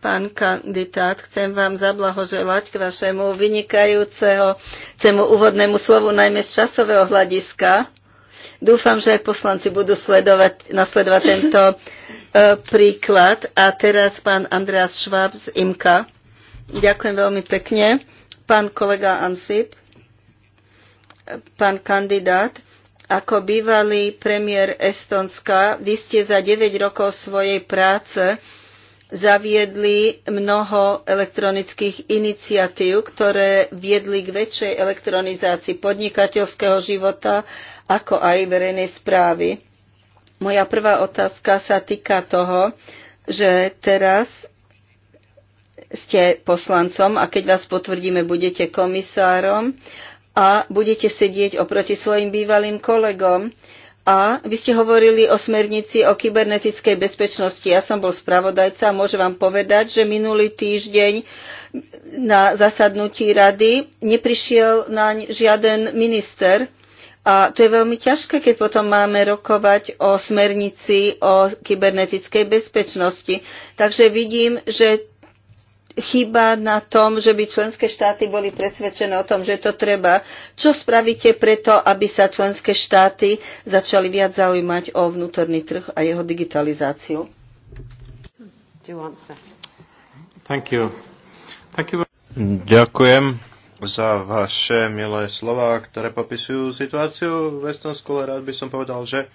pán kandidát, chcem vám zablahoželať k vašemu vynikajúceho cemu úvodnému slovu, najmä z časového hľadiska. Dúfam, že aj poslanci budú sledovať, nasledovať tento e, príklad. A teraz pán Andreas Schwab z IMKA. Ďakujem veľmi pekne. Pán kolega Ansip, pán kandidát, ako bývalý premiér Estonska, vy ste za 9 rokov svojej práce zaviedli mnoho elektronických iniciatív, ktoré viedli k väčšej elektronizácii podnikateľského života, ako aj verejnej správy. Moja prvá otázka sa týka toho, že teraz ste poslancom a keď vás potvrdíme, budete komisárom a budete sedieť oproti svojim bývalým kolegom. A vy ste hovorili o smernici o kybernetickej bezpečnosti. Ja som bol spravodajca a môžem vám povedať, že minulý týždeň na zasadnutí rady neprišiel na žiaden minister. A to je veľmi ťažké, keď potom máme rokovať o smernici o kybernetickej bezpečnosti. Takže vidím, že chyba na tom, že by členské štáty boli presvedčené o tom, že to treba. Čo spravíte preto, aby sa členské štáty začali viac zaujímať o vnútorný trh a jeho digitalizáciu? Thank you. Thank you. Ďakujem za vaše milé slova, ktoré popisujú situáciu v Estonsku, ale rád by som povedal, že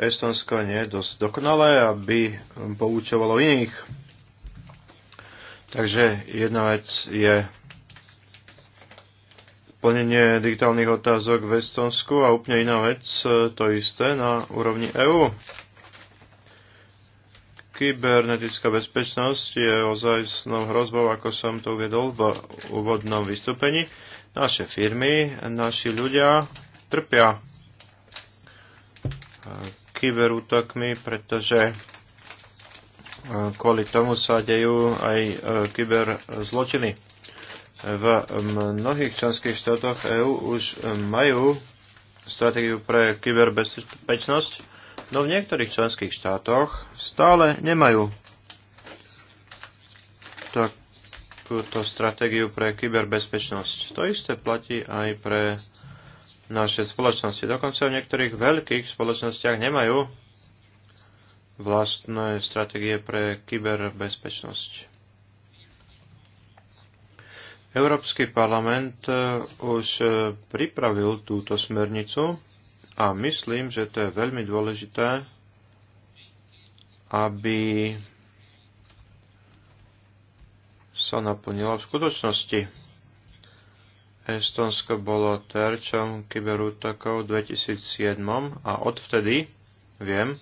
Estonsko nie je dosť dokonalé, aby poučovalo iných Takže jedna vec je plnenie digitálnych otázok v Estonsku a úplne iná vec, e, to isté na úrovni EÚ. Kybernetická bezpečnosť je ozajstnou hrozbou, ako som to uvedol v úvodnom vystúpení. Naše firmy, naši ľudia trpia e, kyberútokmi, pretože kvôli tomu sa dejú aj e, kyberzločiny. V mnohých členských štátoch EÚ už e, majú stratégiu pre kyberbezpečnosť, no v niektorých členských štátoch stále nemajú takúto stratégiu pre kyberbezpečnosť. To isté platí aj pre naše spoločnosti. Dokonca v niektorých veľkých spoločnostiach nemajú vlastné stratégie pre kyberbezpečnosť. Európsky parlament e, už e, pripravil túto smernicu a myslím, že to je veľmi dôležité, aby sa naplnila v skutočnosti. Estonsko bolo terčom kyberútokov v 2007 a odvtedy viem,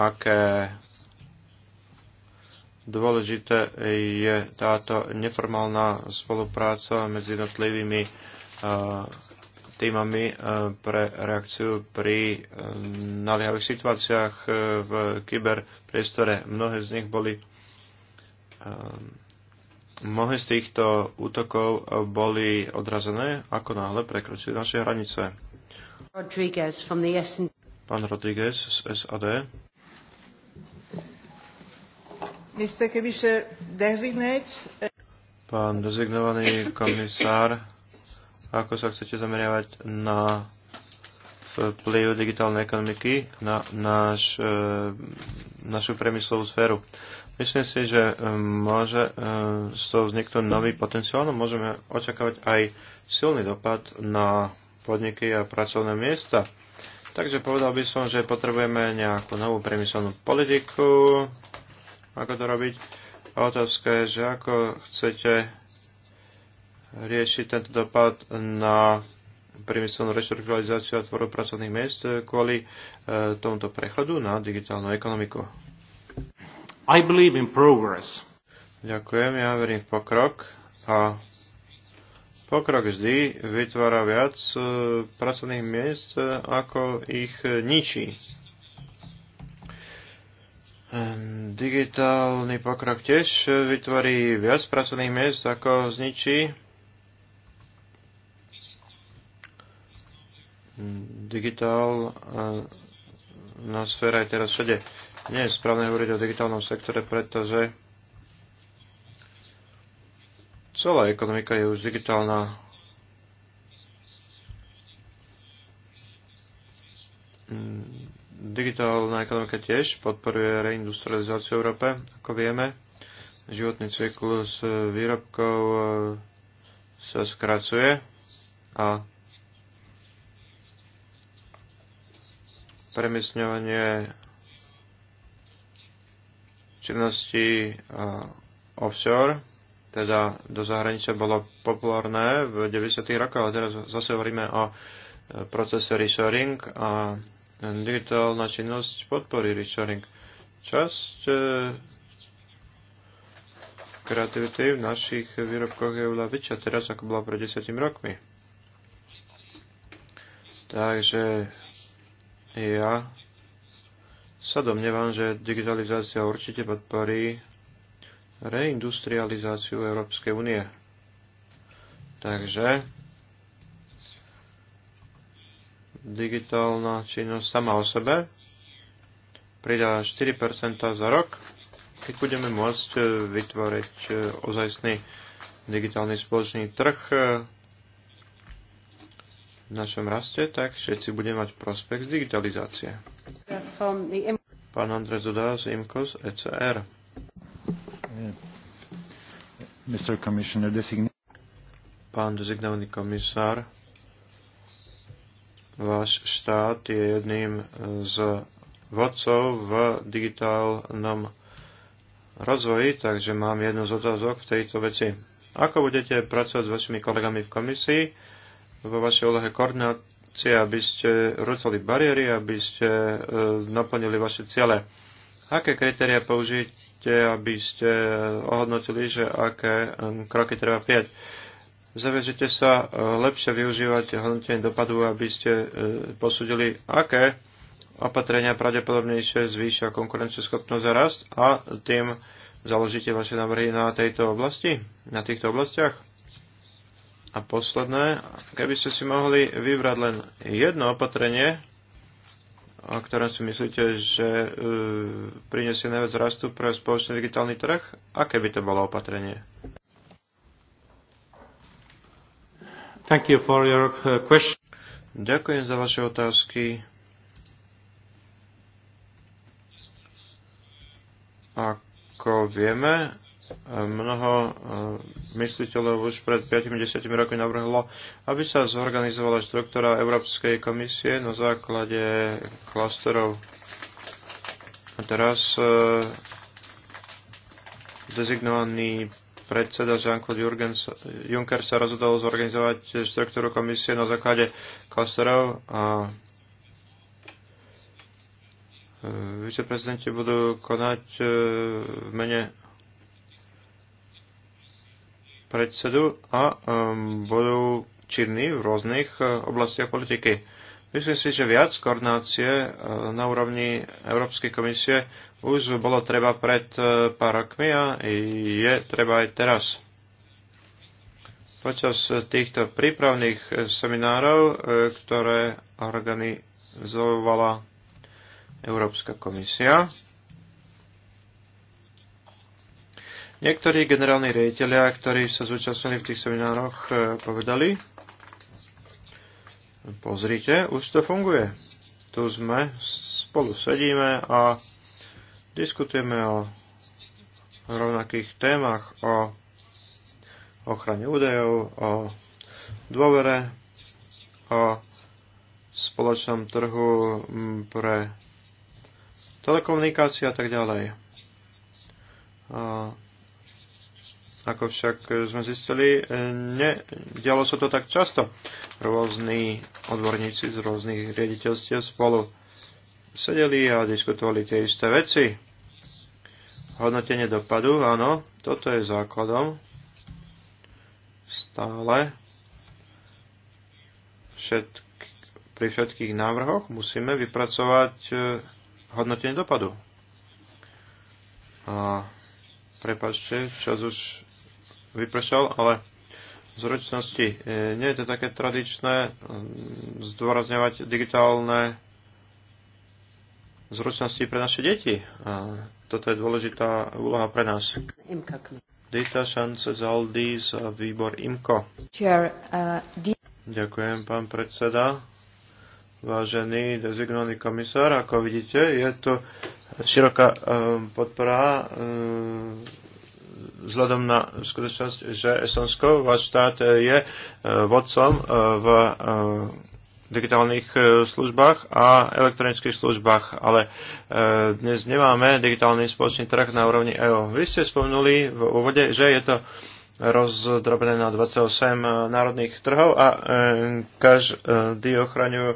aké dôležité je táto neformálna spolupráca medzi jednotlivými e, týmami e, pre reakciu pri e, naliehavých situáciách v kyberpriestore. Mnohé z nich boli mnohé z týchto útokov boli odrazené, ako náhle prekročili naše hranice. Rodriguez from the SN... Pán Rodriguez z SAD. Eh, Pán dezignovaný komisár, ako sa chcete zameriavať na vplyv digitálnej ekonomiky na naš, eh, našu premyslovú sféru. Myslím si, že eh, môže z toho vzniknúť nový potenciál, no môžeme očakávať aj silný dopad na podniky a pracovné miesta. Takže povedal by som, že potrebujeme nejakú novú premyselnú politiku, ako to robiť. A otázka je, že ako chcete riešiť tento dopad na priemyselnú reštrukturalizáciu a tvorbu pracovných miest kvôli e, tomuto prechodu na digitálnu ekonomiku. I believe in progress. Ďakujem, ja verím v pokrok a pokrok vždy vytvára viac e, pracovných miest, e, ako ich ničí. Ehm, digitálny pokrok tiež vytvorí viac pracovných miest, ako zničí. Digitál eh, na sféra je teraz všade. Nie je správne hovoriť o digitálnom sektore, pretože celá ekonomika je už digitálna Digitálna ekonomika tiež podporuje reindustrializáciu v Európe, ako vieme. Životný cyklus e, výrobkov e, sa skracuje a premiesňovanie činnosti e, offshore, teda do zahraničia bolo populárne v 90. rokoch, ale teraz zase hovoríme o procese reshoring a digitálna činnosť podporí reshoring. Časť e, kreativity v našich výrobkoch je oveľa väčšia teraz, ako bola pred 10 rokmi. Takže ja sa domnievam, že digitalizácia určite podporí reindustrializáciu Európskej únie. Takže digitálna činnosť sama o sebe pridá 4% za rok, keď budeme môcť e, vytvoriť e, ozajstný digitálny spoločný trh e, v našom raste, tak všetci budeme mať prospekt z digitalizácie. Pán Andrej Zudá z IMCO z ECR. Pán dezignovaný komisár, Váš štát je jedným z vodcov v digitálnom rozvoji, takže mám jednu z otázok v tejto veci. Ako budete pracovať s vašimi kolegami v komisii vo vašej úlohe koordinácie, aby ste rúcali bariéry, aby ste e, naplnili vaše ciele? Aké kritéria použijete, aby ste e, ohodnotili, že aké kroky treba prijať? zavežete sa e, lepšie využívať hodnotenie dopadu, aby ste e, posudili, aké opatrenia pravdepodobnejšie zvýšia konkurencieschopnosť a rast a tým založíte vaše návrhy na tejto oblasti, na týchto oblastiach. A posledné, keby ste si mohli vybrať len jedno opatrenie, o ktorom si myslíte, že e, prinesie najviac rastu pre spoločný digitálny trh, aké by to bolo opatrenie? Thank you for your uh, question. Ďakujem za vaše otázky. Ako vieme, mnoho uh, mysliteľov už pred 5-10 rokmi navrhlo, aby sa zorganizovala štruktúra Európskej komisie na základe klasterov. A teraz uh, dezignovaný predseda Jean-Claude Juncker sa rozhodol zorganizovať štruktúru komisie na základe klasterov a e, viceprezidenti budú konať e, v mene predsedu a e, budú činní v rôznych oblastiach politiky. Myslím si, že viac koordinácie na úrovni Európskej komisie už bolo treba pred e, pár rokmi a je treba aj teraz. Počas týchto prípravných seminárov, e, ktoré organizovala Európska komisia, niektorí generálni riaditeľia, ktorí sa zúčastnili v tých seminároch, e, povedali, pozrite, už to funguje. Tu sme, spolu sedíme a Diskutujeme o rovnakých témach, o ochrane údajov, o dôvere, o spoločnom trhu pre telekomunikácie a tak ďalej. A ako však sme zistili, nedialo sa to tak často. Rôzni odborníci z rôznych riaditeľstiev spolu sedeli a diskutovali tie isté veci Hodnotenie dopadu, áno, toto je základom. Stále všetk, pri všetkých návrhoch musíme vypracovať e, hodnotenie dopadu. A prepačte, čas už vypršal, ale zručnosti. E, nie je to také tradičné zdôrazňovať digitálne zručnosti pre naše deti. A toto je dôležitá úloha pre nás. Dita Šance z Aldi z výbor IMKO. Uh, Ďakujem, pán predseda. Vážený dezignovaný komisár, ako vidíte, je to široká um, podpora um, vzhľadom na skutočnosť, že Estonsko, váš štát, je uh, vodcom uh, v uh, digitálnych e, službách a elektronických službách, ale e, dnes nemáme digitálny spoločný trh na úrovni EÚ. Vy ste spomenuli v úvode, že je to rozdrobené na 28 e, národných trhov a každý ochraňujú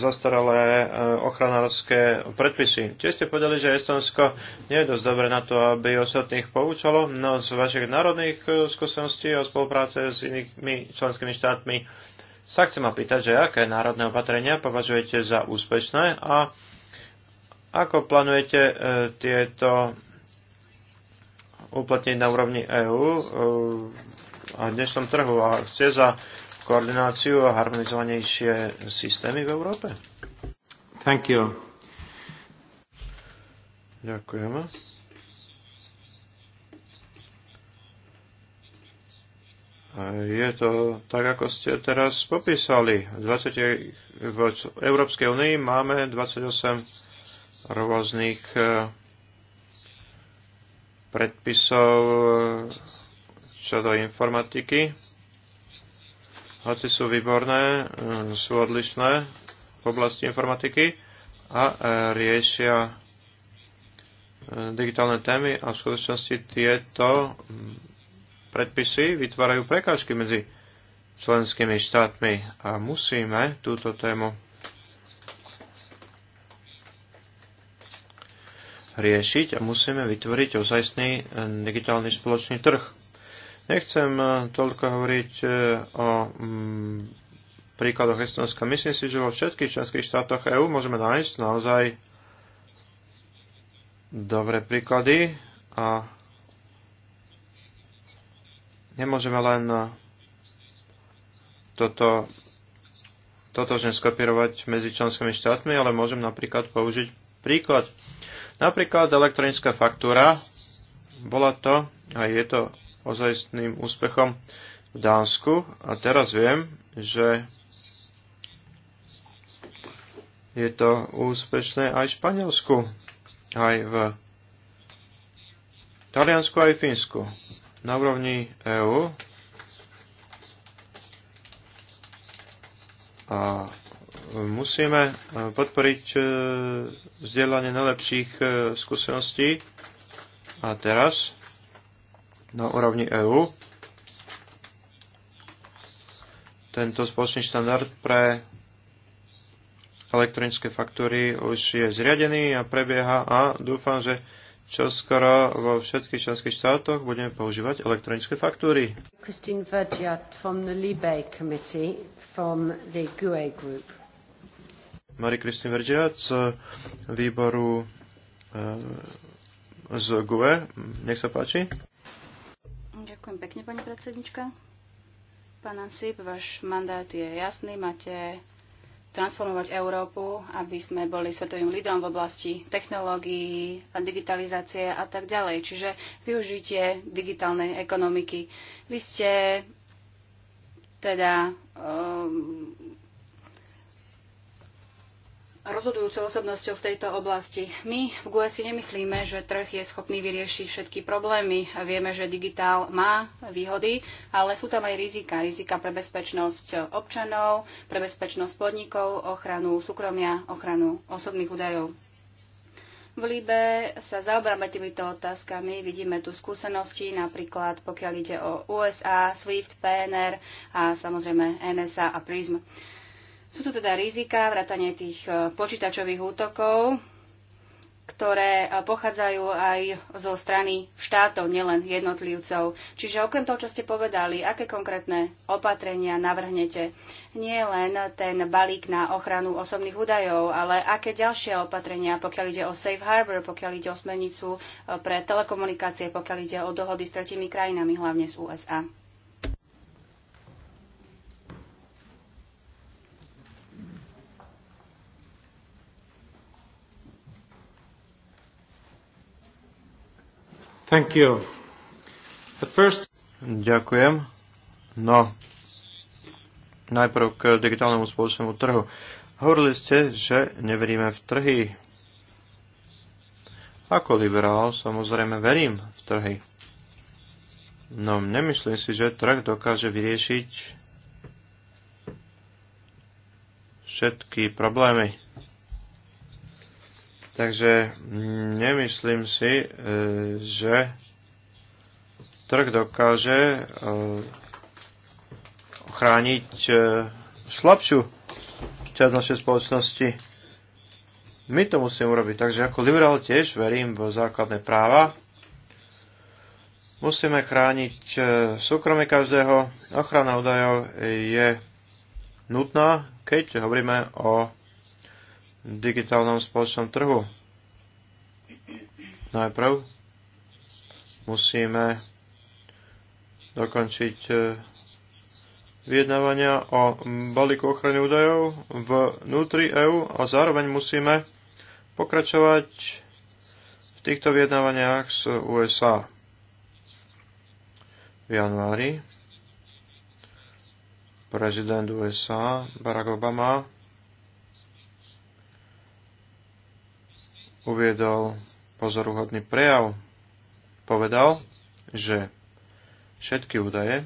zastaralé ochranárske predpisy. Tiež ste povedali, že Estonsko nie je dosť dobre na to, aby ostatných poučalo, no z vašich národných skúseností o spolupráce s inými členskými štátmi sa chcem opýtať, že aké národné opatrenia považujete za úspešné a ako plánujete e, tieto uplatniť na úrovni EÚ e, a dnešnom trhu a ste za koordináciu a harmonizovanejšie systémy v Európe? Thank you. Ďakujem. je to tak, ako ste teraz popísali. 20, v Európskej únii máme 28 rôznych e, predpisov e, čo do informatiky. Hoci sú výborné, e, sú odlišné v oblasti informatiky a riešia digitálne témy a v skutočnosti tieto predpisy vytvárajú prekážky medzi členskými štátmi a musíme túto tému riešiť a musíme vytvoriť ozajstný eh, digitálny spoločný trh. Nechcem eh, toľko hovoriť eh, o mm, príkladoch Estonska. Myslím si, že vo všetkých členských štátoch EÚ môžeme nájsť naozaj dobré príklady a Nemôžeme len eh, toto totožne skopírovať medzi členskými štátmi, ale môžem napríklad použiť príklad. Napríklad elektronická faktúra, bola to a je to ozajstným úspechom v Dánsku a teraz viem, že je to úspešné aj v Španielsku, aj v Taliansku, aj v Fínsku na úrovni EÚ a musíme e, podporiť e, vzdielanie najlepších e, skúseností a teraz na úrovni EÚ tento spoločný štandard pre elektronické faktúry už je zriadený a prebieha a dúfam, že čo skoro vo všetkých členských štátoch budeme používať elektronické faktúry. Christine Verdiat from the Libe Committee from the GUE Group. Marie-Christine Verdiat z výboru eh, z GUE. Nech sa páči. Ďakujem pekne, pani predsednička. Pán Ansip, váš mandát je jasný, máte transformovať Európu, aby sme boli svetovým lídrom v oblasti technológií, digitalizácie a tak ďalej. Čiže využitie digitálnej ekonomiky. Vy ste teda um, rozhodujúcou osobnosťou v tejto oblasti. My v GUE si nemyslíme, že trh je schopný vyriešiť všetky problémy. Vieme, že digitál má výhody, ale sú tam aj rizika. Rizika pre bezpečnosť občanov, pre bezpečnosť podnikov, ochranu súkromia, ochranu osobných údajov. V Libe sa zaoberáme týmito otázkami, vidíme tu skúsenosti, napríklad pokiaľ ide o USA, SWIFT, PNR a samozrejme NSA a PRISM. Sú to teda rizika, vrátanie tých e, počítačových útokov, ktoré e, pochádzajú aj zo strany štátov, nielen jednotlivcov. Čiže okrem toho, čo ste povedali, aké konkrétne opatrenia navrhnete? Nie len ten balík na ochranu osobných údajov, ale aké ďalšie opatrenia, pokiaľ ide o Safe Harbor, pokiaľ ide o smernicu e, pre telekomunikácie, pokiaľ ide o dohody s tretimi krajinami, hlavne z USA? Thank you. At first... Ďakujem. No, najprv k digitálnemu spoločnému trhu. Hovorili ste, že neveríme v trhy. Ako liberál samozrejme verím v trhy. No nemyslím si, že trh dokáže vyriešiť všetky problémy Takže mm, nemyslím si, e, že trh dokáže e, chrániť e, slabšiu časť našej spoločnosti. My to musíme urobiť. Takže ako liberál tiež verím v základné práva. Musíme chrániť súkromie každého. Ochrana údajov je nutná, keď hovoríme o digitálnom spoločnom trhu. Najprv musíme dokončiť e, vyjednávania o balíku ochrany údajov vnútri EÚ a zároveň musíme pokračovať v týchto vyjednávaniach s USA. V januári prezident USA Barack Obama uviedol pozoruhodný prejav. Povedal, že všetky údaje,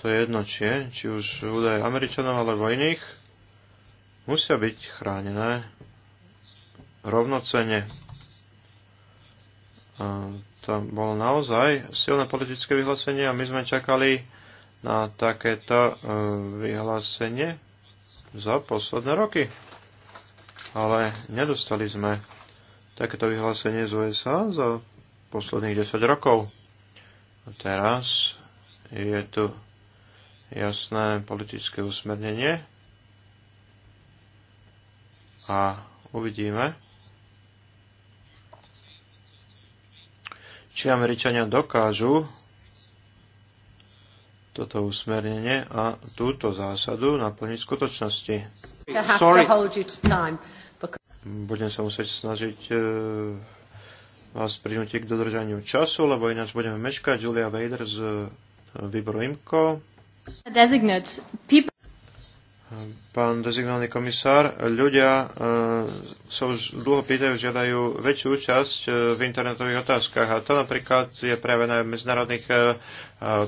to je jedno či, či už údaje Američanov alebo iných, musia byť chránené rovnocene. A tam bolo naozaj silné politické vyhlásenie a my sme čakali na takéto e, vyhlásenie za posledné roky. Ale nedostali sme takéto vyhlásenie z USA za posledných 10 rokov. A teraz je tu jasné politické usmernenie a uvidíme, či Američania dokážu toto usmernenie a túto zásadu naplniť skutočnosti. Budem sa musieť snažiť e, vás prinútiť k dodržaniu času, lebo ináč budeme meškať. Julia Vader z e, výboru IMCO. Pán dezignálny komisár, ľudia e, sa už dlho pýtajú, žiadajú väčšiu účasť e, v internetových otázkach a to napríklad je prejavené v medzinárodných e,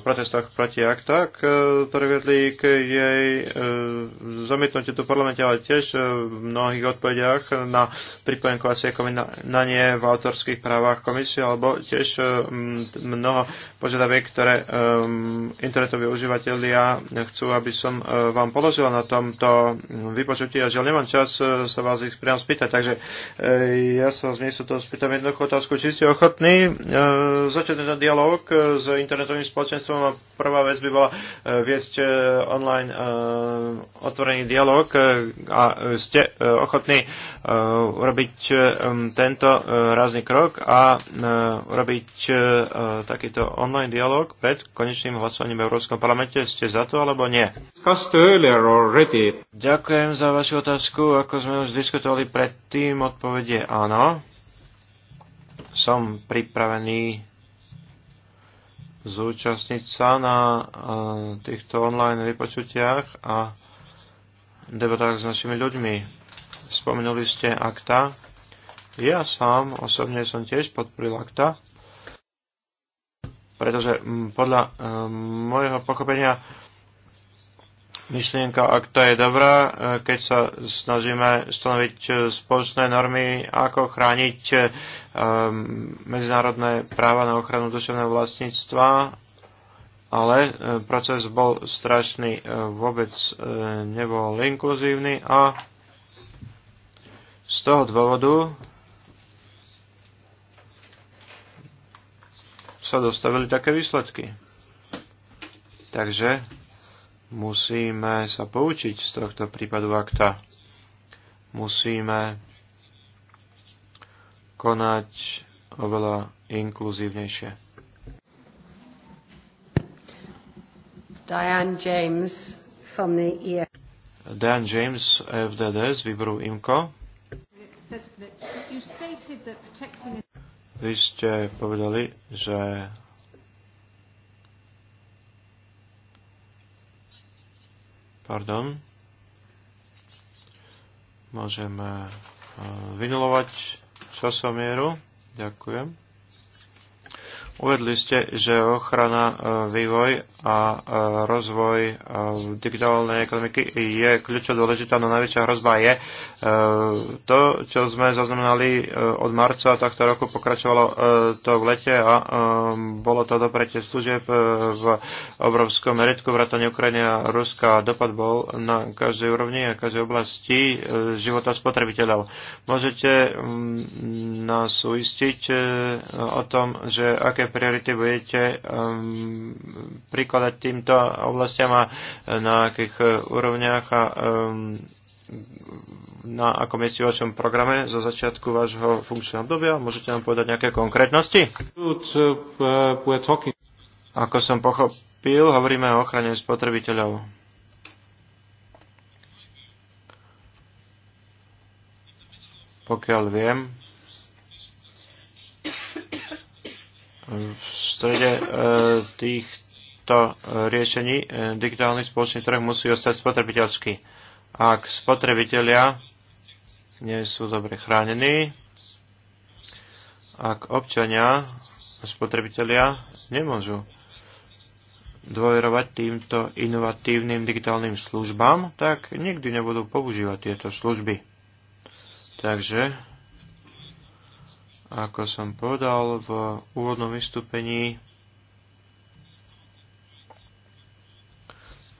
protestoch proti akta, e, ktoré viedli k jej e, zamietnutiu tu v parlamente, ale tiež e, v mnohých odpovediach na pripojenkovacie konanie v autorských právach komisie, alebo tiež mnoho požiadaviek, ktoré internetoví užívateľia chcú, aby som vám položil na tomto vypočutí a žiaľ nemám čas sa vás ich priam spýtať, takže ja sa z miesto toho spýtam jednoduchú otázku, či ste ochotní začať ten dialog s internetovým spoločenstvom spoločenstvom a prvá vec by bola e, viesť e, online e, otvorený dialog a ste ochotní urobiť tento rázny krok a urobiť takýto online dialog pred konečným hlasovaním v Európskom parlamente. Ste za to alebo nie? Ďakujem za vašu otázku. Ako sme už diskutovali predtým, odpovede áno. Som pripravený zúčastniť sa na eh, týchto online vypočutiach a debatách s našimi ľuďmi. Spomenuli ste akta. Ja sám osobne som tiež podporil akta, pretože podľa eh, môjho pochopenia myšlienka, ak to je dobrá, e, keď sa snažíme stanoviť e, spoločné normy, ako chrániť e, medzinárodné práva na ochranu duševného vlastníctva, ale proces bol strašný, vôbec nebol inkluzívny a z toho dôvodu sa dostavili také výsledky. Takže Musíme sa poučiť z tohto prípadu akta. Musíme konať oveľa inkluzívnejšie. Diane James from the EF. Dan James, FDD z výboru IMCO. Vy ste povedali, že pardon, môžeme eh, vynulovať časomieru. Ďakujem. Uvedli ste, že ochrana, e, vývoj a e, rozvoj e, digitálnej ekonomiky je kľúčo dôležitá, no najväčšia hrozba je to, čo sme zaznamenali od marca tohto roku, pokračovalo to v lete a bolo to dopretie služieb v obrovskom meritku vrátane Ukrajiny a Ruska. Dopad bol na každej úrovni a každej oblasti života spotrebiteľov. Môžete mm, nás uistiť o tom, že aké priority budete um, prikladať týmto oblastiam a na akých e, úrovniach a um, na akom mieste v vašom programe zo začiatku vášho funkčného obdobia. Môžete nám povedať nejaké konkrétnosti? Ako som pochopil, hovoríme o ochrane spotrebiteľov. Pokiaľ viem, v strede e, týchto e, riešení e, digitálny spoločný trh musí ostať spotrebiteľský. Ak spotrebitelia nie sú dobre chránení, ak občania a spotrebitelia nemôžu dôverovať týmto inovatívnym digitálnym službám, tak nikdy nebudú používať tieto služby. Takže ako som povedal v úvodnom vystúpení,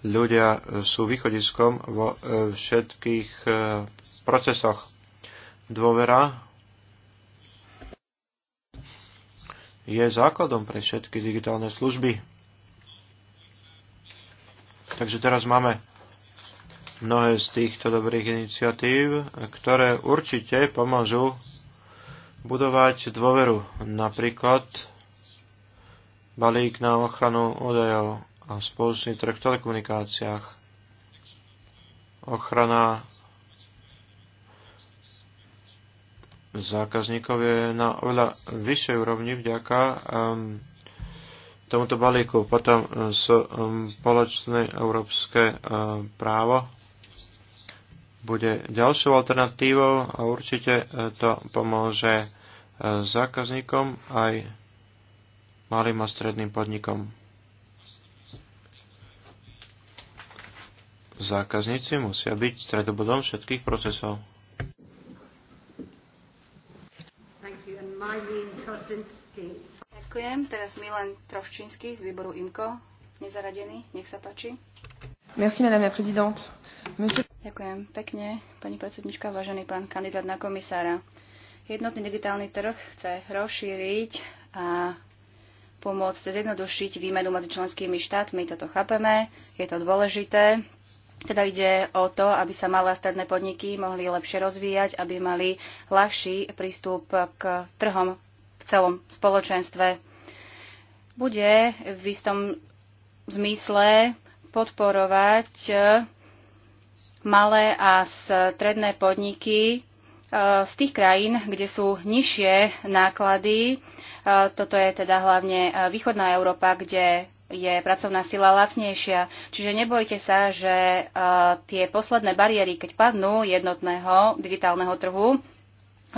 ľudia sú východiskom vo e, všetkých e, procesoch. Dôvera je základom pre všetky digitálne služby. Takže teraz máme mnohé z týchto dobrých iniciatív, ktoré určite pomôžu budovať dôveru. Napríklad balík na ochranu údajov a spoločný trh v telekomunikáciách, ochrana zákazníkov je na oveľa vyššej úrovni vďaka um, tomuto balíku. Potom uh, um, spoločné um, európske um, právo bude ďalšou alternatívou a určite uh, to pomôže zákazníkom, aj malým a stredným podnikom. Zákazníci musia byť stredobodom všetkých procesov. Ďakujem. Teraz Milan Troščínsky z výboru IMKO, nezaradený. Nech sa páči. Merci, madame la présidente. Monsieur... Ďakujem pekne, pani predsednička, vážený pán kandidát na komisára. Jednotný digitálny trh chce rozšíriť a pomôcť zjednodušiť výmenu medzi členskými štátmi. Toto chápeme, je to dôležité. Teda ide o to, aby sa malé a stredné podniky mohli lepšie rozvíjať, aby mali ľahší prístup k trhom v celom spoločenstve. Bude v istom zmysle podporovať malé a stredné podniky z tých krajín, kde sú nižšie náklady, toto je teda hlavne východná Európa, kde je pracovná sila lacnejšia. Čiže nebojte sa, že tie posledné bariéry, keď padnú jednotného digitálneho trhu,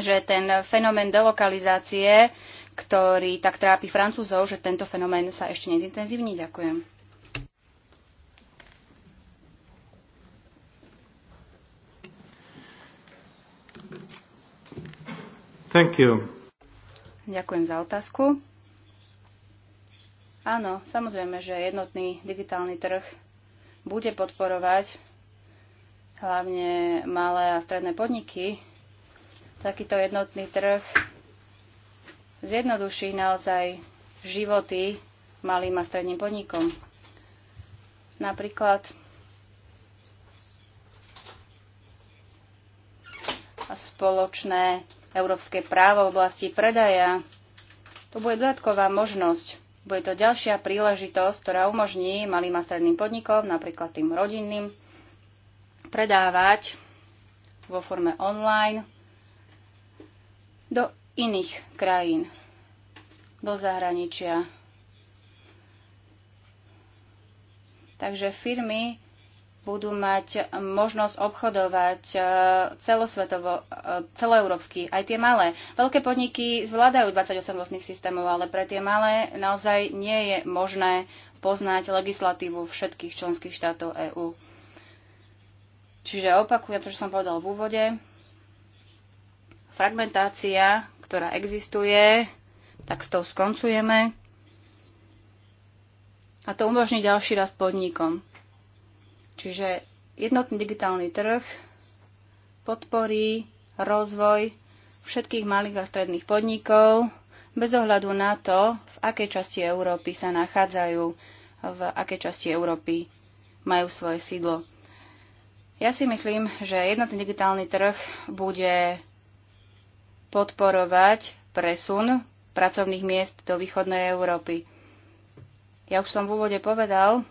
že ten fenomén delokalizácie, ktorý tak trápi Francúzov, že tento fenomén sa ešte nezintenzívni. Ďakujem. Thank you. Ďakujem za otázku. Áno, samozrejme, že jednotný digitálny trh bude podporovať hlavne malé a stredné podniky. Takýto jednotný trh zjednoduší naozaj životy malým a stredným podnikom. Napríklad spoločné európske právo v oblasti predaja. To bude dodatková možnosť. Bude to ďalšia príležitosť, ktorá umožní malým a stredným podnikom, napríklad tým rodinným, predávať vo forme online do iných krajín, do zahraničia. Takže firmy budú mať možnosť obchodovať e, celosvetovo, e, celoeurópsky, aj tie malé. Veľké podniky zvládajú 28 rôznych systémov, ale pre tie malé naozaj nie je možné poznať legislatívu všetkých členských štátov EÚ. Čiže opakujem to, čo som povedal v úvode. Fragmentácia, ktorá existuje, tak s tou skoncujeme a to umožní ďalší rast podnikom. Čiže jednotný digitálny trh podporí rozvoj všetkých malých a stredných podnikov bez ohľadu na to, v akej časti Európy sa nachádzajú, v akej časti Európy majú svoje sídlo. Ja si myslím, že jednotný digitálny trh bude podporovať presun pracovných miest do východnej Európy. Ja už som v úvode povedal,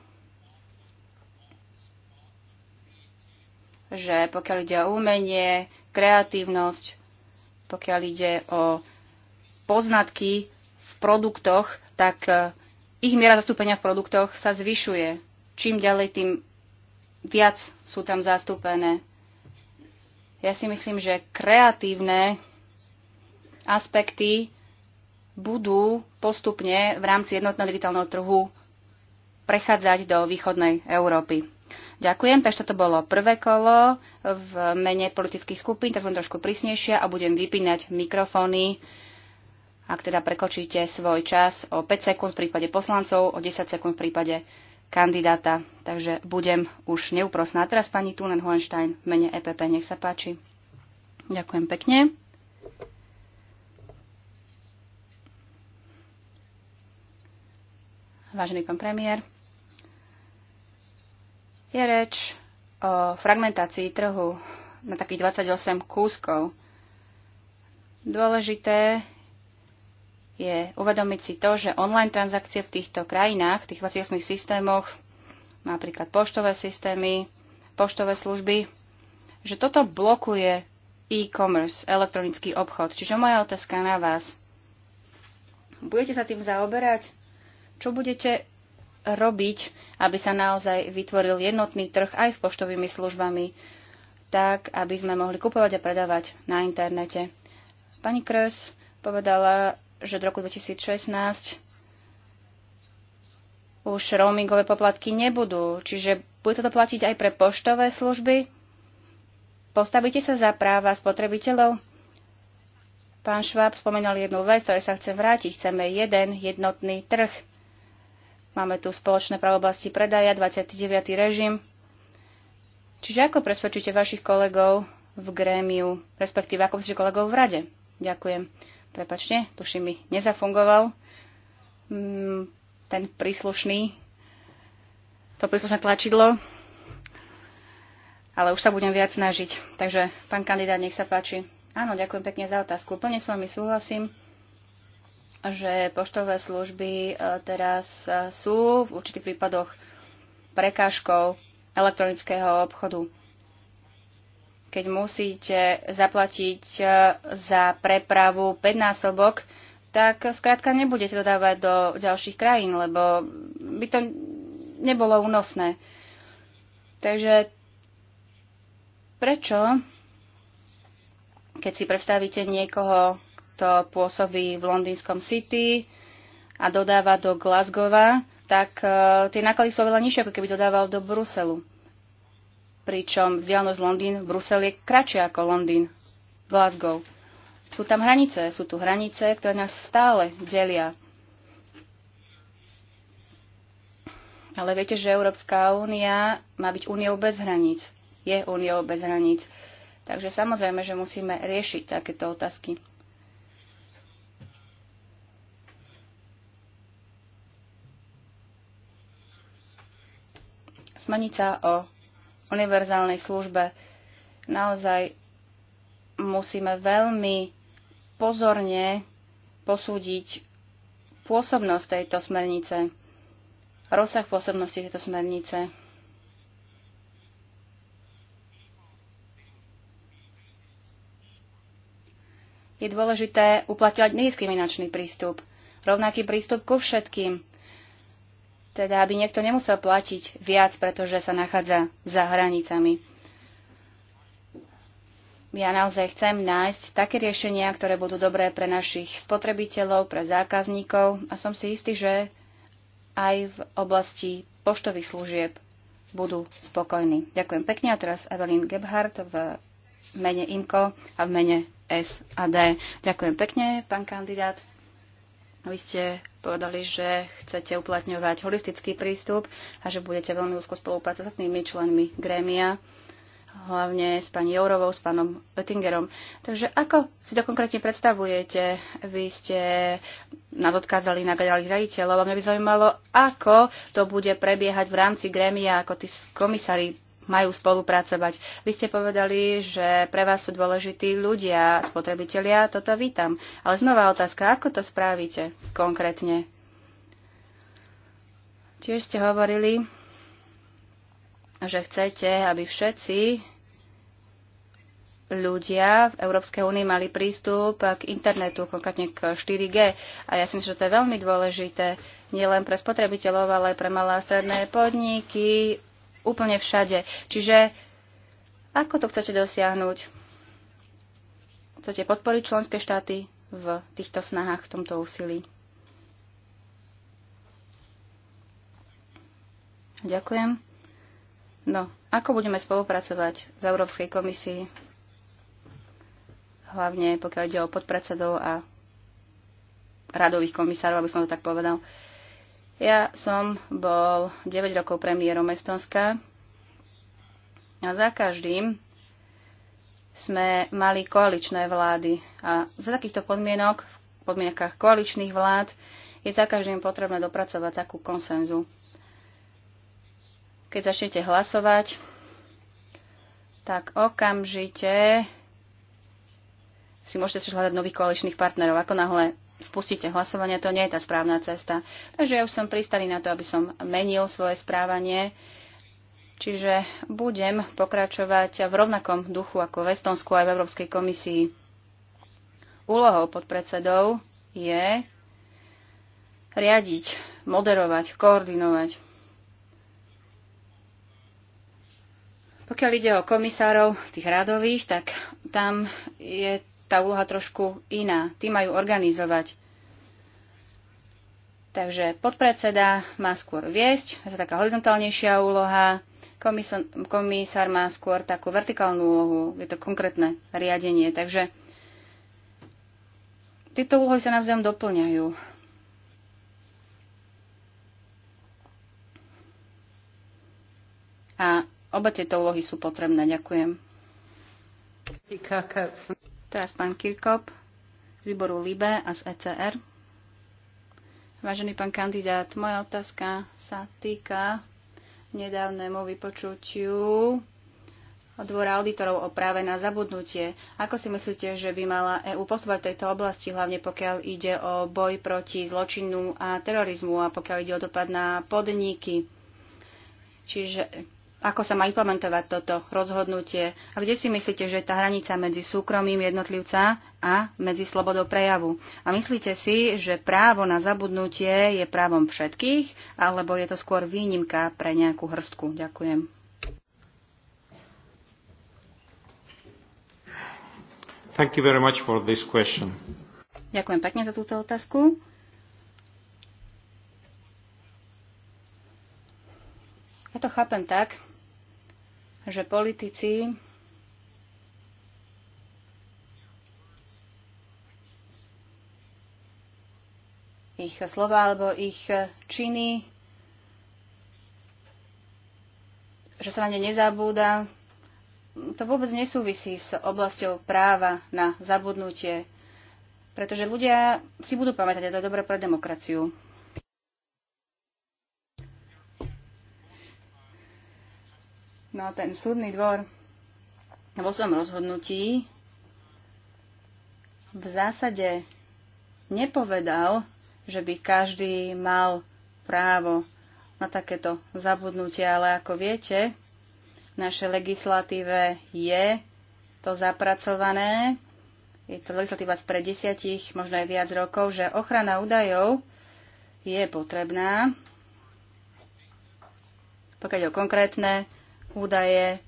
že pokiaľ ide o umenie, kreatívnosť, pokiaľ ide o poznatky v produktoch, tak e, ich miera zastúpenia v produktoch sa zvyšuje. Čím ďalej, tým viac sú tam zastúpené. Ja si myslím, že kreatívne aspekty budú postupne v rámci jednotného digitálneho trhu prechádzať do východnej Európy. Ďakujem, takže toto bolo prvé kolo v mene politických skupín, tak som trošku prísnejšia a budem vypínať mikrofóny. Ak teda prekočíte svoj čas o 5 sekúnd v prípade poslancov, o 10 sekúnd v prípade kandidáta. Takže budem už neúprosná. teraz pani Tunen Hohenstein v mene EPP, nech sa páči. Ďakujem pekne. Vážený pán premiér, je reč o fragmentácii trhu na takých 28 kúskov. Dôležité je uvedomiť si to, že online transakcie v týchto krajinách, v tých 28 systémoch, napríklad poštové systémy, poštové služby, že toto blokuje e-commerce, elektronický obchod. Čiže moja otázka na vás. Budete sa tým zaoberať? Čo budete robiť, aby sa naozaj vytvoril jednotný trh aj s poštovými službami, tak aby sme mohli kupovať a predávať na internete. Pani Kres povedala, že v roku 2016 už roamingové poplatky nebudú, čiže bude toto platiť aj pre poštové služby? Postavíte sa za práva spotrebiteľov? Pán Šváb spomenal jednu vec, ktorej sa chcem vrátiť. Chceme jeden jednotný trh. Máme tu spoločné právo oblasti predaja, 29. režim. Čiže ako presvedčíte vašich kolegov v grémiu, respektíve ako presvedčíte kolegov v rade? Ďakujem. Prepačte, tuším mi nezafungoval mm, ten príslušný, to príslušné tlačidlo. Ale už sa budem viac snažiť. Takže, pán kandidát, nech sa páči. Áno, ďakujem pekne za otázku. Plne s vami súhlasím že poštové služby e, teraz e, sú v určitých prípadoch prekážkou elektronického obchodu. Keď musíte zaplatiť e, za prepravu 5 násobok, tak skrátka nebudete dodávať do ďalších krajín, lebo by to nebolo únosné. Takže prečo, keď si predstavíte niekoho kto pôsobí v londýnskom City a dodáva do Glasgowa, tak e, tie náklady sú oveľa nižšie, ako keby dodával do Bruselu. Pričom vzdialenosť Londýn, Brusel je kratšia ako Londýn, Glasgow. Sú tam hranice, sú tu hranice, ktoré nás stále delia. Ale viete, že Európska únia má byť úniou bez hraníc. Je úniou bez hraníc. Takže samozrejme, že musíme riešiť takéto otázky. Smernica o univerzálnej službe naozaj musíme veľmi pozorne posúdiť pôsobnosť tejto smernice, rozsah pôsobnosti tejto smernice. Je dôležité uplatňovať nediskriminačný prístup, rovnaký prístup ku všetkým, teda aby niekto nemusel platiť viac, pretože sa nachádza za hranicami. Ja naozaj chcem nájsť také riešenia, ktoré budú dobré pre našich spotrebiteľov, pre zákazníkov a som si istý, že aj v oblasti poštových služieb budú spokojní. Ďakujem pekne a teraz Evelyn Gebhardt v mene IMCO a v mene SAD. Ďakujem pekne, pán kandidát. Vy ste povedali, že chcete uplatňovať holistický prístup a že budete veľmi úzko spolupracovať s tými členmi grémia, hlavne s pani Jourovou, s pánom Oettingerom. Takže ako si to konkrétne predstavujete? Vy ste nás odkázali na generálnych raditeľov a mňa by zaujímalo, ako to bude prebiehať v rámci grémia, ako tí komisári majú spolupracovať. Vy ste povedali, že pre vás sú dôležití ľudia, spotrebitelia, toto vítam. Ale znova otázka, ako to spravíte konkrétne? Tiež ste hovorili, že chcete, aby všetci ľudia v Európskej únii mali prístup k internetu, konkrétne k 4G. A ja si myslím, že to je veľmi dôležité, nielen pre spotrebiteľov, ale aj pre malé a stredné podniky, úplne všade. Čiže ako to chcete dosiahnuť? Chcete podporiť členské štáty v týchto snahách, v tomto úsilí? Ďakujem. No, ako budeme spolupracovať v Európskej komisii? Hlavne pokiaľ ide o podpredsedov a radových komisárov, aby som to tak povedal. Uh, ja som bol 9 rokov premiérom Estonska a za každým sme mali koaličné vlády. A za takýchto podmienok, v podmienkach koaličných vlád, je za každým potrebné dopracovať takú konsenzu. Keď začnete hlasovať, tak okamžite si môžete si hľadať nových koaličných partnerov. Ako náhle spustíte hlasovanie, to nie je tá správna cesta. Takže ja už som pristali na to, aby som menil svoje správanie. Čiže budem pokračovať v rovnakom duchu ako v Estonsku aj v Európskej komisii. Úlohou podpredsedov je riadiť, moderovať, koordinovať. Pokiaľ ide o komisárov, tých radových, tak tam je tá úloha trošku iná. Tí majú organizovať. Takže podpredseda má skôr viesť, je to taká horizontálnejšia úloha, komisár má skôr takú vertikálnu úlohu, je to konkrétne riadenie. Takže tieto úlohy sa navzájom doplňajú. A obe tieto úlohy sú potrebné. Ďakujem. Teraz pán Kirkop z výboru LIBE a z ECR. Vážený pán kandidát, moja otázka sa týka nedávnemu vypočutiu dvora auditorov o práve na zabudnutie. Ako si myslíte, že by mala EÚ postupovať v tejto oblasti, hlavne pokiaľ ide o boj proti zločinu a terorizmu a pokiaľ ide o dopad na podniky? Čiže ako sa má implementovať toto rozhodnutie a kde si myslíte, že je tá hranica medzi súkromím jednotlivca a medzi slobodou prejavu. A myslíte si, že právo na zabudnutie je právom všetkých, alebo je to skôr výnimka pre nejakú hrstku? Ďakujem. Thank you very much for this question. Ďakujem pekne za túto otázku. Ja to chápem tak, že politici ich slova alebo ich činy, že sa na ne nezabúda, to vôbec nesúvisí s oblasťou práva na zabudnutie, pretože ľudia si budú pamätať, a to je dobré pre demokraciu. No a ten súdny dvor vo svojom rozhodnutí v zásade nepovedal, že by každý mal právo na takéto zabudnutie, ale ako viete, v našej legislatíve je to zapracované, je to legislatíva z pred desiatich, možno aj viac rokov, že ochrana údajov je potrebná, pokiaľ o konkrétne údaje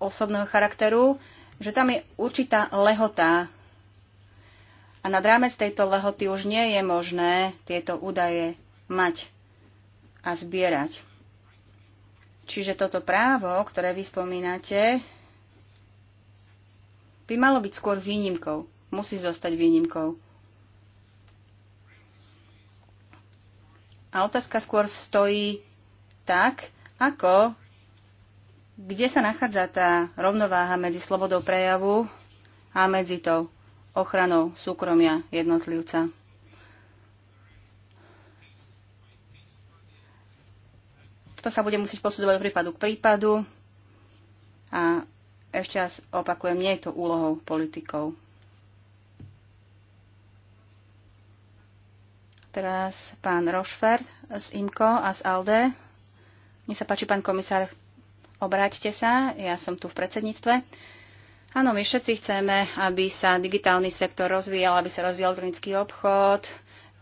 osobného charakteru, že tam je určitá lehota. A nad rámec tejto lehoty už nie je možné tieto údaje mať a zbierať. Čiže toto právo, ktoré vy spomínate, by malo byť skôr výnimkou. Musí zostať výnimkou. A otázka skôr stojí tak, ako, kde sa nachádza tá rovnováha medzi slobodou prejavu a medzi tou ochranou súkromia jednotlivca? To sa bude musieť posudovať od prípadu k prípadu a ešte raz opakujem, nie je to úlohou politikov. teraz pán Rošfert z IMKO a z ALDE. Nech sa páči, pán komisár, obráťte sa, ja som tu v predsedníctve. Áno, my všetci chceme, aby sa digitálny sektor rozvíjal, aby sa rozvíjal elektronický obchod,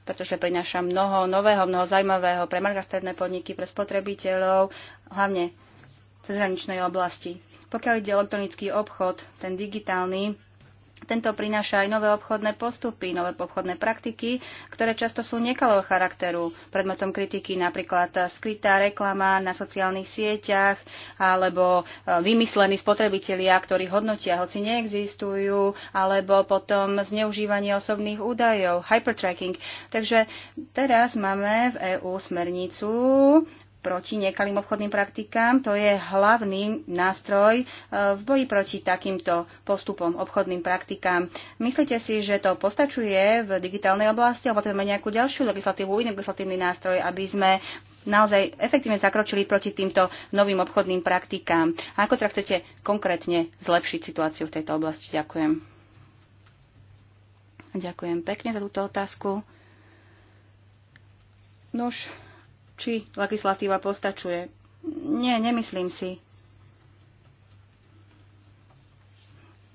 pretože prináša mnoho nového, mnoho zaujímavého pre stredné podniky, pre spotrebiteľov, hlavne v cezhraničnej oblasti. Pokiaľ ide o elektronický obchod, ten digitálny, tento prináša aj nové obchodné postupy, nové obchodné praktiky, ktoré často sú nekalého charakteru, predmetom kritiky napríklad skrytá reklama na sociálnych sieťach alebo e, vymyslení spotrebitelia, ktorí hodnotia, hoci neexistujú, alebo potom zneužívanie osobných údajov, hypertracking. Takže teraz máme v EÚ smernicu proti nekalým obchodným praktikám. To je hlavný nástroj e, v boji proti takýmto postupom, obchodným praktikám. Myslíte si, že to postačuje v digitálnej oblasti, alebo teda nejakú ďalšiu legislatívu, iný legislatívny nástroj, aby sme naozaj efektívne zakročili proti týmto novým obchodným praktikám. A ako teda chcete konkrétne zlepšiť situáciu v tejto oblasti? Ďakujem. Ďakujem pekne za túto otázku. Nož, či legislatíva postačuje. Nie, nemyslím si.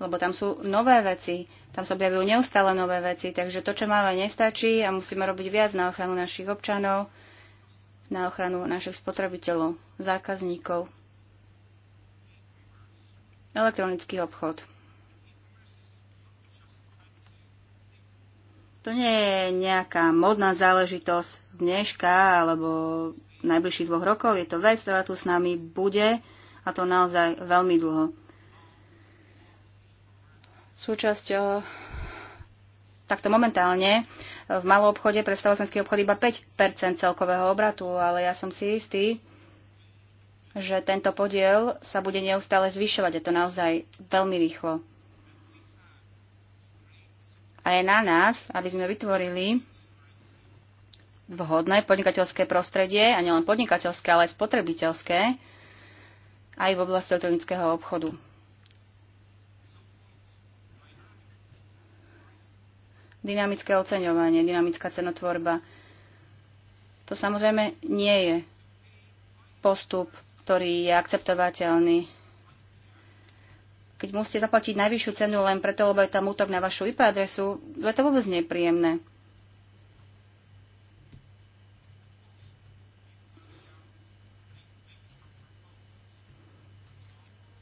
Lebo tam sú nové veci, tam sa objavujú neustále nové veci, takže to, čo máme, nestačí a musíme robiť viac na ochranu našich občanov, na ochranu našich spotrebiteľov, zákazníkov. Elektronický obchod. To nie je nejaká modná záležitosť dneška alebo najbližších dvoch rokov. Je to vec, ktorá tu s nami bude a to naozaj veľmi dlho. Súčasťou takto momentálne v malom obchode predstavuje slovenský obchod iba 5 celkového obratu, ale ja som si istý, že tento podiel sa bude neustále zvyšovať a to naozaj veľmi rýchlo. A je na nás, aby sme vytvorili vhodné podnikateľské prostredie, a nielen podnikateľské, ale aj spotrebiteľské, aj v oblasti elektronického obchodu. Dynamické oceňovanie, dynamická cenotvorba. To samozrejme nie je postup, ktorý je akceptovateľný keď musíte zaplatiť najvyššiu cenu len preto, lebo je tam útok na vašu IP adresu, je to vôbec nepríjemné.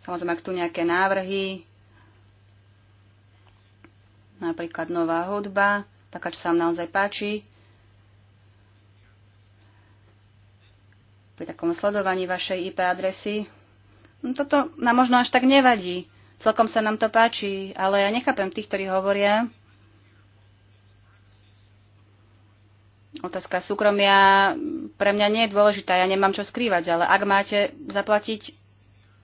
Samozrejme, ak tu nejaké návrhy, napríklad nová hudba, taká, čo sa vám naozaj páči, pri takom sledovaní vašej IP adresy, no toto nám možno až tak nevadí. Celkom sa nám to páči, ale ja nechápem tých, ktorí hovoria, otázka súkromia pre mňa nie je dôležitá, ja nemám čo skrývať, ale ak máte zaplatiť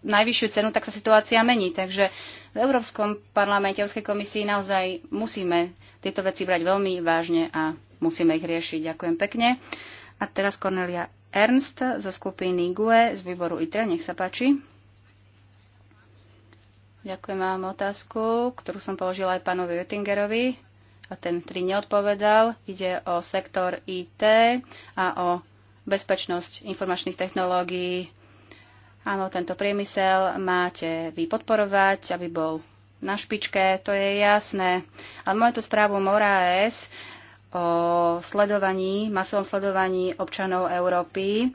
najvyššiu cenu, tak sa situácia mení. Takže v Európskom parlamente, Európskej komisii naozaj musíme tieto veci brať veľmi vážne a musíme ich riešiť. Ďakujem pekne. A teraz Cornelia Ernst zo skupiny GUE z výboru ITRE. Nech sa páči. Ďakujem, vám otázku, ktorú som položila aj pánovi Oettingerovi a ten tri neodpovedal. Ide o sektor IT a o bezpečnosť informačných technológií. Áno, tento priemysel máte vy podporovať, aby bol na špičke, to je jasné. Ale máme tu správu Moraes o sledovaní, masovom sledovaní občanov Európy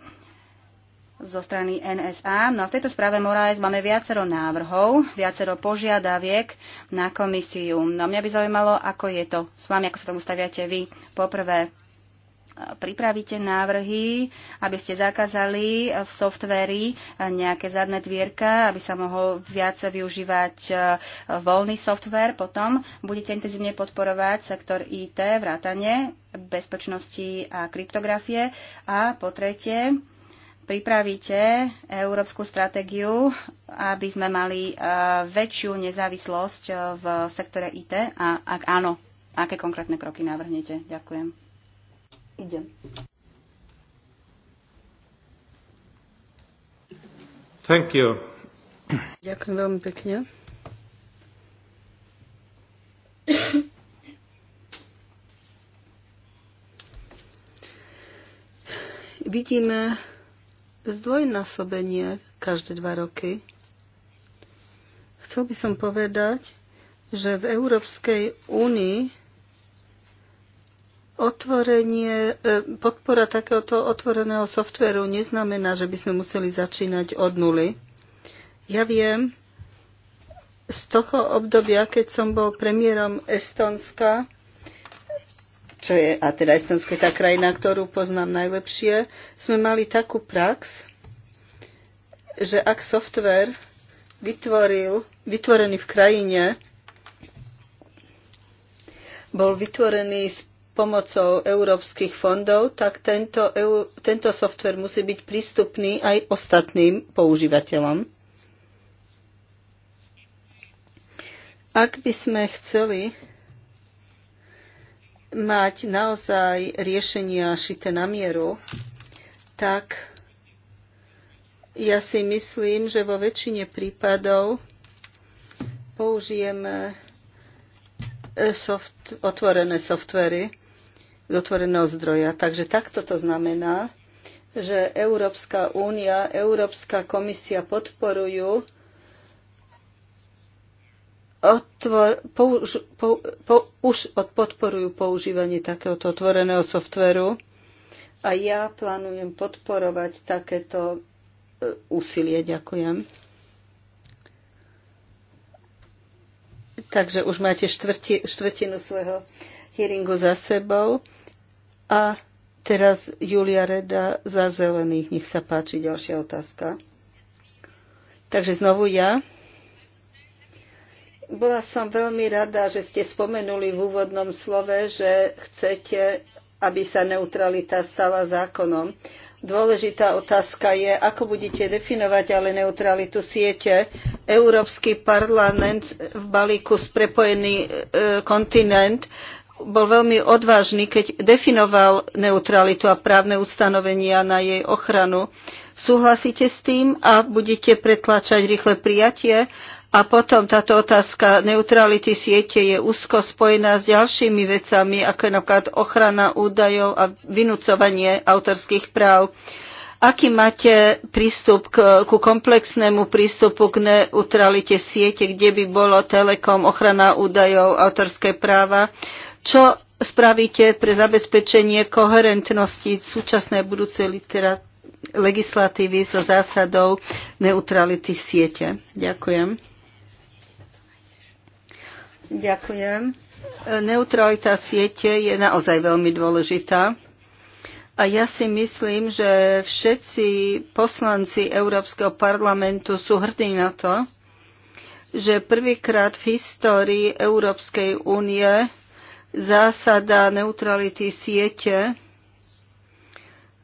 zo strany NSA. No a v tejto správe Moraes máme viacero návrhov, viacero požiadaviek na komisiu. No mňa by zaujímalo, ako je to s vami, ako sa tomu staviate vy. Poprvé, e, pripravíte návrhy, aby ste zakázali v softvéri e, nejaké zadné dvierka, aby sa mohol viac využívať e, voľný softvér. Potom budete intenzívne podporovať sektor IT, vrátanie bezpečnosti a kryptografie. A po tretie, pripravíte európsku stratégiu, aby sme mali e, väčšiu nezávislosť e, v sektore IT? A ak áno, aké konkrétne kroky navrhnete? Ďakujem. Idem. Thank you. Ďakujem veľmi pekne. Vidíme zdvojnásobenie každé dva roky. Chcel by som povedať, že v Európskej únii otvorenie, e, podpora takéhoto otvoreného softveru neznamená, že by sme museli začínať od nuly. Ja viem, z toho obdobia, keď som bol premiérom Estonska, čo je, a teda Estonsko je tá krajina, ktorú poznám najlepšie, sme mali takú prax, že ak software vytvoril, vytvorený v krajine, bol vytvorený s pomocou európskych fondov, tak tento, EU, tento software musí byť prístupný aj ostatným používateľom. Ak by sme chceli mať naozaj riešenia šité na mieru, tak ja si myslím, že vo väčšine prípadov použijeme e, soft, otvorené softvery z otvoreného zdroja. Takže takto to znamená, že Európska únia, Európska komisia podporujú otvor, použ, po, po, už podporujú používanie takéhoto otvoreného softveru a ja plánujem podporovať takéto e, úsilie. Ďakujem. Takže už máte štvrti, štvrtinu svojho hearingu za sebou. A teraz Julia Reda za zelených. Nech sa páči ďalšia otázka. Takže znovu ja. Bola som veľmi rada, že ste spomenuli v úvodnom slove, že chcete, aby sa neutralita stala zákonom. Dôležitá otázka je, ako budete definovať ale neutralitu siete. Európsky parlament v balíku Sprepojený e, kontinent bol veľmi odvážny, keď definoval neutralitu a právne ustanovenia na jej ochranu. Súhlasíte s tým a budete pretláčať rýchle prijatie? A potom táto otázka neutrality siete je úzko spojená s ďalšími vecami, ako je napríklad ochrana údajov a vynúcovanie autorských práv. Aký máte prístup k, ku komplexnému prístupu k neutralite siete, kde by bolo telekom, ochrana údajov, autorské práva? Čo spravíte pre zabezpečenie koherentnosti súčasnej budúcej legislatívy so zásadou neutrality siete. Ďakujem. Ďakujem. E, neutralita siete je naozaj veľmi dôležitá. A ja si myslím, že všetci poslanci Európskeho parlamentu sú hrdí na to, že prvýkrát v histórii Európskej únie zásada neutrality siete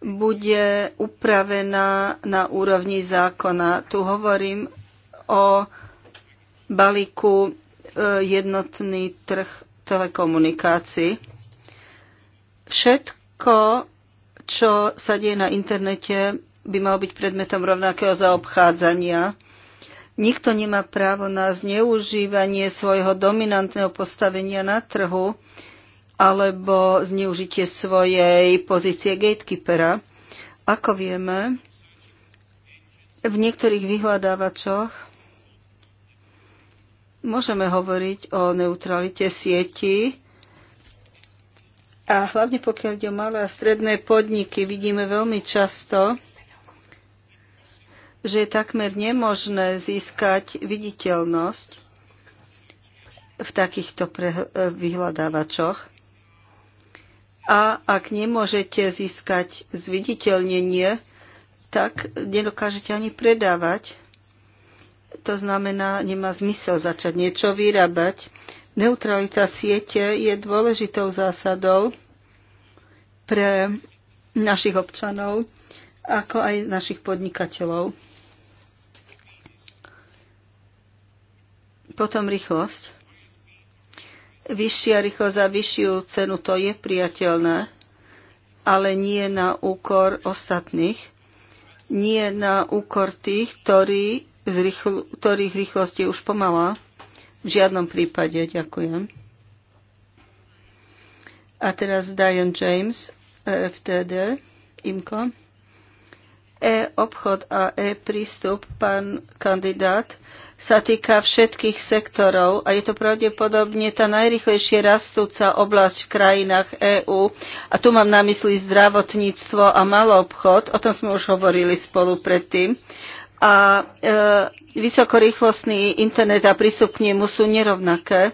bude upravená na úrovni zákona. Tu hovorím o balíku jednotný trh telekomunikácií. Všetko, čo sa deje na internete, by malo byť predmetom rovnakého zaobchádzania. Nikto nemá právo na zneužívanie svojho dominantného postavenia na trhu alebo zneužitie svojej pozície gatekeepera. Ako vieme, v niektorých vyhľadávačoch Môžeme hovoriť o neutralite sieti a hlavne pokiaľ ide o malé a stredné podniky, vidíme veľmi často, že je takmer nemožné získať viditeľnosť v takýchto eh, vyhľadávačoch. A ak nemôžete získať zviditeľnenie, tak nedokážete ani predávať. To znamená, nemá zmysel začať niečo vyrábať. Neutralita siete je dôležitou zásadou pre našich občanov, ako aj našich podnikateľov. Potom rýchlosť. Vyššia rýchlosť a vyššiu cenu to je priateľné, ale nie na úkor ostatných, nie na úkor tých, ktorí z rýchl- ktorých rýchlosť je už pomalá. V žiadnom prípade, ďakujem. A teraz Diane James, e FTD, IMCO. E-obchod a e-prístup, pán kandidát, sa týka všetkých sektorov a je to pravdepodobne tá najrychlejšie rastúca oblasť v krajinách EÚ. A tu mám na mysli zdravotníctvo a malý obchod, o tom sme už hovorili spolu predtým a e, vysokorýchlostný internet a prístup k nemu sú nerovnaké.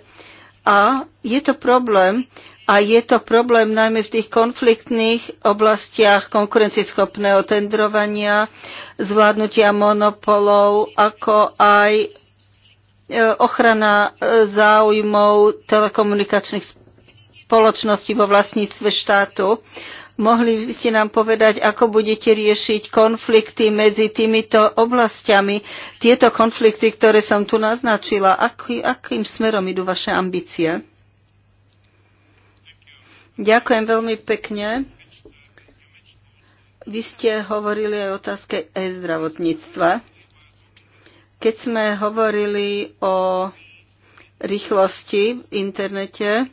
A je to problém, a je to problém najmä v tých konfliktných oblastiach konkurencieschopného tendrovania, zvládnutia monopolov, ako aj e, ochrana e, záujmov telekomunikačných spoločností vo vlastníctve štátu. Mohli by ste nám povedať, ako budete riešiť konflikty medzi týmito oblastiami, tieto konflikty, ktoré som tu naznačila, aký, akým smerom idú vaše ambície? Ďakujem veľmi pekne. Vy ste hovorili aj o otázke e-zdravotníctva. Keď sme hovorili o rýchlosti v internete,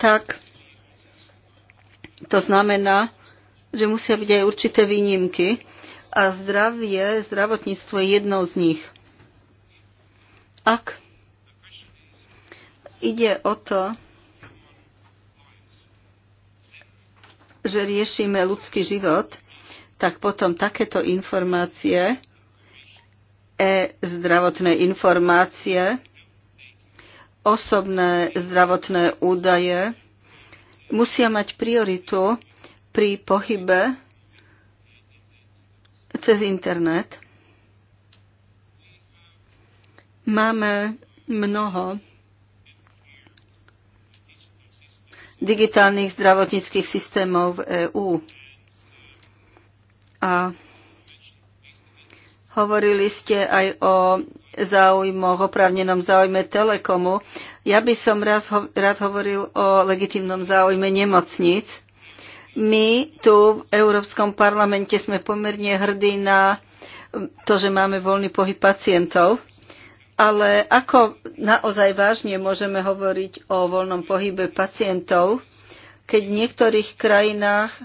tak to znamená, že musia byť aj určité výnimky a zdravie, zdravotníctvo je jednou z nich. Ak ide o to, že riešime ľudský život, tak potom takéto informácie, e-zdravotné informácie, osobné zdravotné údaje, musia mať prioritu pri pohybe cez internet. Máme mnoho digitálnych zdravotníckých systémov v EÚ. A hovorili ste aj o záujmoch, oprávnenom záujme Telekomu ja by som raz ho, rád hovoril o legitimnom záujme nemocnic. My tu v Európskom parlamente sme pomerne hrdí na to, že máme voľný pohyb pacientov, ale ako naozaj vážne môžeme hovoriť o voľnom pohybe pacientov, keď v niektorých krajinách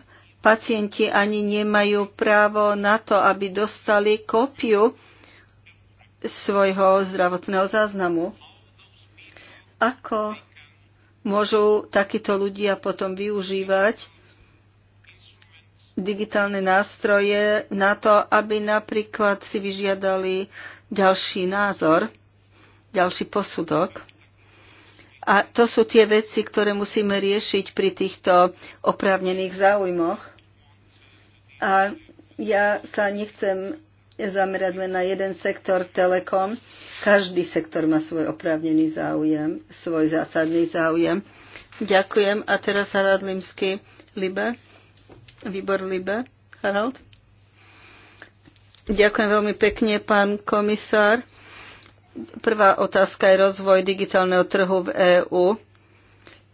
pacienti ani nemajú právo na to, aby dostali kópiu svojho zdravotného záznamu. Ako môžu takíto ľudia potom využívať digitálne nástroje na to, aby napríklad si vyžiadali ďalší názor, ďalší posudok. A to sú tie veci, ktoré musíme riešiť pri týchto oprávnených záujmoch. A ja sa nechcem zamerať len na jeden sektor Telekom, každý sektor má svoj oprávnený záujem, svoj zásadný záujem. Ďakujem. A teraz Harald Limsky, Libe. Výbor Libe. Harald. Ďakujem veľmi pekne, pán komisár. Prvá otázka je rozvoj digitálneho trhu v EÚ.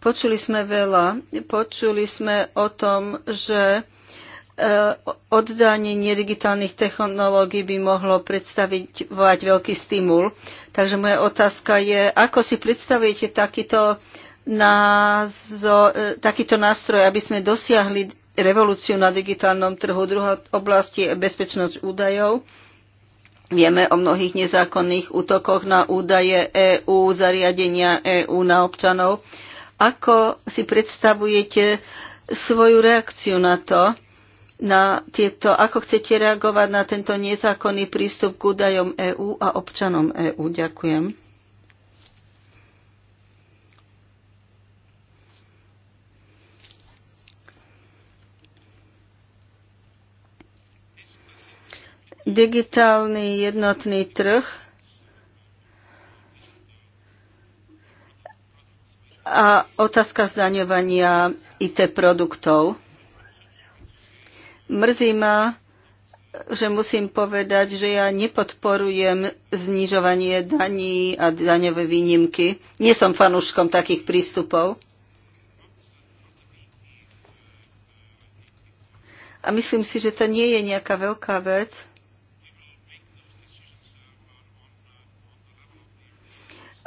Počuli sme veľa. Počuli sme o tom, že Eh, oddanie nedigitálnych technológií by mohlo predstaviť veľký stimul. Takže moja otázka je, ako si predstavujete takýto, názo, eh, takýto nástroj, aby sme dosiahli revolúciu na digitálnom trhu. Druhá oblasti je bezpečnosť údajov. Vieme o mnohých nezákonných útokoch na údaje EÚ, zariadenia EÚ na občanov. Ako si predstavujete svoju reakciu na to? na tieto, ako chcete reagovať na tento nezákonný prístup k údajom EÚ a občanom EÚ. Ďakujem. Digitálny jednotný trh a otázka zdaňovania IT produktov. Mrzí ma, že musím povedať, že ja nepodporujem znižovanie daní a daňové výnimky. Nie som fanúškom takých prístupov. A myslím si, že to nie je nejaká veľká vec.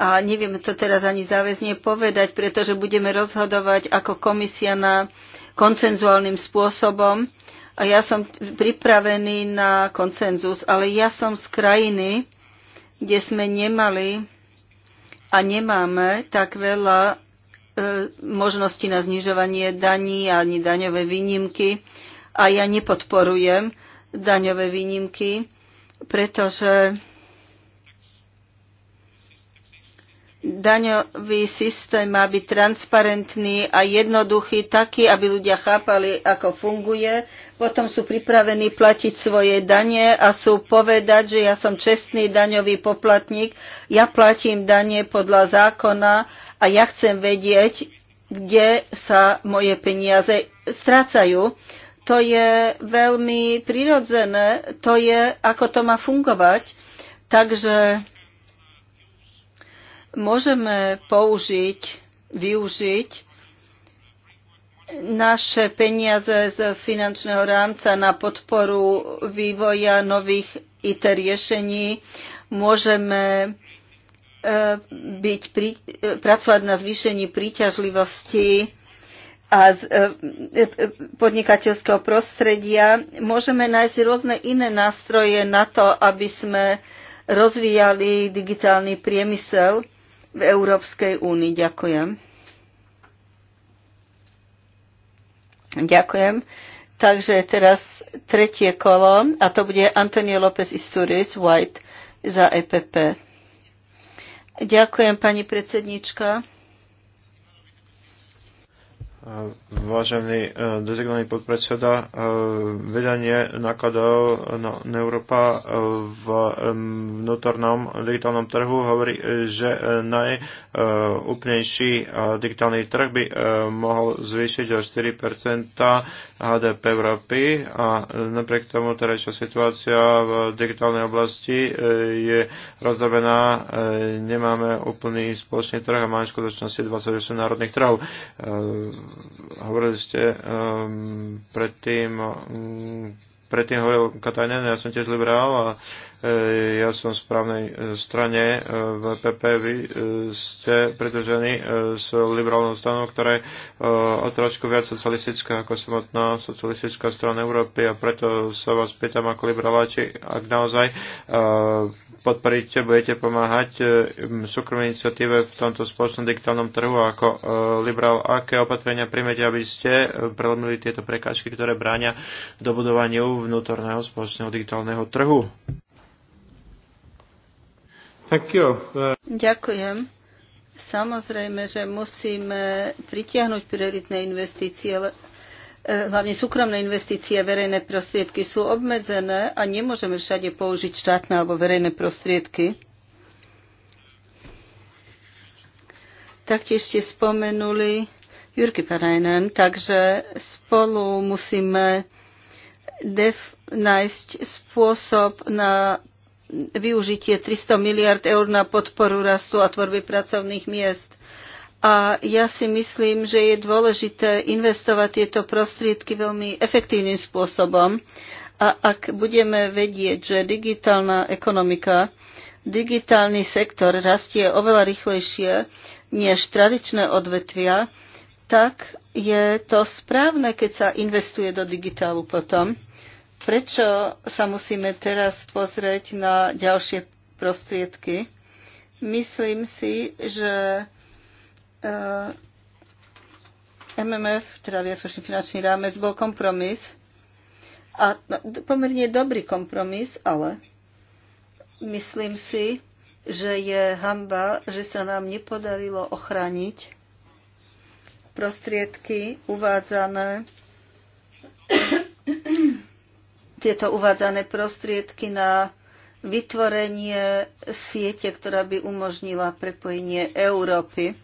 A neviem to teraz ani záväzne povedať, pretože budeme rozhodovať ako komisia na koncenzuálnym spôsobom a ja som pripravený na koncenzus, ale ja som z krajiny, kde sme nemali a nemáme tak veľa e, možností na znižovanie daní ani daňové výnimky a ja nepodporujem daňové výnimky, pretože daňový systém má byť transparentný a jednoduchý, taký, aby ľudia chápali, ako funguje potom sú pripravení platiť svoje dane a sú povedať, že ja som čestný daňový poplatník, ja platím dane podľa zákona a ja chcem vedieť, kde sa moje peniaze strácajú. To je veľmi prirodzené, to je, ako to má fungovať. Takže môžeme použiť, využiť naše peniaze z finančného rámca na podporu vývoja nových IT riešení môžeme e, byť pri, e, pracovať na zvýšení príťažlivosti a z, e, podnikateľského prostredia. Môžeme nájsť rôzne iné nástroje na to, aby sme rozvíjali digitálny priemysel v Európskej únii. Ďakujem. Ďakujem. Takže teraz tretie kolo a to bude Antonio López Isturiz White za EPP. Ďakujem, pani predsednička. Vážený e, dezignovaný podpredseda, e, vedenie nákladov na Európa e, v vnútornom digitálnom trhu hovorí, že najúplnejší digitálny trh by mohol zvýšiť o 4 HDP Európy a napriek tomu terajšia situácia v digitálnej oblasti je rozdobená. nemáme úplný spoločný trh a máme skutočnosti 28 národných trhov hovorili ste um, predtým, um, predtým hovoril Katajnen, ja som tiež liberál a E, ja som e, e, v správnej strane v PP, vy ste pridržení s liberálnou stranou, ktorá je o trošku viac socialistická ako samotná socialistická strana Európy a preto sa vás pýtam ako liberála, či ak naozaj podporíte, budete pomáhať súkromné iniciatíve v tomto spoločnom digitálnom trhu ako liberál, aké opatrenia príjmete, aby ste prelomili tieto prekážky, ktoré bránia dobudovaniu vnútorného spoločného digitálneho trhu? Ďakujem. Samozrejme, že musíme pritiahnuť prioritné investície, ale e, hlavne súkromné investície a verejné prostriedky sú obmedzené a nemôžeme všade použiť štátne alebo verejné prostriedky. Taktiež ste spomenuli Jurky Parajnen, takže spolu musíme def- nájsť spôsob na využitie 300 miliard eur na podporu rastu a tvorby pracovných miest. A ja si myslím, že je dôležité investovať tieto prostriedky veľmi efektívnym spôsobom. A ak budeme vedieť, že digitálna ekonomika, digitálny sektor rastie oveľa rýchlejšie než tradičné odvetvia, tak je to správne, keď sa investuje do digitálu potom. Prečo sa musíme teraz pozrieť na ďalšie prostriedky? Myslím si, že eh, MMF, teda viacočný finančný rámec, bol kompromis a no, pomerne dobrý kompromis, ale myslím si, že je hamba, že sa nám nepodarilo ochrániť prostriedky uvádzané tieto uvádzané prostriedky na vytvorenie siete, ktorá by umožnila prepojenie Európy.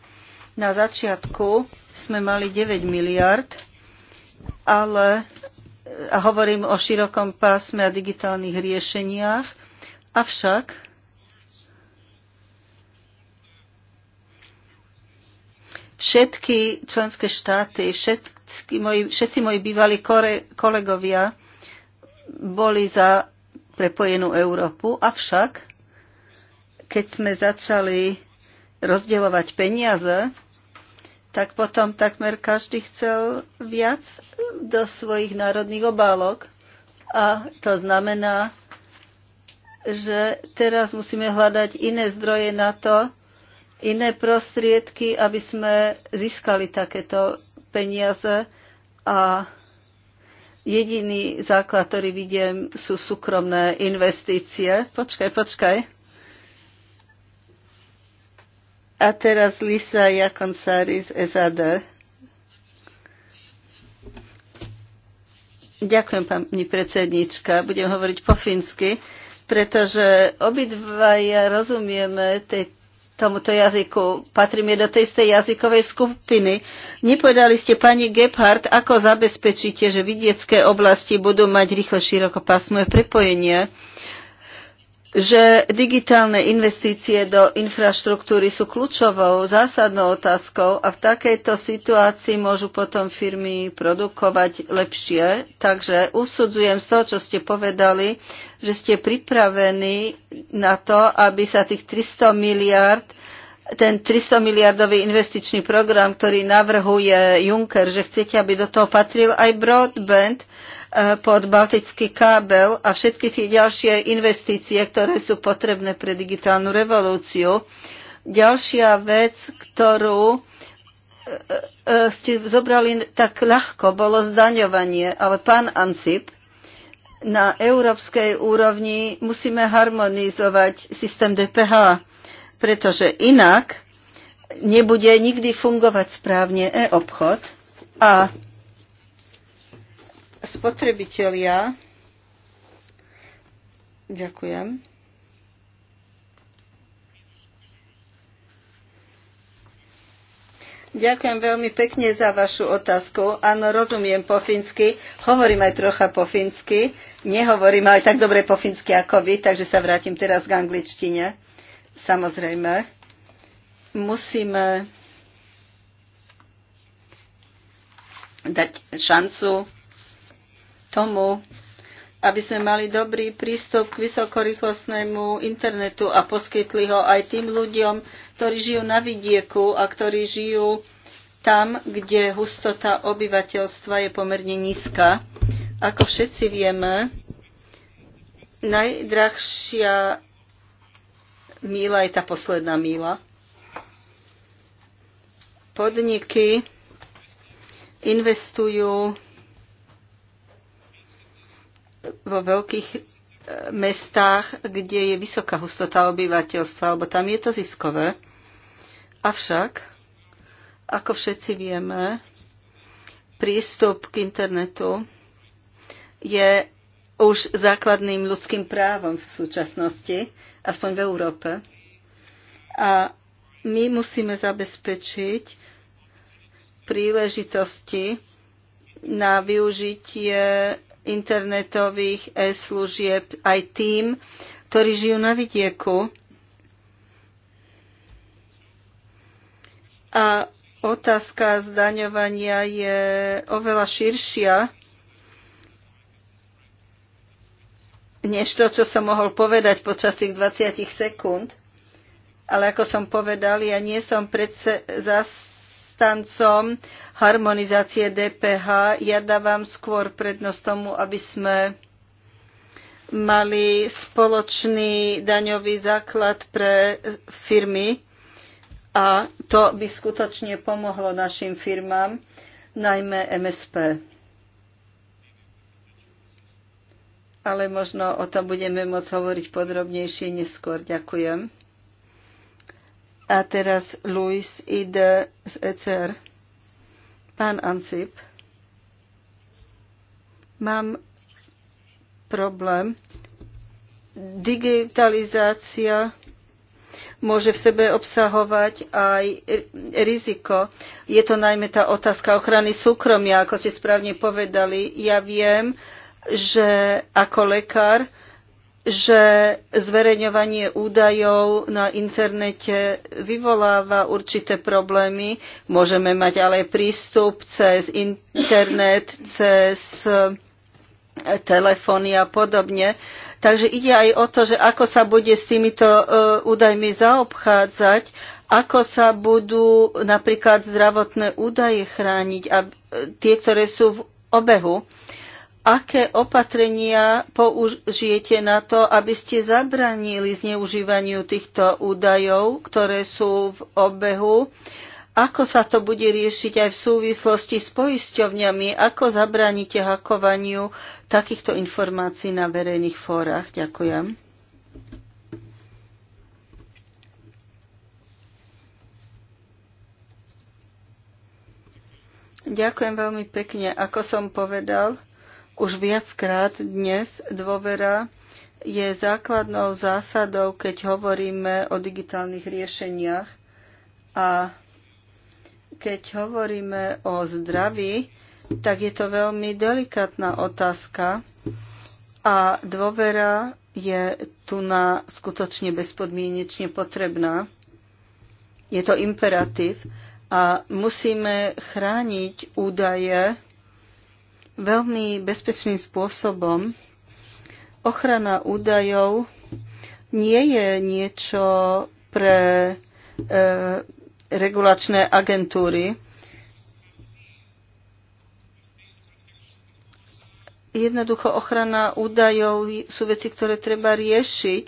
Na začiatku sme mali 9 miliard, ale a hovorím o širokom pásme a digitálnych riešeniach, avšak všetky členské štáty, všetky moji, všetci moji bývalí kore, kolegovia boli za prepojenú Európu, avšak keď sme začali rozdielovať peniaze, tak potom takmer každý chcel viac do svojich národných obálok. A to znamená, že teraz musíme hľadať iné zdroje na to, iné prostriedky, aby sme získali takéto peniaze a Jediný základ, ktorý vidím, sú súkromné investície. Počkaj, počkaj. A teraz Lisa Jakonsári z SAD. Ďakujem, pani predsednička. Budem hovoriť po fínsky, pretože obidvaja rozumieme tej tomuto jazyku. Patríme do tej istej jazykovej skupiny. Nepovedali ste, pani Gebhardt, ako zabezpečíte, že vidiecké oblasti budú mať rýchle širokopásmové prepojenie? že digitálne investície do infraštruktúry sú kľúčovou, zásadnou otázkou a v takejto situácii môžu potom firmy produkovať lepšie. Takže usudzujem z toho, čo ste povedali, že ste pripravení na to, aby sa tých 300 miliard ten 300 miliardový investičný program, ktorý navrhuje Juncker, že chcete, aby do toho patril aj broadband, Eh, pod Baltický kábel a všetky tie ďalšie investície, ktoré sú potrebné pre digitálnu revolúciu. Ďalšia vec, ktorú eh, eh, ste zobrali tak ľahko, bolo zdaňovanie, ale pán Ancip, na európskej úrovni musíme harmonizovať systém DPH, pretože inak nebude nikdy fungovať správne e-obchod a Spotrebitelia. Ďakujem. Ďakujem veľmi pekne za vašu otázku. Áno, rozumiem po fínsky, hovorím aj trocha po fínsky, nehovorím aj tak dobre po fínsky ako vy, takže sa vrátim teraz k angličtine. Samozrejme, musíme dať šancu tomu, aby sme mali dobrý prístup k vysokorýchlostnému internetu a poskytli ho aj tým ľuďom, ktorí žijú na vidieku a ktorí žijú tam, kde hustota obyvateľstva je pomerne nízka. Ako všetci vieme, najdrahšia míla je tá posledná míla. Podniky investujú vo veľkých e, mestách, kde je vysoká hustota obyvateľstva, lebo tam je to ziskové. Avšak, ako všetci vieme, prístup k internetu je už základným ľudským právom v súčasnosti, aspoň v Európe. A my musíme zabezpečiť príležitosti na využitie internetových e-služieb aj tým, ktorí žijú na vidieku. A otázka zdaňovania je oveľa širšia než to, čo som mohol povedať počas tých 20 sekúnd. Ale ako som povedal, ja nie som predsa, zas, zastancom harmonizácie DPH. Ja dávam skôr prednosť tomu, aby sme mali spoločný daňový základ pre firmy a to by skutočne pomohlo našim firmám, najmä MSP. ale možno o tom budeme môcť hovoriť podrobnejšie neskôr. Ďakujem. A teraz Luis ide z ECR. Pán Ancip, mám problém. Digitalizácia môže v sebe obsahovať aj riziko. Je to najmä tá otázka ochrany súkromia, ako ste správne povedali. Ja viem, že ako lekár že zverejňovanie údajov na internete vyvoláva určité problémy. Môžeme mať ale prístup cez internet, cez eh, telefóny a podobne. Takže ide aj o to, že ako sa bude s týmito eh, údajmi zaobchádzať, ako sa budú napríklad zdravotné údaje chrániť a eh, tie, ktoré sú v obehu aké opatrenia použijete na to, aby ste zabranili zneužívaniu týchto údajov, ktoré sú v obehu, ako sa to bude riešiť aj v súvislosti s poisťovňami, ako zabránite hakovaniu takýchto informácií na verejných fórach. Ďakujem. Ďakujem veľmi pekne. Ako som povedal, už viackrát dnes dôvera je základnou zásadou, keď hovoríme o digitálnych riešeniach a keď hovoríme o zdraví, tak je to veľmi delikátna otázka a dôvera je tu na skutočne bezpodmienečne potrebná. Je to imperatív a musíme chrániť údaje, veľmi bezpečným spôsobom. Ochrana údajov nie je niečo pre e, regulačné agentúry. Jednoducho ochrana údajov sú veci, ktoré treba riešiť.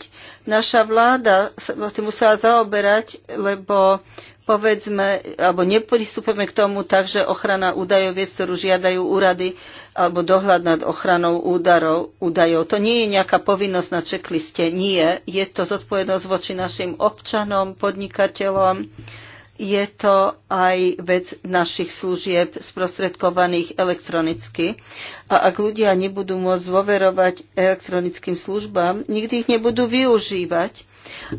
Naša vláda sa musela zaoberať, lebo povedzme, alebo nepristupujeme k tomu tak, že ochrana údajov je, ktorú žiadajú úrady alebo dohľad nad ochranou údarov, údajov. To nie je nejaká povinnosť na checkliste. Nie. Je to zodpovednosť voči našim občanom, podnikateľom. Je to aj vec našich služieb sprostredkovaných elektronicky. A ak ľudia nebudú môcť dôverovať elektronickým službám, nikdy ich nebudú využívať.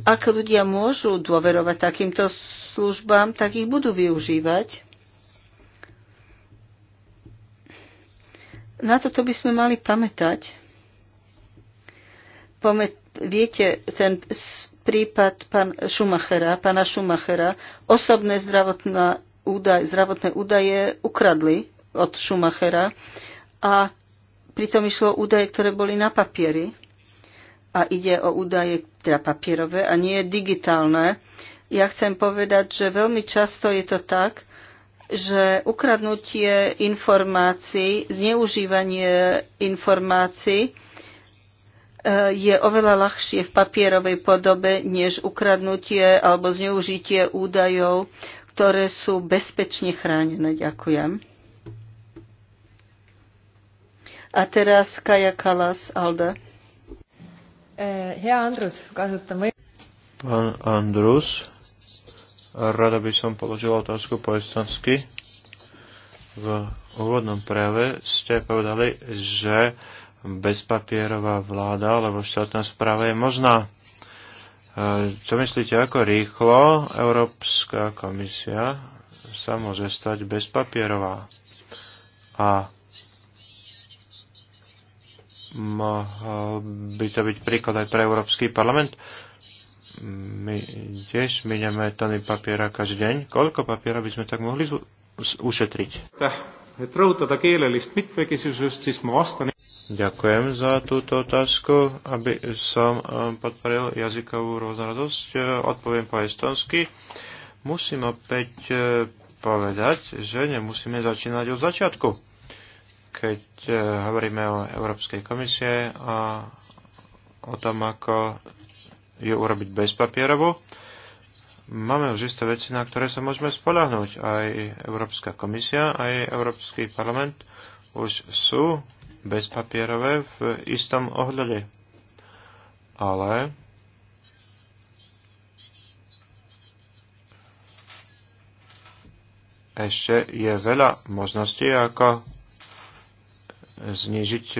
Ak ľudia môžu dôverovať takýmto službám, tak ich budú využívať. Na toto by sme mali pamätať. Pamäť, viete, ten prípad pán Schumachera, pána Schumachera, osobné zdravotné údaje, zdravotné údaje ukradli od Schumachera a pritom išlo údaje, ktoré boli na papieri a ide o údaje, teda papierové a nie digitálne, ja chcem povedať, že veľmi často je to tak, že ukradnutie informácií, zneužívanie informácií e, je oveľa ľahšie v papierovej podobe, než ukradnutie alebo zneužitie údajov, ktoré sú bezpečne chránené. Ďakujem. A teraz Kaja Kalas, Alda. E, Andrus, Pán Andrus, Rada by som položila otázku po estonsky. V úvodnom prejave ste povedali, že bezpapierová vláda alebo štátna správa je možná. E, čo myslíte, ako rýchlo Európska komisia sa môže stať bezpapierová? A mohol by to byť príklad aj pre Európsky parlament? my tiež miniame tony papiera každý deň. Koľko papiera by sme tak mohli ušetriť? Ďakujem za túto otázku, aby som eh, podporil jazykovú rôznorodosť. Eh, odpoviem po estonsky. Musím opäť eh, povedať, že nemusíme začínať od začiatku. Keď hovoríme o Európskej komisie a o tom, ako ju urobiť bez Máme už isté veci, na ktoré sa môžeme spolahnuť. Aj Európska komisia, aj Európsky parlament už sú bezpapierové v istom ohľade. Ale ešte je veľa možností, ako znížiť e,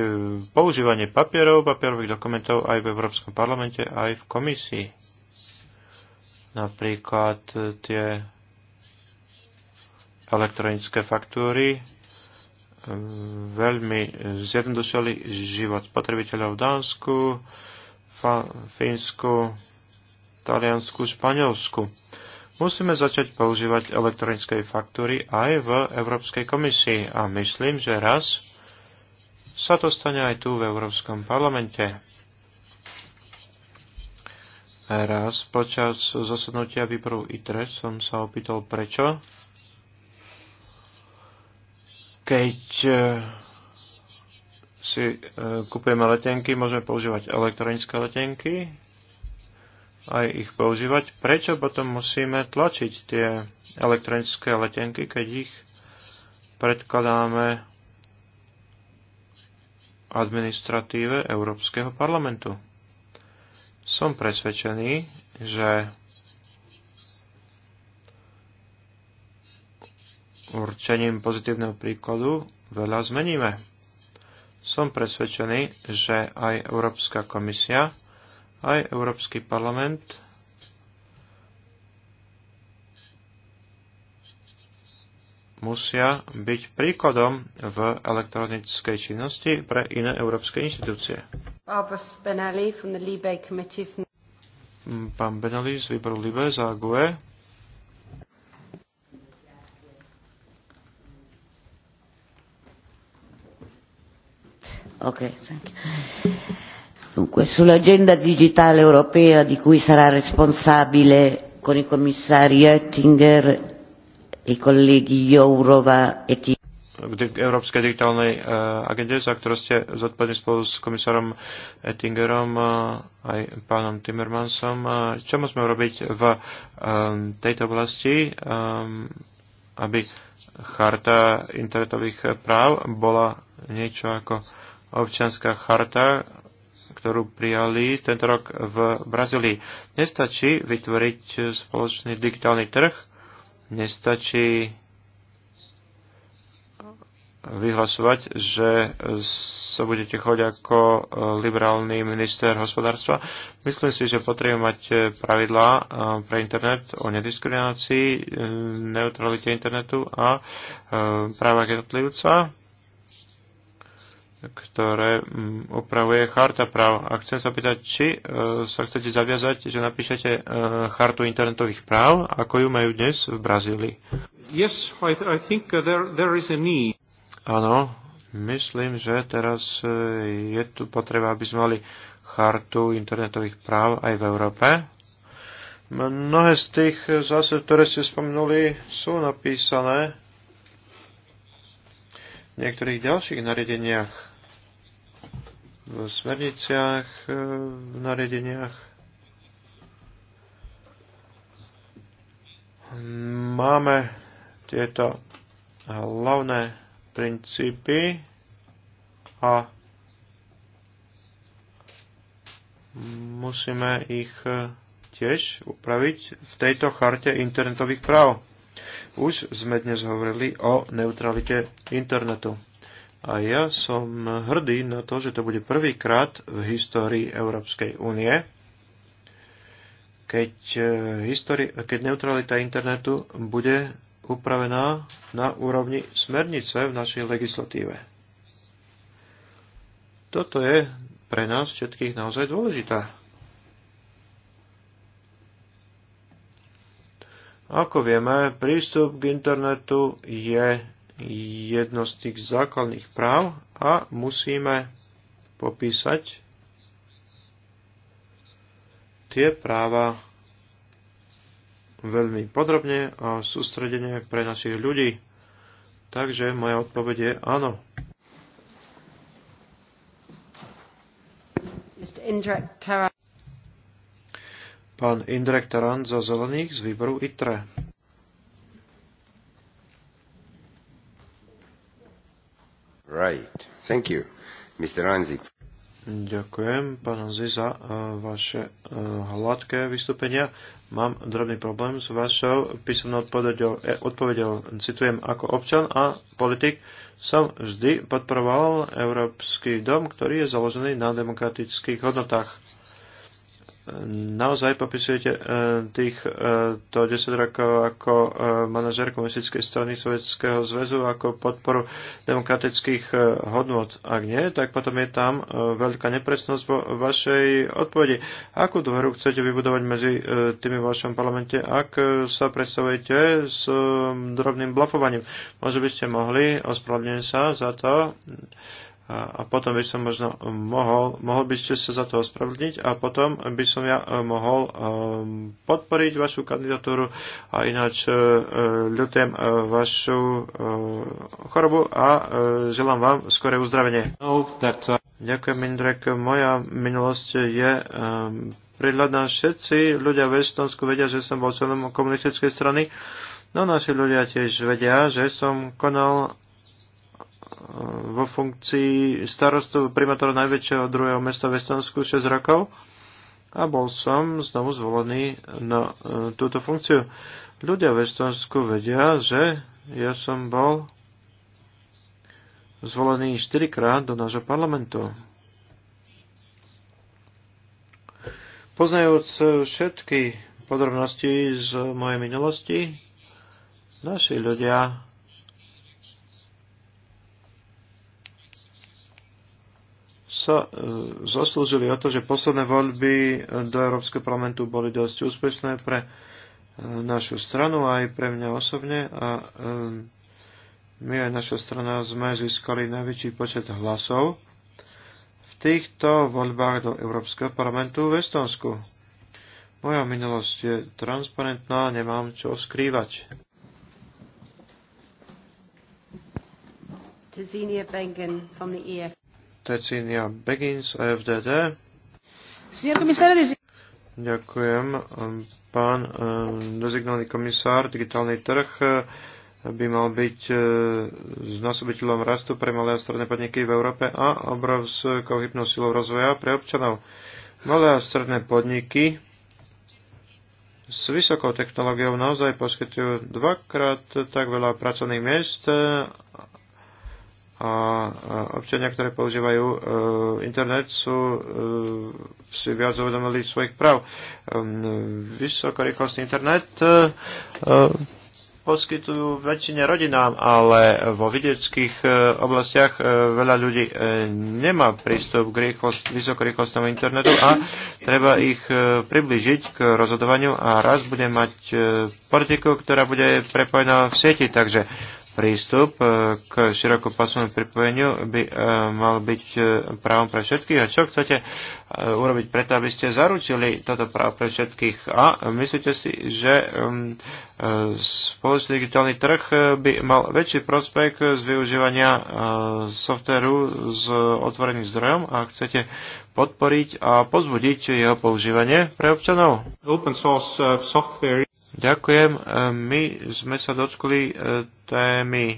používanie papierov, papierových dokumentov aj v Európskom parlamente, aj v komisii. Napríklad e, tie elektronické faktúry e, veľmi zjednodušili život spotrebiteľov v Dánsku, Fínsku, Taliansku, Španielsku. Musíme začať používať elektronické faktúry aj v Európskej komisii a myslím, že raz sa to stane aj tu v Európskom parlamente. Raz počas zasadnutia výboru ITRE som sa opýtal prečo, keď e, si e, kupujeme letenky, môžeme používať elektronické letenky, aj ich používať. Prečo potom musíme tlačiť tie elektronické letenky, keď ich predkladáme administratíve Európskeho parlamentu. Som presvedčený, že určením pozitívneho príkladu veľa zmeníme. Som presvedčený, že aj Európska komisia, aj Európsky parlament musia byť príkladom v elektronickej činnosti pre iné európske inštitúcie. Pán Benali z výboru Libe za GUE. Ok, Dunque, sull'agenda digitale europea di cui sarà responsabile con i commissari Oettinger i Jourova e Európskej digitálnej uh, eh, agende, za ktorú ste zodpovední spolu s komisárom Ettingerom uh, aj pánom Timmermansom. Uh, čo môžeme robiť v um, tejto oblasti, um, aby charta internetových práv bola niečo ako občianská charta, ktorú prijali tento rok v Brazílii. Nestačí vytvoriť spoločný digitálny trh, nestačí vyhlasovať, že sa budete chodiť ako e, liberálny minister hospodárstva. Myslím si, že potrebujem mať e, pravidlá e, pre internet o nediskriminácii, neutralite internetu a práva jednotlivca ktoré upravuje mm, charta práv. A chcem sa pýtať, či e, sa chcete zaviazať, že napíšete e, chartu internetových práv, ako ju majú dnes v Brazílii. Yes, I, I think uh, there, there is a need. Áno, myslím, že teraz e, je tu potreba, aby sme mali chartu internetových práv aj v Európe. Mnohé z tých zase, ktoré ste spomenuli, sú napísané v niektorých ďalších nariadeniach v smerniciach, e, v nariadeniach. Máme tieto hlavné princípy a musíme ich e, tiež upraviť v tejto charte internetových práv. Už sme dnes hovorili o neutralite internetu. A ja som hrdý na to, že to bude prvýkrát v histórii Európskej únie, keď, eh, histori- keď neutralita internetu bude upravená na úrovni smernice v našej legislatíve. Toto je pre nás všetkých naozaj dôležité. Ako vieme, prístup k internetu je jedno z tých základných práv a musíme popísať tie práva veľmi podrobne a sústredenie pre našich ľudí. Takže moja odpoveď je áno. Pán Indrek Taran zo Zelených z výboru ITRE. Right. Thank you. Mr. Anzip. Ďakujem, pán Anzi, za eh, vaše eh, hladké vystúpenia. Mám drobný problém s vašou písomnou odpovedou. Eh, odpovedou. Citujem, ako občan a politik som vždy podporoval Európsky dom, ktorý je založený na demokratických hodnotách naozaj popisujete eh, tých eh, to 10 rokov ako eh, manažer komunistickej strany Sovjetského zväzu ako podporu demokratických hodnot. Ak nie, tak potom je tam veľká nepresnosť vo vašej odpovedi. Akú dôveru chcete vybudovať medzi tými v vašom parlamente, ak sa predstavujete s drobným blafovaním? Možno by ste mohli, ospravedlňujem sa za to, a, a potom by som možno mohol, mohol by ste sa za to ospravedlniť a potom by som ja e, mohol um, podporiť vašu kandidatúru a ináč uh, ľutujem uh, vašu uh, chorobu a uh, želám vám skore uzdravenie. No, Ďakujem, Indrek. Moja minulosť je um, prihľadná. Všetci ľudia v Estonsku vedia, že som bol členom komunistickej strany. No naši ľudia tiež vedia, že som konal vo funkcii starostu primátora najväčšieho druhého mesta v Estonsku 6 rokov a bol som znovu zvolený na e, túto funkciu. Ľudia v Estonsku vedia, že ja som bol zvolený 4 krát do nášho parlamentu. Poznajúc všetky podrobnosti z mojej minulosti, naši ľudia sa e, zaslúžili o to, že posledné voľby do Európskeho parlamentu boli dosť úspešné pre e, našu stranu aj pre mňa osobne a e, my aj naša strana sme získali najväčší počet hlasov v týchto voľbách do Európskeho parlamentu v Estonsku. Moja minulosť je transparentná, nemám čo skrývať. Tazinia Bengen from the EF. Tecinia Begins, e FDD. Ďakujem. Pán eh, dezignovaný komisár, digitálny trh eh, by mal byť eh, znásobiteľom rastu pre malé a stredné podniky v Európe a obrovskou hypnou silou rozvoja pre občanov. Malé a stredné podniky s vysokou technológiou naozaj poskytujú dvakrát tak veľa pracovných miest a občania, ktoré používajú e, internet, sú e, si viac uvedomili svojich práv. Vysokorýchlostný internet e, poskytujú väčšine rodinám, ale vo vidieckých oblastiach veľa ľudí nemá prístup k rýchlost, vysokorýchlostnému internetu a treba ich približiť k rozhodovaniu a raz bude mať politiku, ktorá bude prepojená v sieti. Takže prístup e, k širokopásmovému pripojeniu by e, mal byť e, právom pre všetkých. A čo chcete urobiť preto, aby ste zaručili toto právo pre všetkých? A myslíte si, že spoločný digitálny trh by mal väčší prospekt z využívania softveru s otvoreným zdrojom a chcete podporiť a pozbudiť jeho používanie pre občanov? Open source software Ďakujem. E, my sme sa dotkli e, témy e,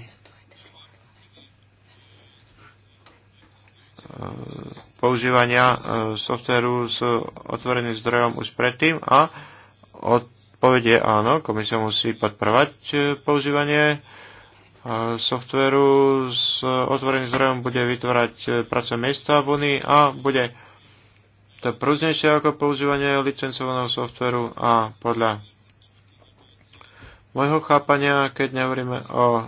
používania softveru s otvoreným zdrojom už predtým a odpovedie áno, komisia musí podporovať používanie softveru s otvoreným zdrojom bude vytvárať pracovné miesta v Unii a bude to prúznejšie ako používanie licencovaného softveru a podľa môjho chápania, keď nehovoríme o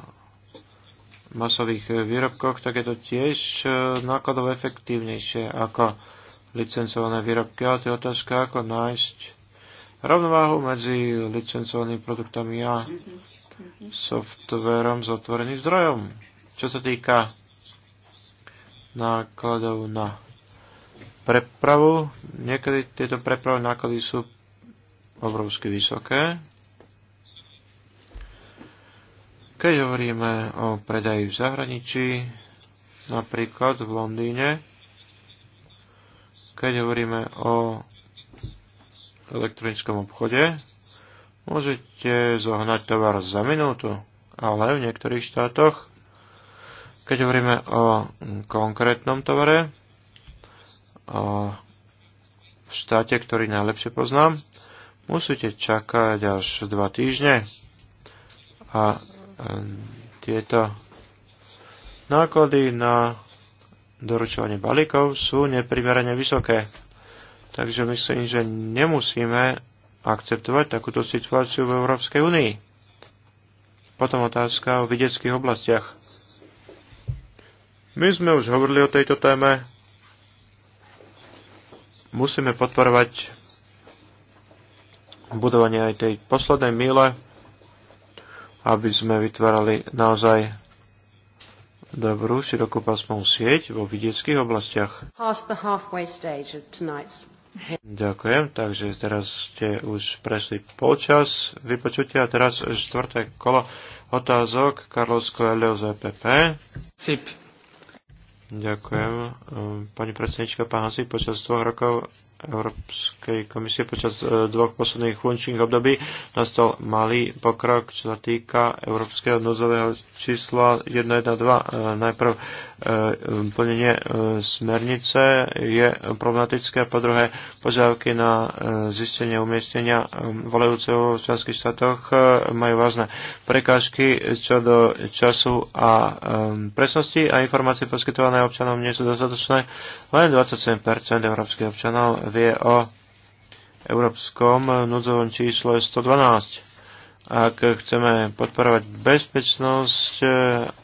masových výrobkoch, tak je to tiež e, nákladov efektívnejšie ako licencované výrobky. Ale to je otázka, ako nájsť rovnováhu medzi licencovanými produktami a softverom s otvoreným zdrojom. Čo sa týka nákladov na prepravu, niekedy tieto prepravné náklady sú obrovsky vysoké keď hovoríme o predaji v zahraničí, napríklad v Londýne, keď hovoríme o elektronickom obchode, môžete zohnať tovar za minútu, ale v niektorých štátoch, keď hovoríme o konkrétnom tovare, o v štáte, ktorý najlepšie poznám, musíte čakať až dva týždne a Ehm, tieto náklady na doručovanie balíkov sú neprimerane vysoké. Takže myslím, že nemusíme akceptovať takúto situáciu v Európskej únii. Potom otázka o vidieckých oblastiach. My sme už hovorili o tejto téme. Musíme podporovať budovanie aj tej poslednej míle aby sme vytvárali naozaj dobrú širokopásmovú sieť vo vidieckých oblastiach. Ďakujem, takže teraz ste už prešli počas vypočutia. Teraz štvrté kolo otázok Carlos Coelho z EPP. CIP. Ďakujem. Pani predsednička, pán Hasi, počas dvoch rokov Európskej komisie počas e, dvoch posledných funkčných období nastal malý pokrok, čo sa týka Európskeho núzového čísla 112. E, najprv e, plnenie smernice je problematické, po druhé požiadavky na zistenie umiestnenia volajúceho v členských štátoch majú vážne prekážky čo do času a presnosti a informácie poskytované občanom nie sú dostatočné. Len 27% európskych občanov vie o európskom núdzovom čísle 112. Ak chceme podporovať bezpečnosť eh,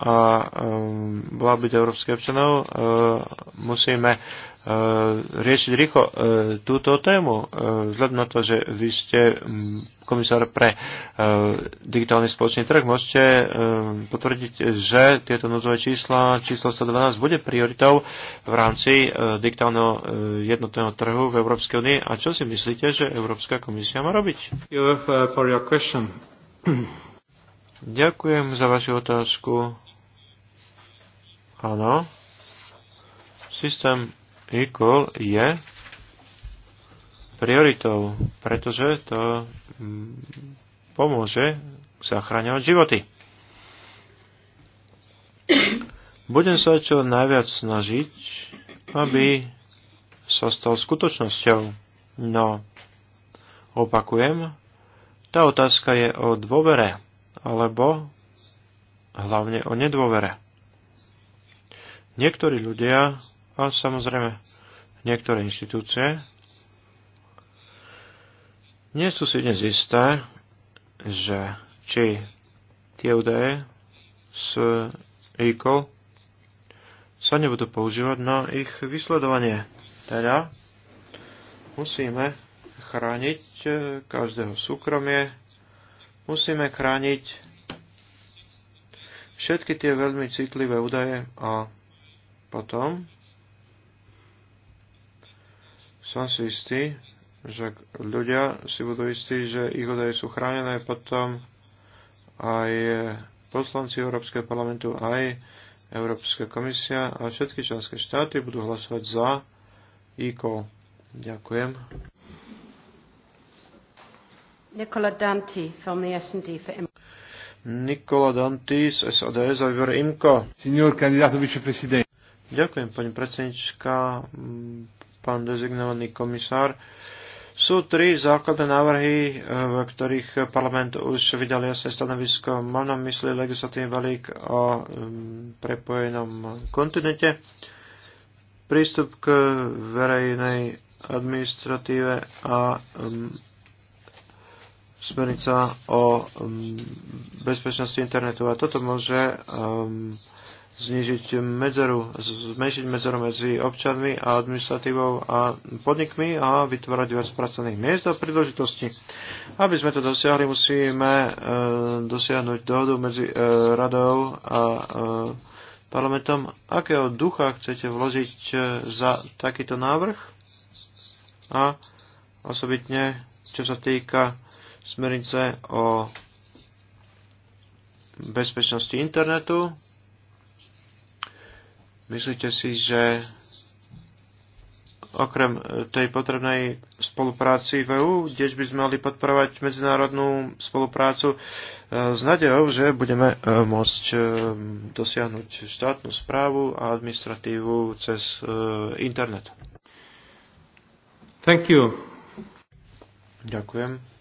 a blábyť európskych občanov, eh, musíme E, riešiť rýchlo e, túto tému, e, vzhľadom na to, že vy ste komisár pre digitálny spoločný trh. Môžete potvrdiť, že tieto núdzové čísla, číslo 112, bude prioritou v rámci digitálneho jednotného trhu v Európskej únii. A čo si myslíte, že Európska komisia má robiť? Ďakujem za vašu otázku. Áno. Systém equal je prioritou, pretože to mm, pomôže zachráňovať životy. Budem sa čo najviac snažiť, aby sa stal skutočnosťou. No, opakujem, tá otázka je o dôvere, alebo hlavne o nedôvere. Niektorí ľudia a samozrejme, niektoré inštitúcie nie sú si dnes isté, že či tie údaje z ECOL sa nebudú používať na ich vysledovanie. Teda musíme chrániť e, každého súkromie, musíme chrániť všetky tie veľmi citlivé údaje a potom som si istý, že ľudia si budú istí, že ich údaje sú chránené, potom aj poslanci Európskeho parlamentu, aj Európska komisia a všetky členské štáty budú hlasovať za ICO. Ďakujem. Nikola Danti from the S&D for IMCO. Nikola Danti z SAD za výbor IMCO. Signor candidato viceprezident. Ďakujem, pani predsednička, pán dezignovaný komisár. Sú tri základné návrhy, e, v ktorých parlament už vydal jasné stanovisko. Mám na mysli legislatívny balík o prepojenom kontinente, prístup k verejnej administratíve a smernica o mm, bezpečnosti internetu. A toto môže um, mm, znižiť medzeru, zmenšiť medzeru medzi občanmi a administratívou a podnikmi a vytvárať viac pracovných miest a príležitosti. Aby sme to dosiahli, musíme e, dosiahnuť dohodu medzi e, radou a e, parlamentom. Akého ducha chcete vložiť e, za takýto návrh? A osobitne, čo sa týka smernice o bezpečnosti internetu. Myslíte si, že okrem tej potrebnej spolupráci v EU, kdež by sme mali podporovať medzinárodnú spoluprácu e, s nadejou, že budeme e, môcť e, dosiahnuť štátnu správu a administratívu cez internet. Thank you. Ďakujem.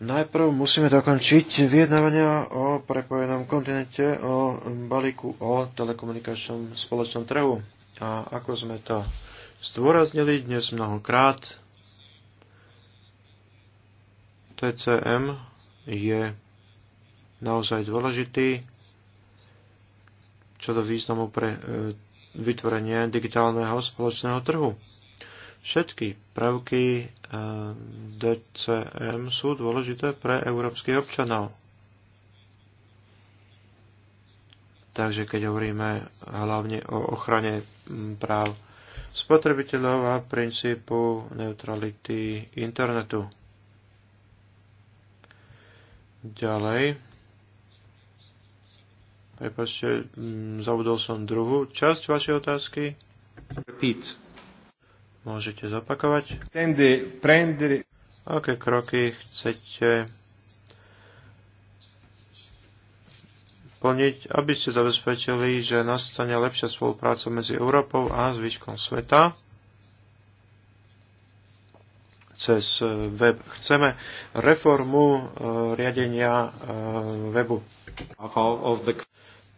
Najprv musíme dokončiť vyjednávania o prepojenom kontinente, o balíku o telekomunikačnom spoločnom trhu. A ako sme to zdôraznili, dnes mnohokrát, TCM je naozaj dôležitý čo do významu pre e, vytvorenie digitálneho spoločného trhu. Všetky prvky eh, DCM sú dôležité pre európskych občanov. Takže keď hovoríme hlavne o ochrane mm, práv spotrebiteľov a princípu neutrality internetu. Ďalej. Prepačte, mm, zabudol som druhú časť vašej otázky. Repeat. Môžete zopakovať? Aké kroky chcete plniť, aby ste zabezpečili, že nastane lepšia spolupráca medzi Európou a zvyškom sveta. Cez e, web chceme reformu e, riadenia e, webu.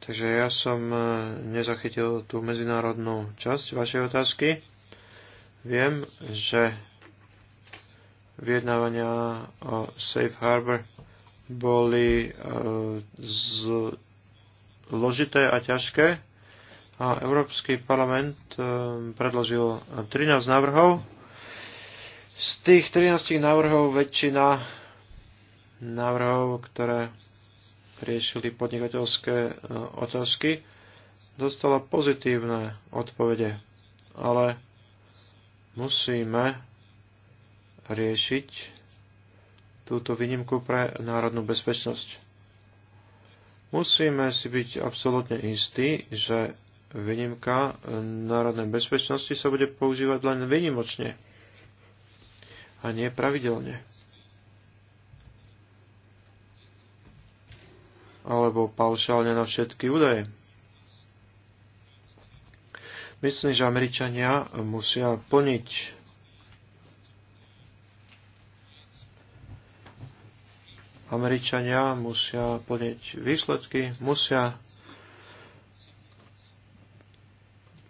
Takže ja som e, nezachytil tú medzinárodnú časť vašej otázky. Viem, že vyjednávania o Safe Harbor boli e, zložité a ťažké a Európsky parlament e, predložil 13 návrhov. Z tých 13 návrhov väčšina návrhov, ktoré riešili podnikateľské e, otázky, dostala pozitívne odpovede. Ale musíme riešiť túto výnimku pre národnú bezpečnosť. Musíme si byť absolútne istí, že výnimka národnej bezpečnosti sa bude používať len výnimočne a nie pravidelne. Alebo paušálne na všetky údaje. Myslím, že Američania musia plniť Američania musia plniť výsledky, musia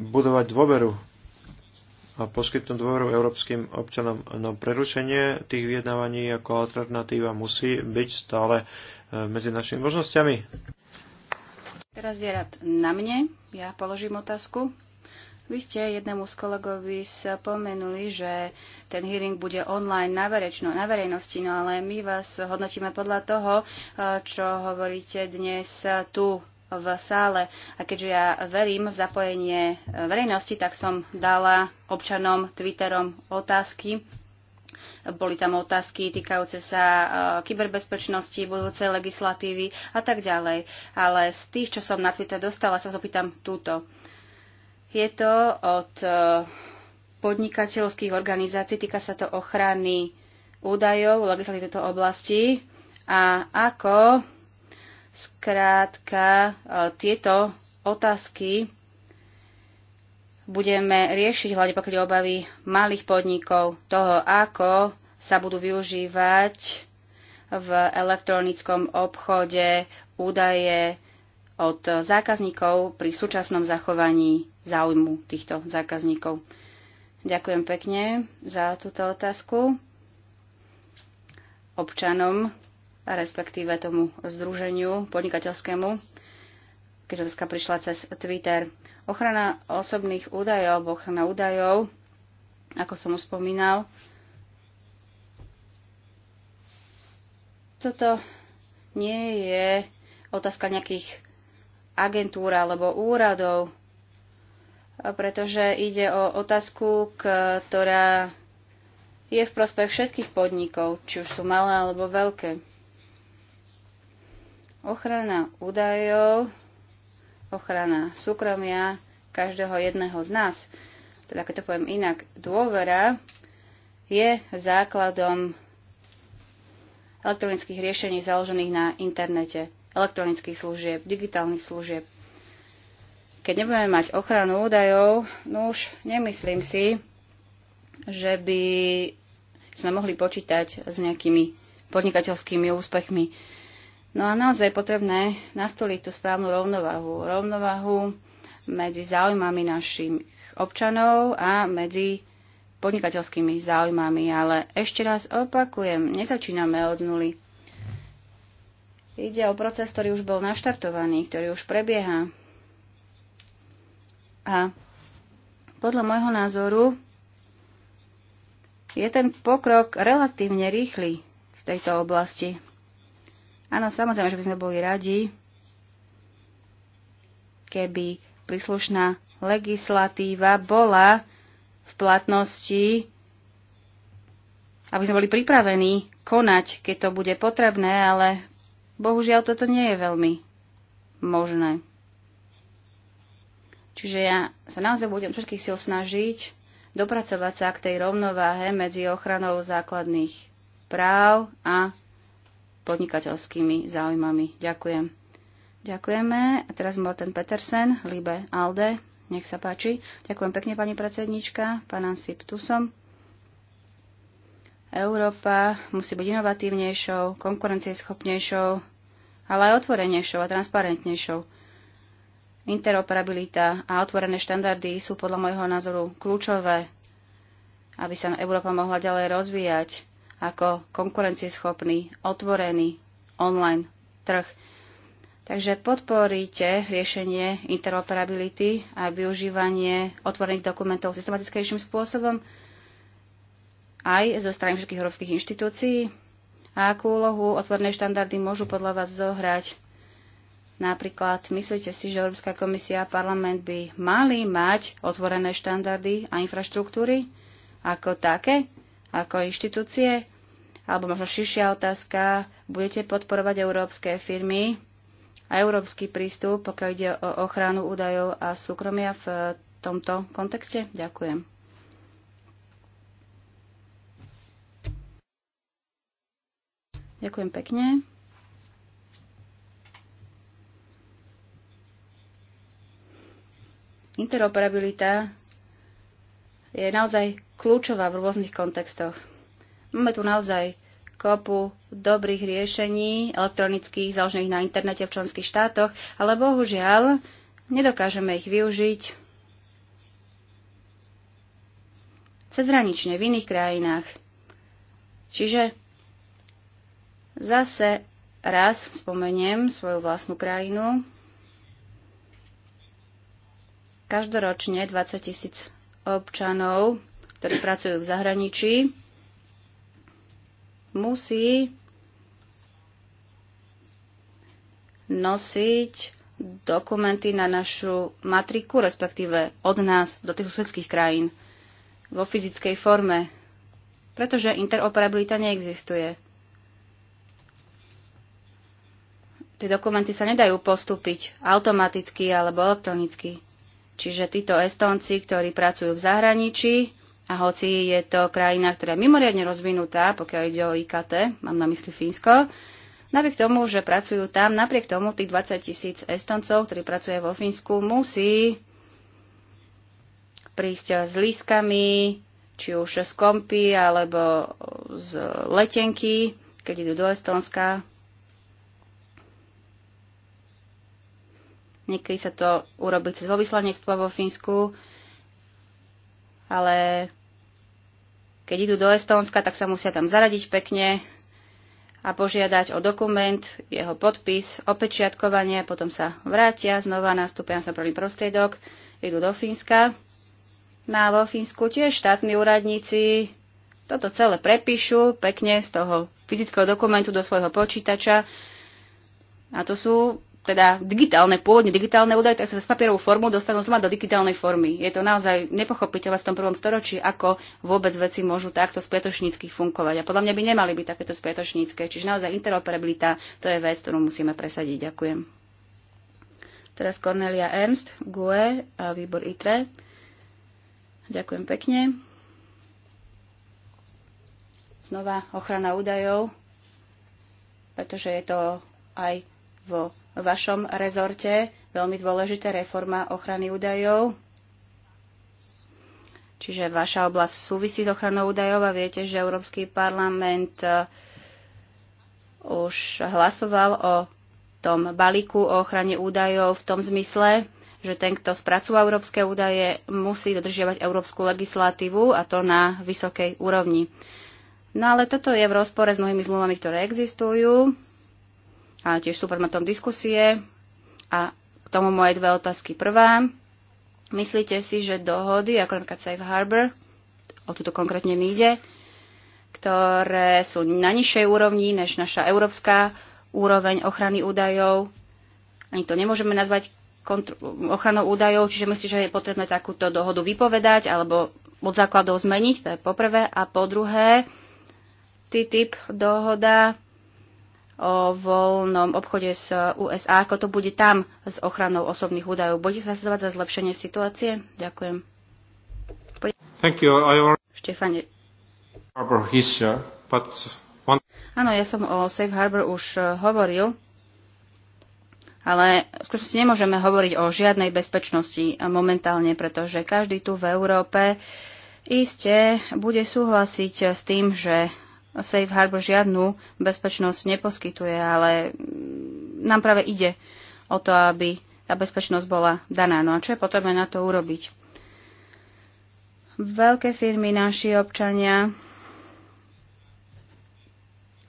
budovať dôveru a poskytnúť dôveru európskym občanom. No prerušenie tých vyjednávaní ako alternatíva musí byť stále e, medzi našimi možnosťami. Teraz je rad na mne. Ja položím otázku. Vy ste jednému z kolegovi spomenuli, že ten hearing bude online na, verečno, na verejnosti, no ale my vás hodnotíme podľa toho, eh, čo hovoríte dnes tu v sále. A keďže ja verím v zapojenie eh, verejnosti, tak som dala občanom Twitterom otázky. Boli tam otázky týkajúce sa eh, kyberbezpečnosti, budúcej legislatívy a tak ďalej. Ale z tých, čo som na Twitter dostala, sa zopýtam túto. Uh, je to od e, podnikateľských organizácií, týka sa to ochrany údajov, legislatívy tejto oblasti a ako skrátka e, tieto otázky budeme riešiť, hlavne pokiaľ obavy malých podnikov, toho, ako sa budú využívať v elektronickom obchode údaje od zákazníkov pri súčasnom zachovaní záujmu týchto zákazníkov. Ďakujem pekne za túto otázku občanom, respektíve tomu združeniu podnikateľskému, keď otázka prišla cez Twitter. Ochrana osobných údajov, ochrana údajov, ako som už spomínal, toto nie je otázka nejakých agentúr alebo úradov, pretože ide o otázku, ktorá je v prospech všetkých podnikov, či už sú malé alebo veľké. Ochrana údajov, ochrana súkromia každého jedného z nás, teda keď to poviem inak, dôvera je základom elektronických riešení založených na internete elektronických služieb, digitálnych služieb. Keď nebudeme mať ochranu údajov, no už nemyslím si, že by sme mohli počítať s nejakými podnikateľskými úspechmi. No a naozaj je potrebné nastoliť tú správnu rovnovahu. Rovnovahu medzi záujmami našich občanov a medzi podnikateľskými záujmami. Ale ešte raz opakujem, nezačíname od nuly. Ide o proces, ktorý už bol naštartovaný, ktorý už prebieha. A podľa môjho názoru je ten pokrok relatívne rýchly v tejto oblasti. Áno, samozrejme, že by sme boli radi, keby príslušná legislatíva bola v platnosti, aby sme boli pripravení konať, keď to bude potrebné, ale Bohužiaľ, toto nie je veľmi možné. Čiže ja sa naozaj budem všetkých síl snažiť dopracovať sa k tej rovnováhe medzi ochranou základných práv a podnikateľskými záujmami. Ďakujem. Ďakujeme. A teraz Morten Petersen, Libe Alde. Nech sa páči. Ďakujem pekne, pani predsednička, pán Ansip, Tusom. Európa musí byť inovatívnejšou, konkurencieschopnejšou, ale aj otvorenejšou a transparentnejšou. Interoperabilita a otvorené štandardy sú podľa môjho názoru kľúčové, aby sa Európa mohla ďalej rozvíjať ako konkurencieschopný, otvorený online trh. Takže podporíte riešenie interoperability a využívanie otvorených dokumentov systematickejším spôsobom aj zo strany všetkých európskych inštitúcií? A akú úlohu otvorné štandardy môžu podľa vás zohrať? Napríklad, myslíte si, že Európska komisia a parlament by mali mať otvorené štandardy a infraštruktúry ako také, ako inštitúcie? Alebo možno širšia otázka, budete podporovať európske firmy a európsky prístup, pokiaľ ide o ochranu údajov a súkromia v tomto kontexte? Ďakujem. Ďakujem pekne. Interoperabilita je naozaj kľúčová v rôznych kontextoch. Máme tu naozaj kopu dobrých riešení elektronických založených na internete v členských štátoch, ale bohužiaľ nedokážeme ich využiť cezhranične v iných krajinách. Čiže Zase raz spomeniem svoju vlastnú krajinu. Každoročne 20 tisíc občanov, ktorí pracujú v zahraničí, musí nosiť dokumenty na našu matriku, respektíve od nás do tých susedských krajín vo fyzickej forme, pretože interoperabilita neexistuje. Tie dokumenty sa nedajú postúpiť automaticky alebo elektronicky. Čiže títo Estónci, ktorí pracujú v zahraničí, a hoci je to krajina, ktorá je mimoriadne rozvinutá, pokiaľ ide o IKT, mám na mysli Fínsko, napriek tomu, že pracujú tam, napriek tomu tých 20 tisíc Estoncov, ktorí pracujú vo Fínsku, musí prísť s lískami, či už z kompy alebo z letenky, keď idú do Estonska. Niekedy sa to urobí cez vyslanectvo vo Fínsku, ale keď idú do Estónska, tak sa musia tam zaradiť pekne a požiadať o dokument, jeho podpis, opečiatkovanie, potom sa vrátia, znova nastúpia na prvý prostriedok, idú do Fínska. No a vo Fínsku tiež štátni úradníci toto celé prepíšu pekne z toho fyzického dokumentu do svojho počítača. A to sú teda digitálne, pôvodne digitálne údaje, tak sa z papierovú formu dostanú zrovna do digitálnej formy. Je to naozaj nepochopiteľné v tom prvom storočí, ako vôbec veci môžu takto spätočnícky fungovať. A podľa mňa by nemali byť takéto spätočnícke. Čiže naozaj interoperabilita to je vec, ktorú musíme presadiť. Ďakujem. Teraz Cornelia Ernst, GUE a výbor ITRE. Ďakujem pekne. Znova ochrana údajov, pretože je to aj vo vašom rezorte, veľmi dôležité reforma ochrany údajov. Čiže vaša oblasť súvisí s ochranou údajov a viete, že Európsky parlament e, už hlasoval o tom balíku o ochrane údajov v tom zmysle, že ten, kto spracúva európske údaje, musí dodržiavať európsku legislatívu a to na vysokej úrovni. No ale toto je v rozpore s mnohými zmluvami, ktoré existujú a tiež sú diskusie. A k tomu moje dve otázky. Prvá, myslíte si, že dohody, ako napríklad Safe Harbor, o túto konkrétne mi ide, ktoré sú na nižšej úrovni než naša európska úroveň ochrany údajov, ani to nemôžeme nazvať ochranou údajov, čiže myslíte, že je potrebné takúto dohodu vypovedať alebo od základov zmeniť, to je poprvé. A po druhé, typ dohoda o voľnom obchode s USA, ako to bude tam s ochranou osobných údajov. Budete sa za zlepšenie situácie? Ďakujem. Thank you. I Štefane. Harbor but one... Áno, ja som o Safe Harbor už eh, hovoril, ale v skutočnosti nemôžeme hovoriť o žiadnej bezpečnosti eh, momentálne, pretože každý tu v Európe iste bude súhlasiť eh, s tým, že Safe Harbor žiadnu bezpečnosť neposkytuje, ale nám práve ide o to, aby tá bezpečnosť bola daná. No a čo je potrebné na to urobiť? Veľké firmy, naši občania,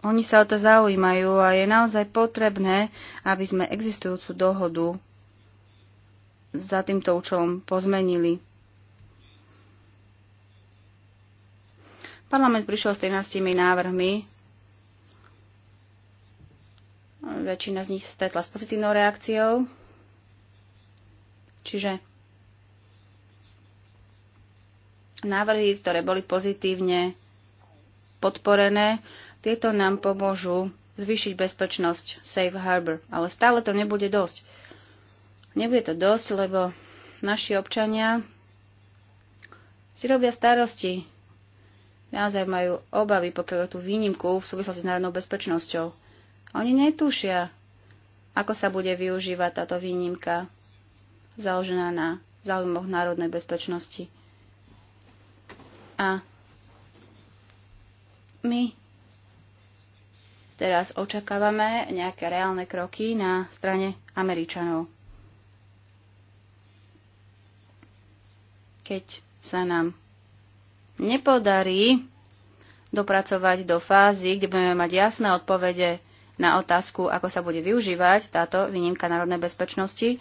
oni sa o to zaujímajú a je naozaj potrebné, aby sme existujúcu dohodu za týmto účelom pozmenili. Parlament prišiel s 13 návrhmi. Väčšina z nich stretla s pozitívnou reakciou. Čiže návrhy, ktoré boli pozitívne podporené, tieto nám pomôžu zvýšiť bezpečnosť Safe Harbor. Ale stále to nebude dosť. Nebude to dosť, lebo naši občania si robia starosti naozaj majú obavy, pokiaľ tú výnimku v súvislosti s národnou bezpečnosťou. Oni netušia, ako sa bude využívať táto výnimka založená na záujmoch národnej bezpečnosti. A my teraz očakávame nejaké reálne kroky na strane Američanov. Keď sa nám nepodarí dopracovať do fázy, kde budeme mať jasné odpovede na otázku, ako sa bude využívať táto výnimka národnej bezpečnosti,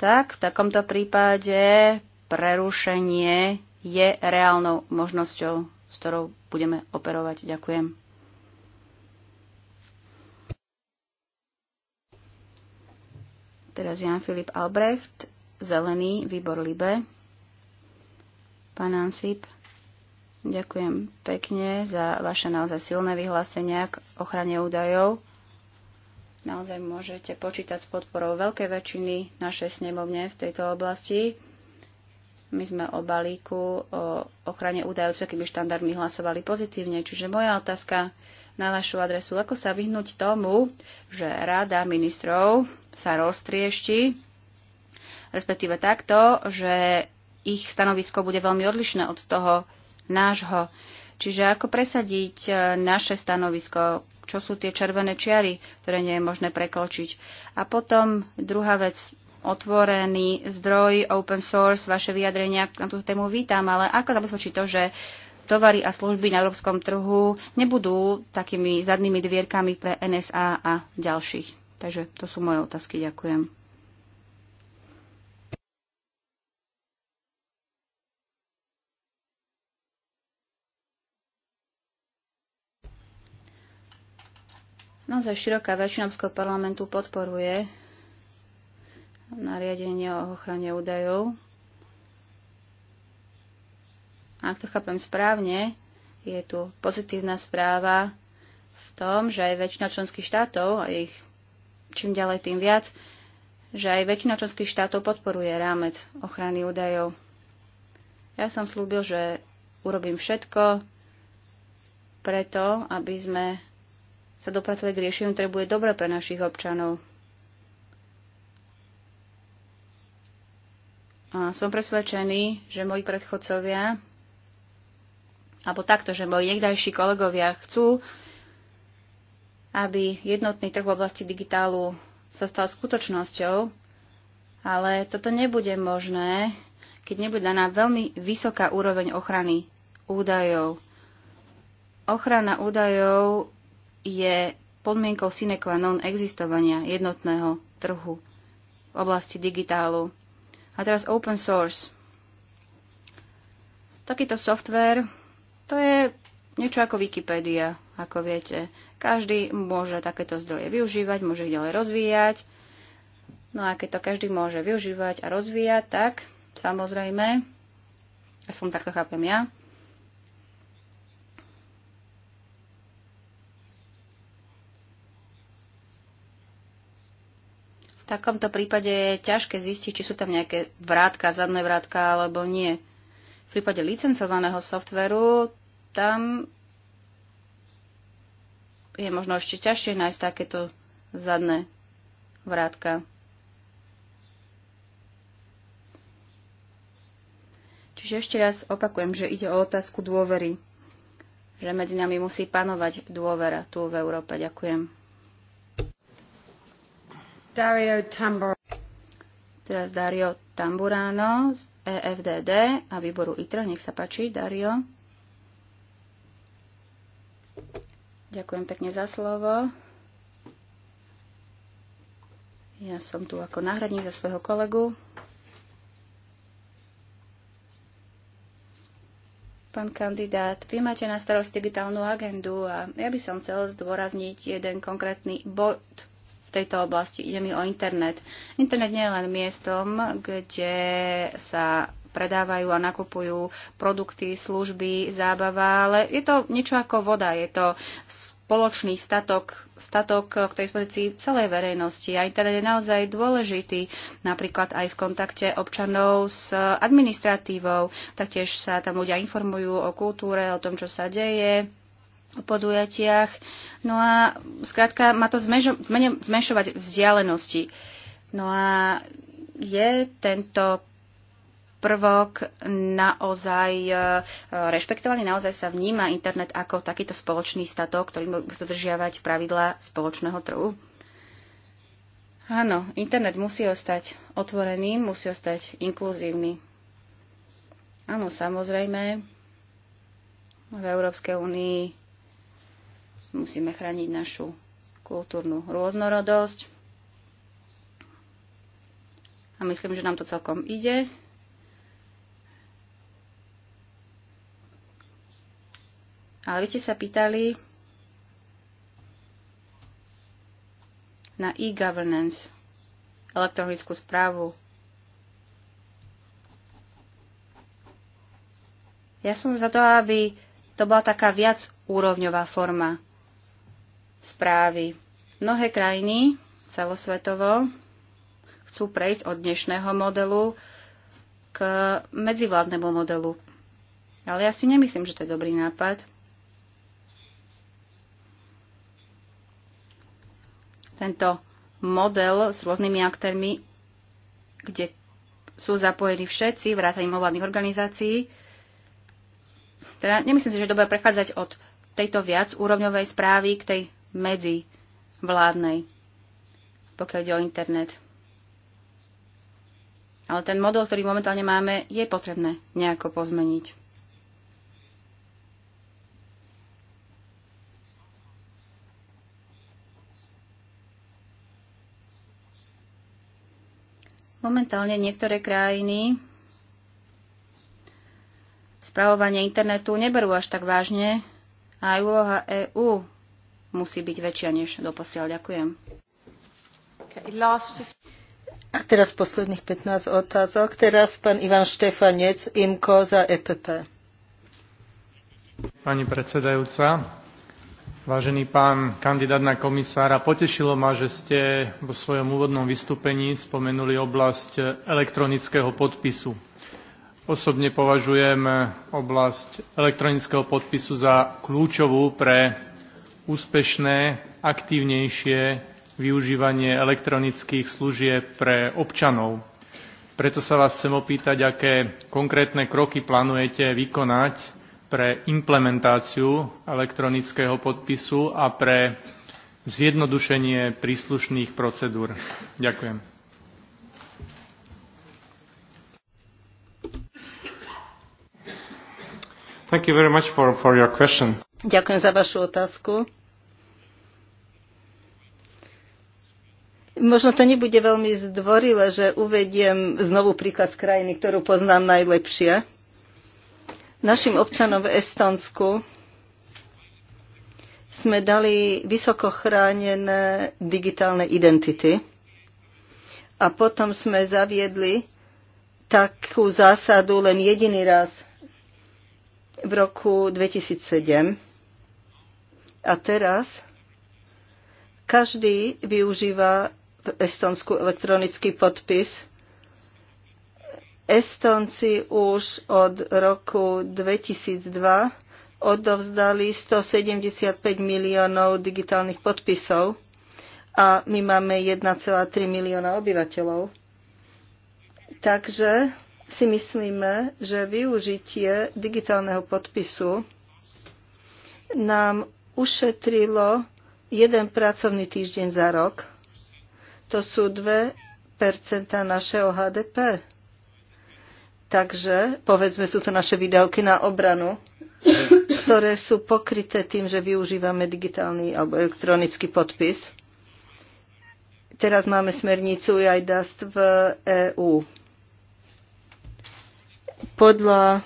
tak v takomto prípade prerušenie je reálnou možnosťou, s ktorou budeme operovať. Ďakujem. Teraz Jan Filip Albrecht, Zelený, výbor Libe. Pán Ansip. Ďakujem pekne za vaše naozaj silné vyhlásenia k ochrane údajov. Naozaj môžete počítať s podporou veľkej väčšiny našej snemovne v tejto oblasti. My sme o balíku o ochrane údajov s takými štandardmi hlasovali pozitívne. Čiže moja otázka na vašu adresu, ako sa vyhnúť tomu, že rada ministrov sa roztriešti, respektíve takto, že ich stanovisko bude veľmi odlišné od toho, nášho. Čiže ako presadiť e, naše stanovisko, čo sú tie červené čiary, ktoré nie je možné prekročiť. A potom druhá vec, otvorený zdroj, open source, vaše vyjadrenia na tú tému vítam, ale ako zabezpečiť to, že tovary a služby na európskom trhu nebudú takými zadnými dvierkami pre NSA a ďalších. Takže to sú moje otázky. Ďakujem. Naozaj široká väčšina parlamentu podporuje nariadenie o ochrane údajov. Ak to chápem správne, je tu pozitívna správa v tom, že aj väčšina členských štátov, a ich čím ďalej tým viac, že aj väčšina členských štátov podporuje rámec ochrany údajov. Ja som slúbil, že urobím všetko preto, aby sme sa dopracovať k riešeniu, ktoré bude dobré pre našich občanov. A som presvedčený, že moji predchodcovia, alebo takto, že moji niekdajší kolegovia chcú, aby jednotný trh v oblasti digitálu sa stal skutočnosťou, ale toto nebude možné, keď nebude daná veľmi vysoká úroveň ochrany údajov. Ochrana údajov je podmienkou sine qua non existovania jednotného trhu v oblasti digitálu. A teraz open source. Takýto software, to je niečo ako Wikipedia, ako viete. Každý môže takéto zdroje využívať, môže ich ďalej rozvíjať. No a keď to každý môže využívať a rozvíjať, tak samozrejme, aspoň takto chápem ja, V takomto prípade je ťažké zistiť, či sú tam nejaké vrátka, zadné vrátka alebo nie. V prípade licencovaného softveru tam je možno ešte ťažšie nájsť takéto zadné vrátka. Čiže ešte raz opakujem, že ide o otázku dôvery. Že medzi nami musí panovať dôvera tu v Európe. Ďakujem. Dario Tambor. Teraz Dario Tamburano z EFDD a výboru ITRA. Nech sa páči, Dario. Ďakujem pekne za slovo. Ja som tu ako náhradník za svojho kolegu. Pán kandidát, vy máte na starosti digitálnu agendu a ja by som chcel zdôrazniť jeden konkrétny bod, v tejto oblasti. Ide mi o internet. Internet nie je len miestom, kde sa predávajú a nakupujú produkty, služby, zábava, ale je to niečo ako voda. Je to spoločný statok, statok k tej spozícii celej verejnosti. A internet je naozaj dôležitý, napríklad aj v kontakte občanov s administratívou. Taktiež sa tam ľudia informujú o kultúre, o tom, čo sa deje, podujatiach. No a skrátka má to zmenšo, zmenšovať vzdialenosti. No a je tento prvok naozaj e, rešpektovaný, naozaj sa vníma internet ako takýto spoločný statok, ktorý musí dodržiavať pravidlá spoločného trhu? Áno, internet musí ostať otvorený, musí ostať inkluzívny. Áno, samozrejme, v Európskej únii Musíme chrániť našu kultúrnu rôznorodosť. A myslím, že nám to celkom ide. Ale vy ste sa pýtali na e-governance, elektronickú správu. Ja som za to, aby to bola taká viac úrovňová forma správy. Mnohé krajiny celosvetovo chcú prejsť od dnešného modelu k medzivládnemu modelu. Ale ja si nemyslím, že to je dobrý nápad. Tento model s rôznymi aktérmi, kde sú zapojení všetci, vrátane mimovládnych organizácií. Teda nemyslím si, že je dobré prechádzať od tejto viac úrovňovej správy k tej medzi vládnej, pokiaľ ide o internet. Ale ten model, ktorý momentálne máme, je potrebné nejako pozmeniť. Momentálne niektoré krajiny spravovanie internetu neberú až tak vážne a aj úloha EÚ musí byť väčšia než doposiaľ. Ďakujem. A teraz posledných 15 otázok. Teraz pán Ivan Štefanec, IMKO za EPP. Pani predsedajúca, vážený pán kandidát na komisára, potešilo ma, že ste vo svojom úvodnom vystúpení spomenuli oblasť elektronického podpisu. Osobne považujem oblasť elektronického podpisu za kľúčovú pre úspešné, aktívnejšie využívanie elektronických služieb pre občanov. Preto sa vás chcem opýtať, aké konkrétne kroky plánujete vykonať pre implementáciu elektronického podpisu a pre zjednodušenie príslušných procedúr. Ďakujem. Thank you very much for, for your question. Ďakujem za vašu otázku. Možno to nebude veľmi zdvorilé, že uvediem znovu príklad z krajiny, ktorú poznám najlepšie. Našim občanom v Estonsku sme dali vysoko chránené digitálne identity a potom sme zaviedli takú zásadu len jediný raz v roku 2007 a teraz každý využíva v Estonsku elektronický podpis. Estonci už od roku 2002 odovzdali 175 miliónov digitálnych podpisov a my máme 1,3 milióna obyvateľov. Takže si myslíme, že využitie digitálneho podpisu nám ušetrilo jeden pracovný týždeň za rok. To sú 2 našeho HDP. Takže, povedzme, sú to naše výdavky na obranu, ktoré sú pokryté tým, že využívame digitálny alebo elektronický podpis. Teraz máme smernicu IDAST v EÚ. Podľa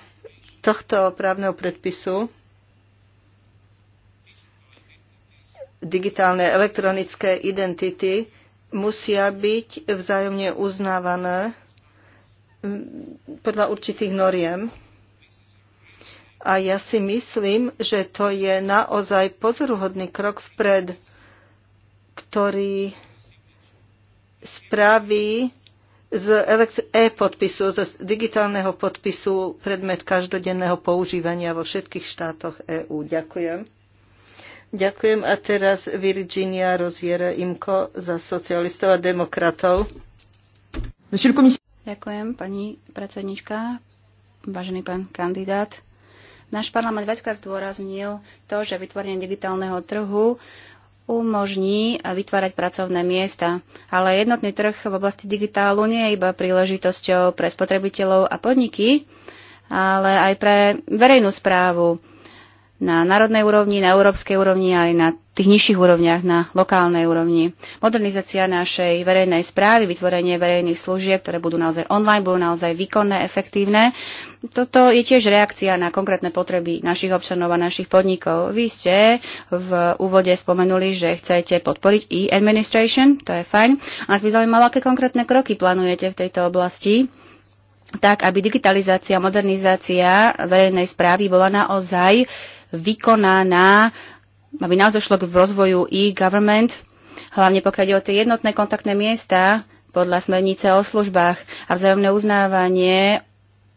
tohto právneho predpisu digitálne elektronické identity musia byť vzájomne uznávané podľa určitých noriem. A ja si myslím, že to je naozaj pozoruhodný krok vpred, ktorý spraví z e-podpisu, z digitálneho podpisu predmet každodenného používania vo všetkých štátoch EÚ. Ďakujem. Ďakujem a teraz Virginia Roziere Imko za socialistov a demokratov. Ďakujem, pani predsednička, vážený pán kandidát. Náš parlament viackrát zdôraznil to, že vytvorenie digitálneho trhu umožní vytvárať pracovné miesta. Ale jednotný trh v oblasti digitálu nie je iba príležitosťou pre spotrebiteľov a podniky, ale aj pre verejnú správu na národnej úrovni, na európskej úrovni aj na tých nižších úrovniach, na lokálnej úrovni. Modernizácia našej verejnej správy, vytvorenie verejných služieb, ktoré budú naozaj online, budú naozaj výkonné, efektívne. Toto je tiež reakcia na konkrétne potreby našich občanov a našich podnikov. Vy ste v úvode spomenuli, že chcete podporiť e-administration, to je fajn. A nás by zaujímalo, aké konkrétne kroky plánujete v tejto oblasti tak, aby digitalizácia, modernizácia verejnej správy bola naozaj uh, vykonaná, aby naozaj šlo k rozvoju e-government, hlavne pokiaľ ide o tie jednotné kontaktné miesta podľa smernice o službách a vzájomné uznávanie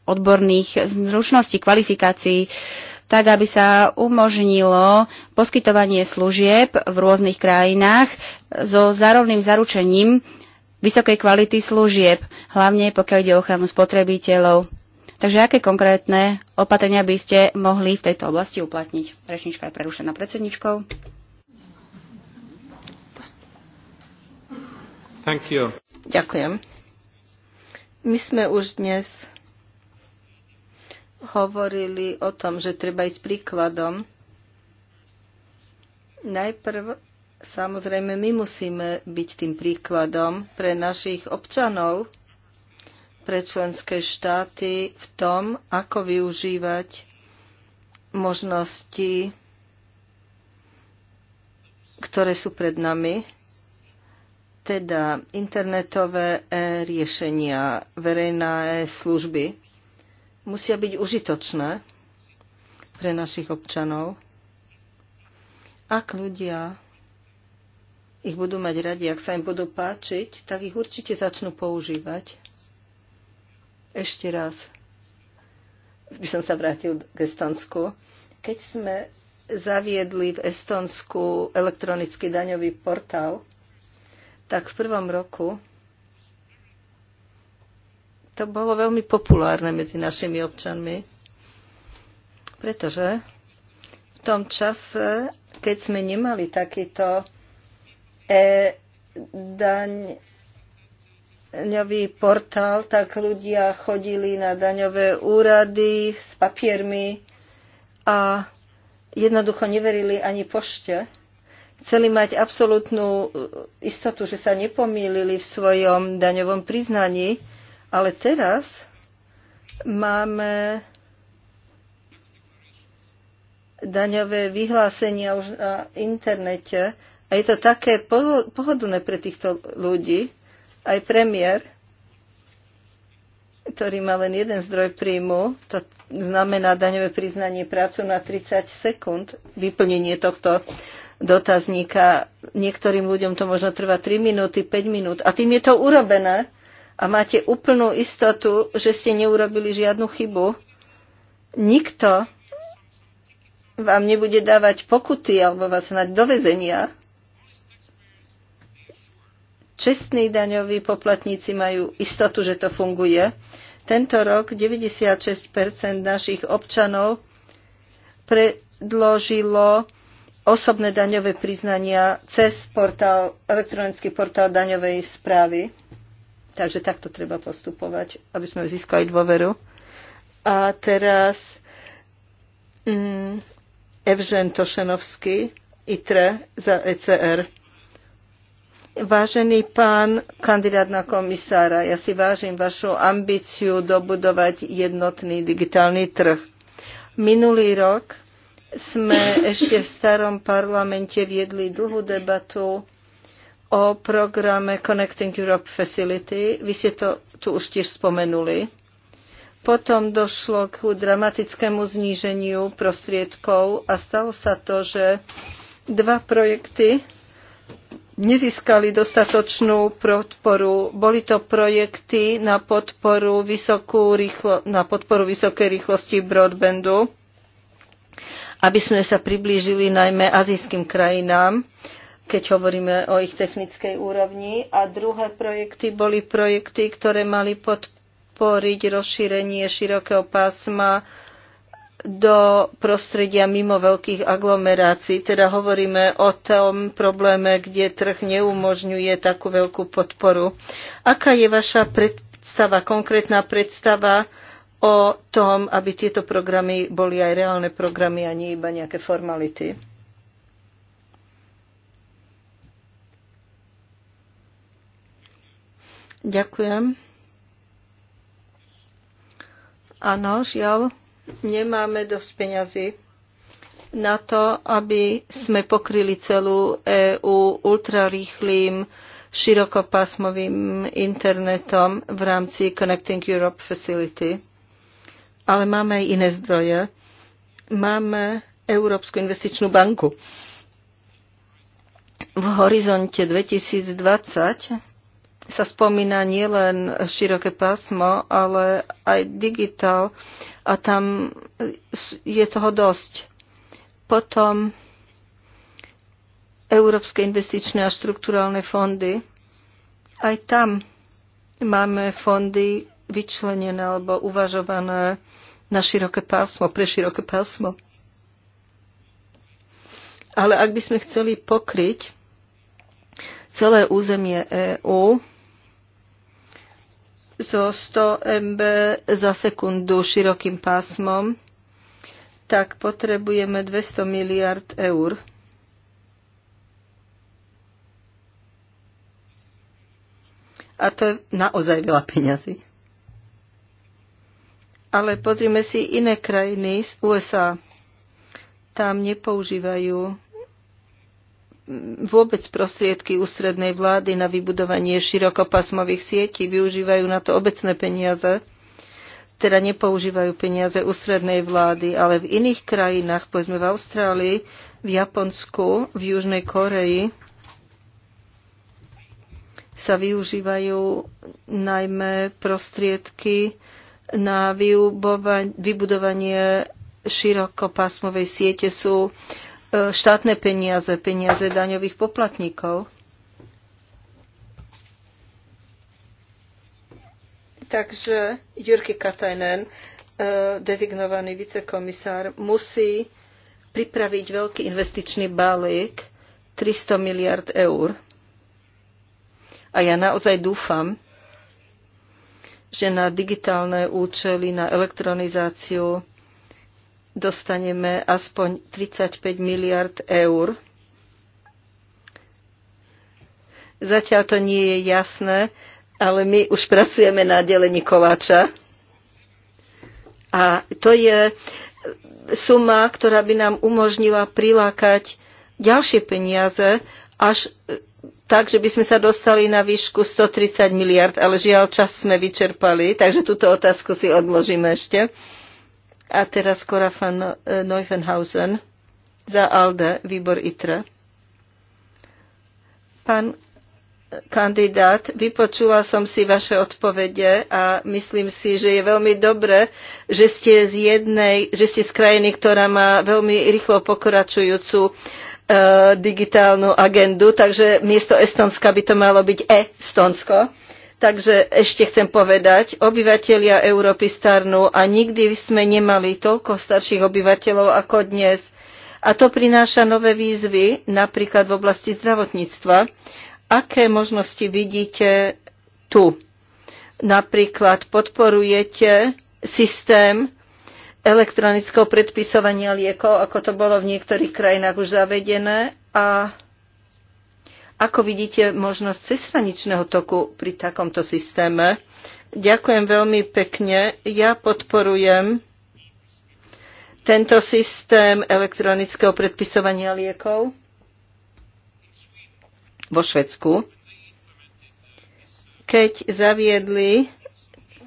odborných zručností, kvalifikácií, tak aby sa umožnilo poskytovanie služieb v rôznych krajinách so zárovným zaručením vysokej kvality služieb, hlavne pokiaľ ide o ochranu spotrebiteľov Takže aké konkrétne opatrenia by ste mohli v tejto oblasti uplatniť? Rečnička je prerušená predsedničkou. Thank you. Ďakujem. My sme už dnes hovorili o tom, že treba ísť príkladom. Najprv samozrejme my musíme byť tým príkladom pre našich občanov, pre členské štáty v tom, ako využívať možnosti, ktoré sú pred nami, teda internetové e riešenia, verejné služby, musia byť užitočné pre našich občanov. Ak ľudia ich budú mať radi, ak sa im budú páčiť, tak ich určite začnú používať. Ešte raz by som sa vrátil k Estonsku. Keď sme zaviedli v Estonsku elektronický daňový portál, tak v prvom roku to bolo veľmi populárne medzi našimi občanmi, pretože v tom čase, keď sme nemali takýto e daň daňový portál, tak ľudia chodili na daňové úrady s papiermi a jednoducho neverili ani pošte. Chceli mať absolútnu e, istotu, že sa nepomýlili v svojom daňovom priznaní, ale teraz máme daňové vyhlásenia už na internete a je to také pohodlné pre týchto ľudí, aj premiér, ktorý má len jeden zdroj príjmu, to znamená daňové priznanie prácu na 30 sekúnd, vyplnenie tohto dotazníka. Niektorým ľuďom to možno trvá 3 minúty, 5 minút. A tým je to urobené. A máte úplnú istotu, že ste neurobili žiadnu chybu. Nikto vám nebude dávať pokuty alebo vás hnať do vezenia. Čestní daňoví poplatníci majú istotu, že to funguje. Tento rok 96 našich občanov predložilo osobné daňové priznania cez portál, elektronický portál daňovej správy. Takže takto treba postupovať, aby sme získali dôveru. A teraz mm, Evžen Tošenovský, ITRE za ECR. Vážený pán kandidát na komisára, ja si vážim vašu ambíciu dobudovať jednotný digitálny trh. Minulý rok sme ešte v starom parlamente viedli dlhú debatu o programe Connecting Europe Facility. Vy ste to tu už tiež spomenuli. Potom došlo k dramatickému zníženiu prostriedkov a stalo sa to, že dva projekty nezískali dostatočnú podporu. Boli to projekty na podporu, vysokú rýchlo, na podporu vysokej rýchlosti broadbandu, aby sme sa priblížili najmä azijským krajinám, keď hovoríme o ich technickej úrovni. A druhé projekty boli projekty, ktoré mali podporiť rozšírenie širokého pásma do prostredia mimo veľkých aglomerácií. Teda hovoríme o tom probléme, kde trh neumožňuje takú veľkú podporu. Aká je vaša predstava, konkrétna predstava o tom, aby tieto programy boli aj reálne programy a nie iba nejaké formality? Ďakujem. Áno, žiaľ nemáme dosť peňazí na to, aby sme pokryli celú EÚ ultrarýchlým širokopásmovým internetom v rámci Connecting Europe Facility. Ale máme aj iné zdroje. Máme Európsku investičnú banku. V horizonte 2020 sa spomína nielen široké pásmo, ale aj digitál a tam je toho dosť. Potom Európske investičné a štruktúrálne fondy. Aj tam máme fondy vyčlenené alebo uvažované na široké pásmo, pre široké pásmo. Ale ak by sme chceli pokryť celé územie EÚ, so 100 MB za sekundu širokým pásmom, tak potrebujeme 200 miliard eur. A to je naozaj veľa peňazí. Ale pozrime si iné krajiny z USA. Tam nepoužívajú vôbec prostriedky ústrednej vlády na vybudovanie širokopasmových sietí, využívajú na to obecné peniaze, teda nepoužívajú peniaze ústrednej vlády, ale v iných krajinách, povedzme v Austrálii, v Japonsku, v Južnej Koreji, sa využívajú najmä prostriedky na vybudovanie širokopásmovej siete sú uh, E, štátne peniaze, peniaze daňových poplatníkov. Takže Jurky Katajnen, e, dezignovaný vicekomisár, musí pripraviť veľký investičný balík 300 miliard eur. A ja naozaj dúfam, že na digitálne účely, na elektronizáciu, dostaneme aspoň 35 miliard eur. Zatiaľ to nie je jasné, ale my už pracujeme na delení kováča. A to je suma, ktorá by nám umožnila prilákať ďalšie peniaze až e, tak, že by sme sa dostali na výšku 130 miliard, ale žiaľ čas sme vyčerpali, takže túto otázku si odložíme ešte. A teraz Cora van no- eh, Neuvenhausen za ALDE, výbor ITRE. Pán eh, kandidát, vypočula som si vaše odpovede a myslím si, že je veľmi dobré, že ste z jednej, že ste z krajiny, ktorá má veľmi rýchlo pokračujúcu eh, digitálnu agendu, takže miesto Estonska by to malo byť Estonsko. Takže ešte chcem povedať, obyvatelia Európy starnú a nikdy sme nemali toľko starších obyvateľov ako dnes. A to prináša nové výzvy, napríklad v oblasti zdravotníctva. Aké možnosti vidíte tu? Napríklad podporujete systém elektronického predpisovania liekov, ako to bolo v niektorých krajinách už zavedené a ako vidíte možnosť cezhraničného toku pri takomto systéme? Ďakujem veľmi pekne. Ja podporujem tento systém elektronického predpisovania liekov vo Švedsku. Keď zaviedli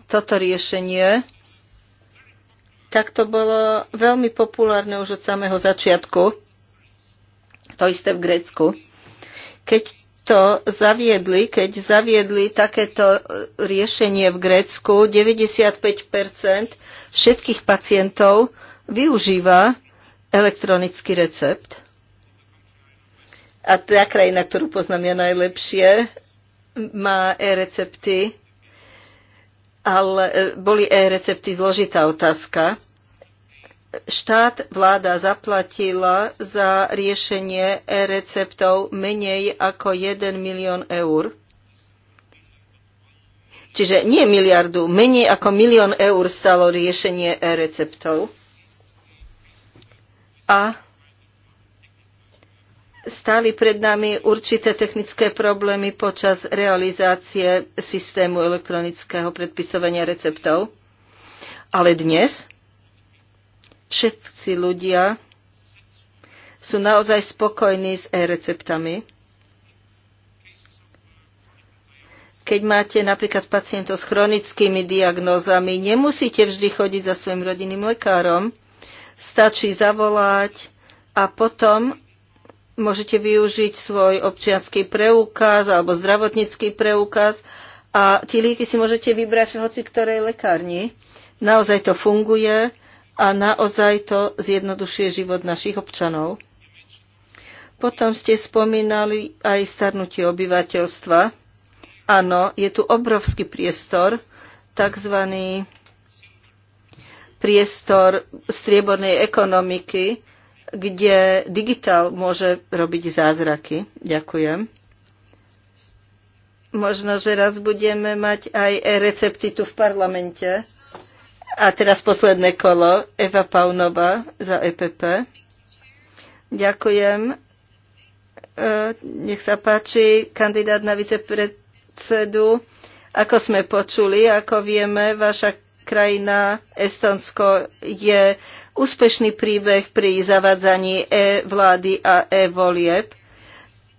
toto riešenie, tak to bolo veľmi populárne už od samého začiatku. To isté v Grécku. Keď to zaviedli, keď zaviedli takéto e, riešenie v Grécku, 95 všetkých pacientov využíva elektronický recept. A tá krajina, ktorú poznám ja najlepšie, má e-recepty, ale e, boli e-recepty zložitá otázka štát, vláda zaplatila za riešenie e-receptov menej ako 1 milión eur. Čiže nie miliardu, menej ako milión eur stalo riešenie e-receptov. A stáli pred nami určité technické problémy počas realizácie systému elektronického predpisovania receptov. Ale dnes všetci ľudia sú naozaj spokojní s e-receptami. Keď máte napríklad pacientov s chronickými diagnózami, nemusíte vždy chodiť za svojim rodinným lekárom. Stačí zavolať a potom môžete využiť svoj občianský preukaz alebo zdravotnícky preukaz a tie lieky si môžete vybrať v hoci ktorej lekárni. Naozaj to funguje a naozaj to zjednodušuje život našich občanov. Potom ste spomínali aj starnutie obyvateľstva. Áno, je tu obrovský priestor, takzvaný priestor striebornej ekonomiky, kde digitál môže robiť zázraky. Ďakujem. Možno, že raz budeme mať aj e-recepty tu v parlamente. A teraz posledné kolo. Eva Paunova za EPP. Ďakujem. E, nech sa páči, kandidát na vicepredsedu. Ako sme počuli, ako vieme, vaša krajina Estonsko je úspešný príbeh pri zavadzaní e-vlády a e-volieb.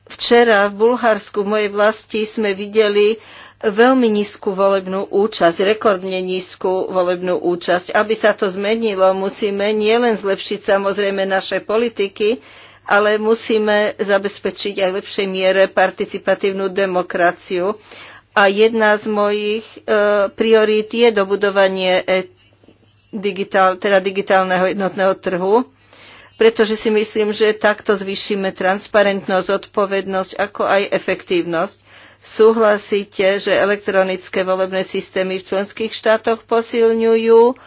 Včera v Bulharsku, v mojej vlasti, sme videli veľmi nízku volebnú účasť, rekordne nízku volebnú účasť. Aby sa to zmenilo, musíme nielen zlepšiť samozrejme naše politiky, ale musíme zabezpečiť aj v lepšej miere participatívnu demokraciu. A jedna z mojich e, priorít je dobudovanie e, digitál, teda digitálneho jednotného trhu, pretože si myslím, že takto zvýšime transparentnosť, odpovednosť, ako aj efektívnosť. Súhlasíte, že elektronické volebné systémy v členských štátoch posilňujú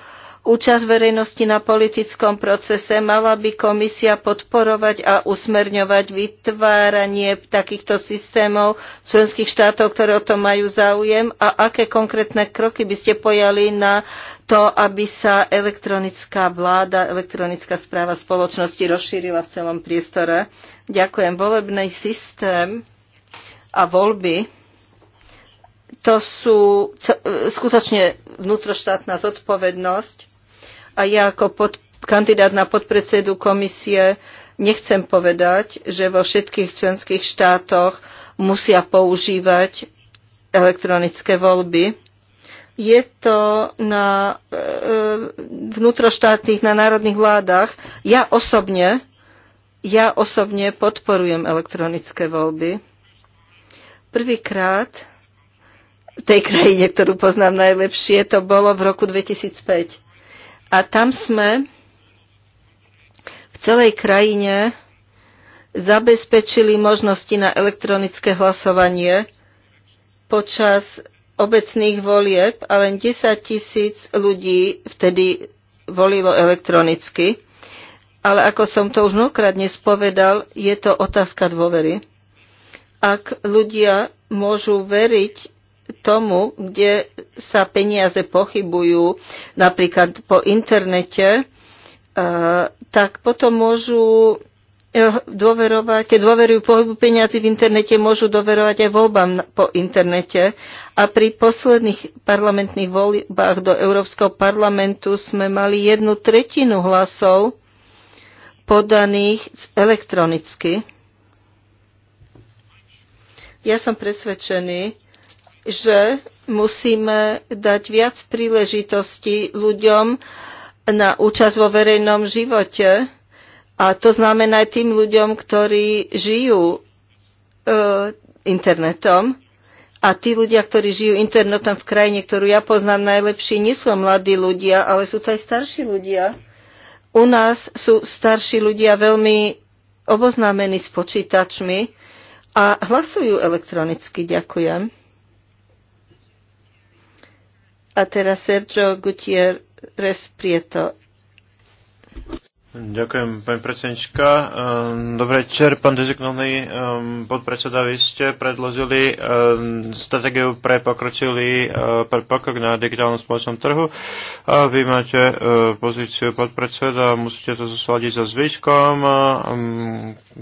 Účasť verejnosti na politickom procese mala by komisia podporovať a usmerňovať vytváranie takýchto systémov členských štátov, ktoré o to majú záujem a aké konkrétne kroky by ste pojali na to, aby sa elektronická vláda, elektronická správa spoločnosti rozšírila v celom priestore. Ďakujem. Volebný systém a voľby, to sú skutočne vnútroštátna zodpovednosť. A ja ako pod, kandidát na podpredsedu komisie nechcem povedať, že vo všetkých členských štátoch musia používať elektronické voľby. Je to na e, vnútroštátnych, na národných vládach. Ja osobne, ja osobne podporujem elektronické voľby. Prvýkrát v tej krajine, ktorú poznám najlepšie, to bolo v roku 2005. A tam sme v celej krajine zabezpečili možnosti na elektronické hlasovanie počas obecných volieb a len 10 tisíc ľudí vtedy volilo elektronicky. Ale ako som to už mnohokrát nespovedal, je to otázka dôvery. Ak ľudia môžu veriť tomu, kde sa peniaze pochybujú, napríklad po internete, eh, tak potom môžu eh, dôverovať, keď dôverujú pohybu peniazy v internete, môžu doverovať aj voľbám po internete. A pri posledných parlamentných voľbách do Európskeho parlamentu sme mali jednu tretinu hlasov podaných elektronicky. Ja som presvedčený, že musíme dať viac príležitostí ľuďom na účasť vo verejnom živote. A to znamená aj tým ľuďom, ktorí žijú e, internetom. A tí ľudia, ktorí žijú internetom v krajine, ktorú ja poznám najlepšie, nie sú mladí ľudia, ale sú to aj starší ľudia. U nás sú starší ľudia veľmi oboznámení s počítačmi, a hlasujú elektronicky. Ďakujem. A teraz Sergio Gutierrez Prieto Ďakujem, pani predsednička. Ehm, Dobre večer, pán dezignovaný ehm, podpredseda. Vy ste predložili ehm, stratégiu pre pokročilý pre pokrok na digitálnom spoločnom trhu. A vy máte pozíciu podpredseda, musíte to zosladiť so zvyškom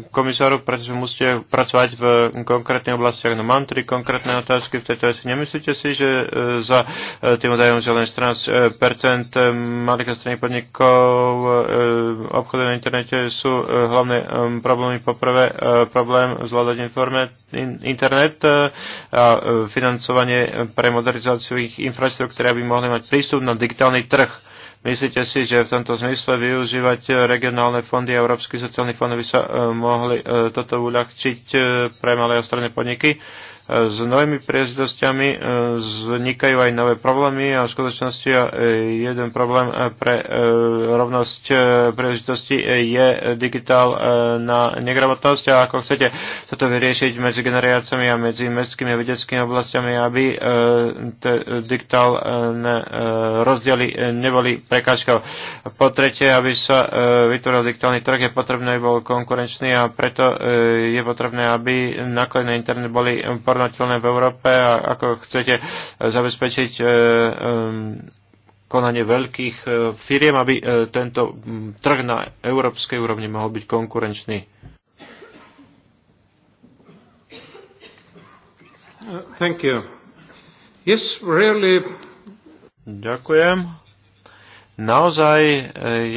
komisáru, pretože musíte pracovať v konkrétnych oblastiach. No mám tri konkrétne otázky v tejto veci. Nemyslíte si, že za tým údajom, že len 14% malých a stredných podnikov obchode na internete sú e, hlavné e, problémy. Poprvé e, problém zvládať internet a financovanie pre modernizáciu ich infraštruktúry, aby mohli mať prístup na digitálny trh Myslíte si, že v tomto zmysle využívať e, regionálne fondy a Európsky sociálny fond by sa e, mohli e, toto uľahčiť pre malé a stredné podniky? S novými príležitosťami vznikajú aj nové problémy a v skutočnosti jeden problém pre rovnosť príležitosti je digitál na negramotnosť a ako chcete toto vyriešiť medzi generáciami a medzi mestskými a vedeckými oblastiami, aby digitálne rozdiely neboli prekážkou. Po tretie, aby sa e, vytvoril digitálny trh, je potrebné, aby bol konkurenčný a preto e, je potrebné, aby náklady na internet boli porovnateľné v Európe a ako chcete zabezpečiť e, konanie veľkých firiem, aby tento trh na európskej úrovni mohol byť konkurenčný. Uh, thank you. Yes, really... Ďakujem. Naozaj e,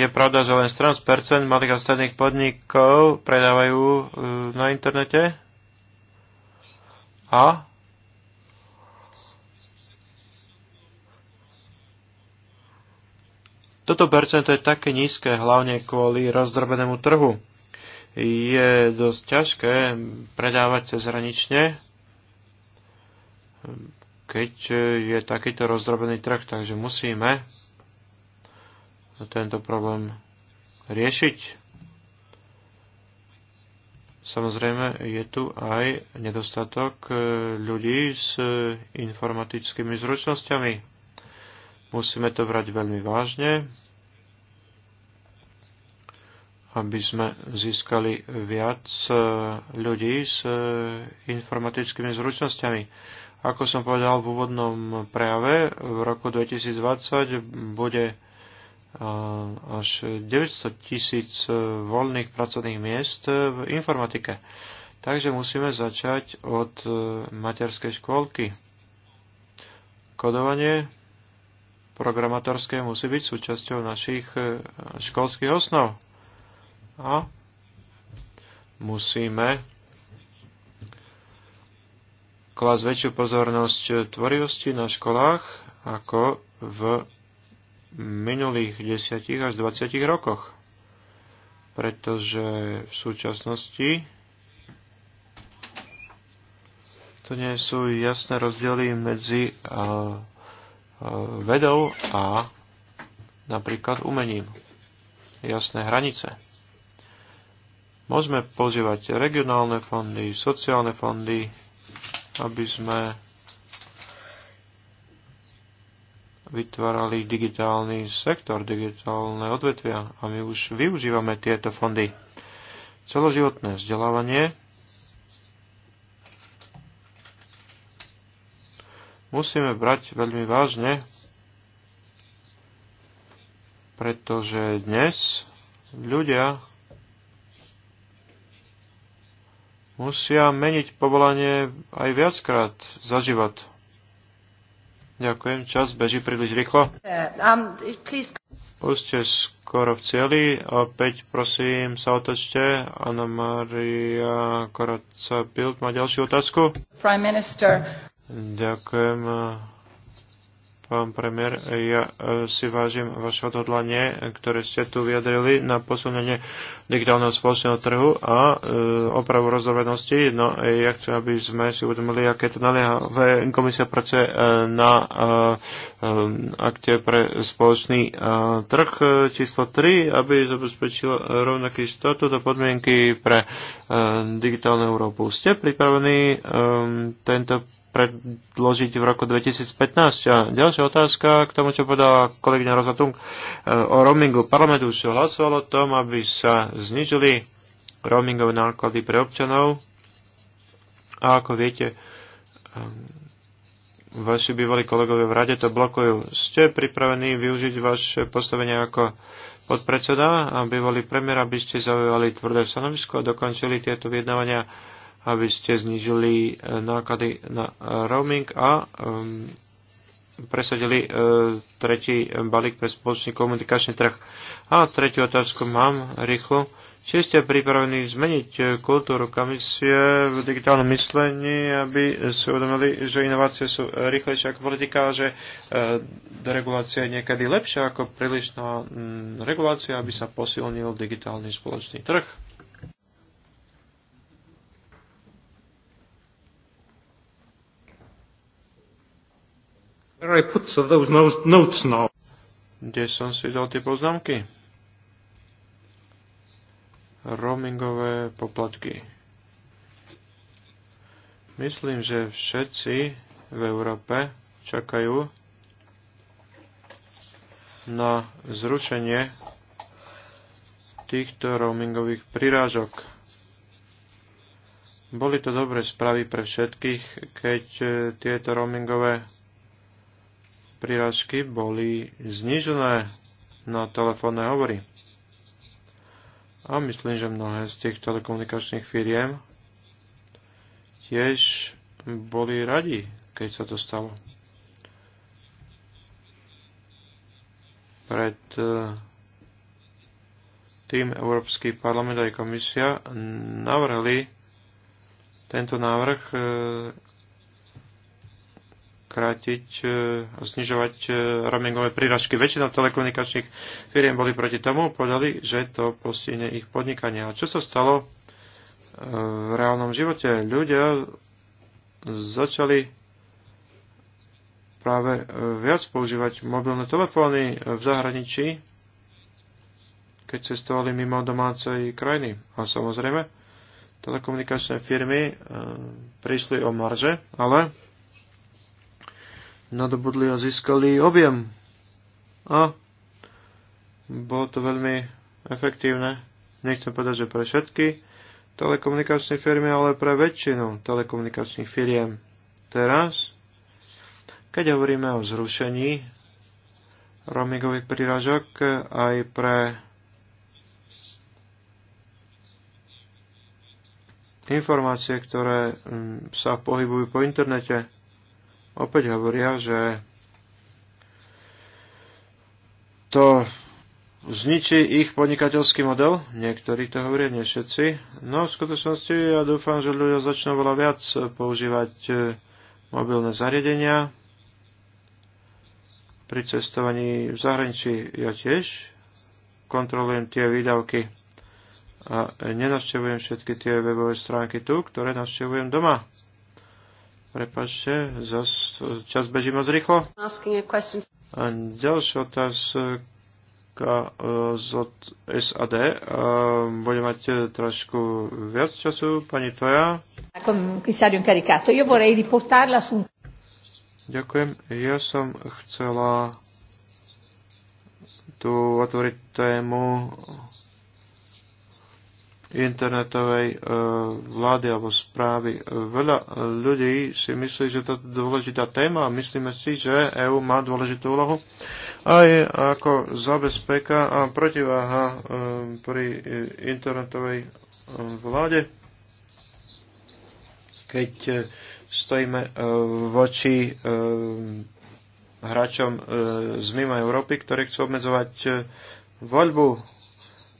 je pravda, že len 14% malých a stredných podnikov predávajú e, na internete? A? Toto percento je také nízke hlavne kvôli rozdrobenému trhu. Je dosť ťažké predávať cezhranične, keď e, je takýto rozdrobený trh, takže musíme tento problém riešiť. Samozrejme, je tu aj nedostatok e, ľudí s e, informatickými zručnosťami. Musíme to brať veľmi vážne, aby sme získali viac e, ľudí s informatickými zručnosťami. Ako som povedal v úvodnom prejave, v roku 2020 bude až 900 tisíc e, voľných pracovných miest e, v informatike. Takže musíme začať od e, materskej škôlky. Kodovanie programátorské musí byť súčasťou našich školských osnov. A musíme klásť väčšiu pozornosť tvorivosti na školách ako v minulých 10 až 20 rokoch. Pretože v súčasnosti to nie sú jasné rozdiely medzi vedou a napríklad umením. Jasné hranice. Môžeme používať regionálne fondy, sociálne fondy, aby sme vytvárali digitálny sektor, digitálne odvetvia a my už využívame tieto fondy. Celoživotné vzdelávanie musíme brať veľmi vážne, pretože dnes ľudia musia meniť povolanie aj viackrát za život. Ďakujem, čas beží príliš rýchlo. Eh, Už um, ste skoro v cieli, opäť prosím sa otočte. Anna Maria Koraca-Pilt má ďalšiu otázku. Prime Minister. Ďakujem Pán premiér, ja e, si vážim vaše odhodlanie, ktoré ste tu vyjadrili na posunenie digitálneho spoločného trhu a e, opravu rozdobenosti. No, e, ja chcem, aby sme si uvedomili, aké to naliehavé komisia pracuje e, na e, e, akte pre spoločný e, trh číslo 3, aby zabezpečil rovnaký štatút a podmienky pre e, digitálnu Európu. Ste pripravení e, tento predložiť v roku 2015. A ďalšia otázka k tomu, čo povedala kolegyňa Rosatung e, o roamingu. Parlament už hlasoval o tom, aby sa znižili roamingové náklady pre občanov. A ako viete, e, vaši bývalí kolegovia v rade to blokujú. Ste pripravení využiť vaše postavenie ako podpredseda a bývalý premiér, aby ste zaujali tvrdé stanovisko a dokončili tieto vyjednávania aby ste znížili e, náklady na e, roaming a presadili e, tretí balík pre spoločný komunikačný trh. A tretiu otázku mám rýchlo. Či ste pripravení zmeniť kultúru komisie v digitálnom myslení, aby si uvedomili, že inovácie sú rýchlejšie ako politika, že deregulácia je niekedy lepšia ako prílišná regulácia, aby sa posilnil digitálny spoločný trh? Kde som si dal tie poznámky? Roamingové poplatky. Myslím, že všetci v Európe čakajú na zrušenie týchto roamingových prirážok. Boli to dobré správy pre všetkých, keď eh, tieto roamingové prírážky boli znižené na telefónne hovory. A myslím, že mnohé z tých telekomunikačných firiem tiež boli radi, keď sa to stalo. Pred e, tým Európsky parlament aj komisia navrhli tento návrh e, krátiť, e, znižovať e, roamingové príražky. Väčšina telekomunikačných firiem boli proti tomu, povedali, že to postihne ich podnikanie. A čo sa stalo e, v reálnom živote? Ľudia začali práve viac používať mobilné telefóny v zahraničí, keď cestovali mimo domácej krajiny. A samozrejme, telekomunikačné firmy prišli o marže, ale nadobudli a získali objem. A bolo to veľmi efektívne. Nechcem povedať, že pre všetky telekomunikačné firmy, ale pre väčšinu telekomunikačných firiem. Teraz, keď hovoríme o zrušení roamingových príražok aj pre informácie, ktoré mm, sa pohybujú po internete, opäť hovoria, že to zničí ich podnikateľský model. Niektorí to hovoria, nie všetci. No v skutočnosti ja dúfam, že ľudia začnú veľa viac používať e, mobilné zariadenia pri cestovaní v zahraničí. Ja tiež kontrolujem tie výdavky a nenavštevujem všetky tie webové stránky tu, ktoré navštevujem doma. Prepačte, zas čas beží moc rýchlo. ďalšia otázka e, z SAD. E, bude mať e, trošku viac času, pani Toja. Ďakujem. Ja som chcela tu otvoriť tému internetovej e, vlády alebo správy. E, veľa e, ľudí si myslí, že to je dôležitá téma a myslíme si, že EÚ má dôležitú úlohu aj ako zabezpeka a protiváha pri internetovej vláde. Keď stojíme voči hráčom z mimo Európy, ktorí chcú obmedzovať voľbu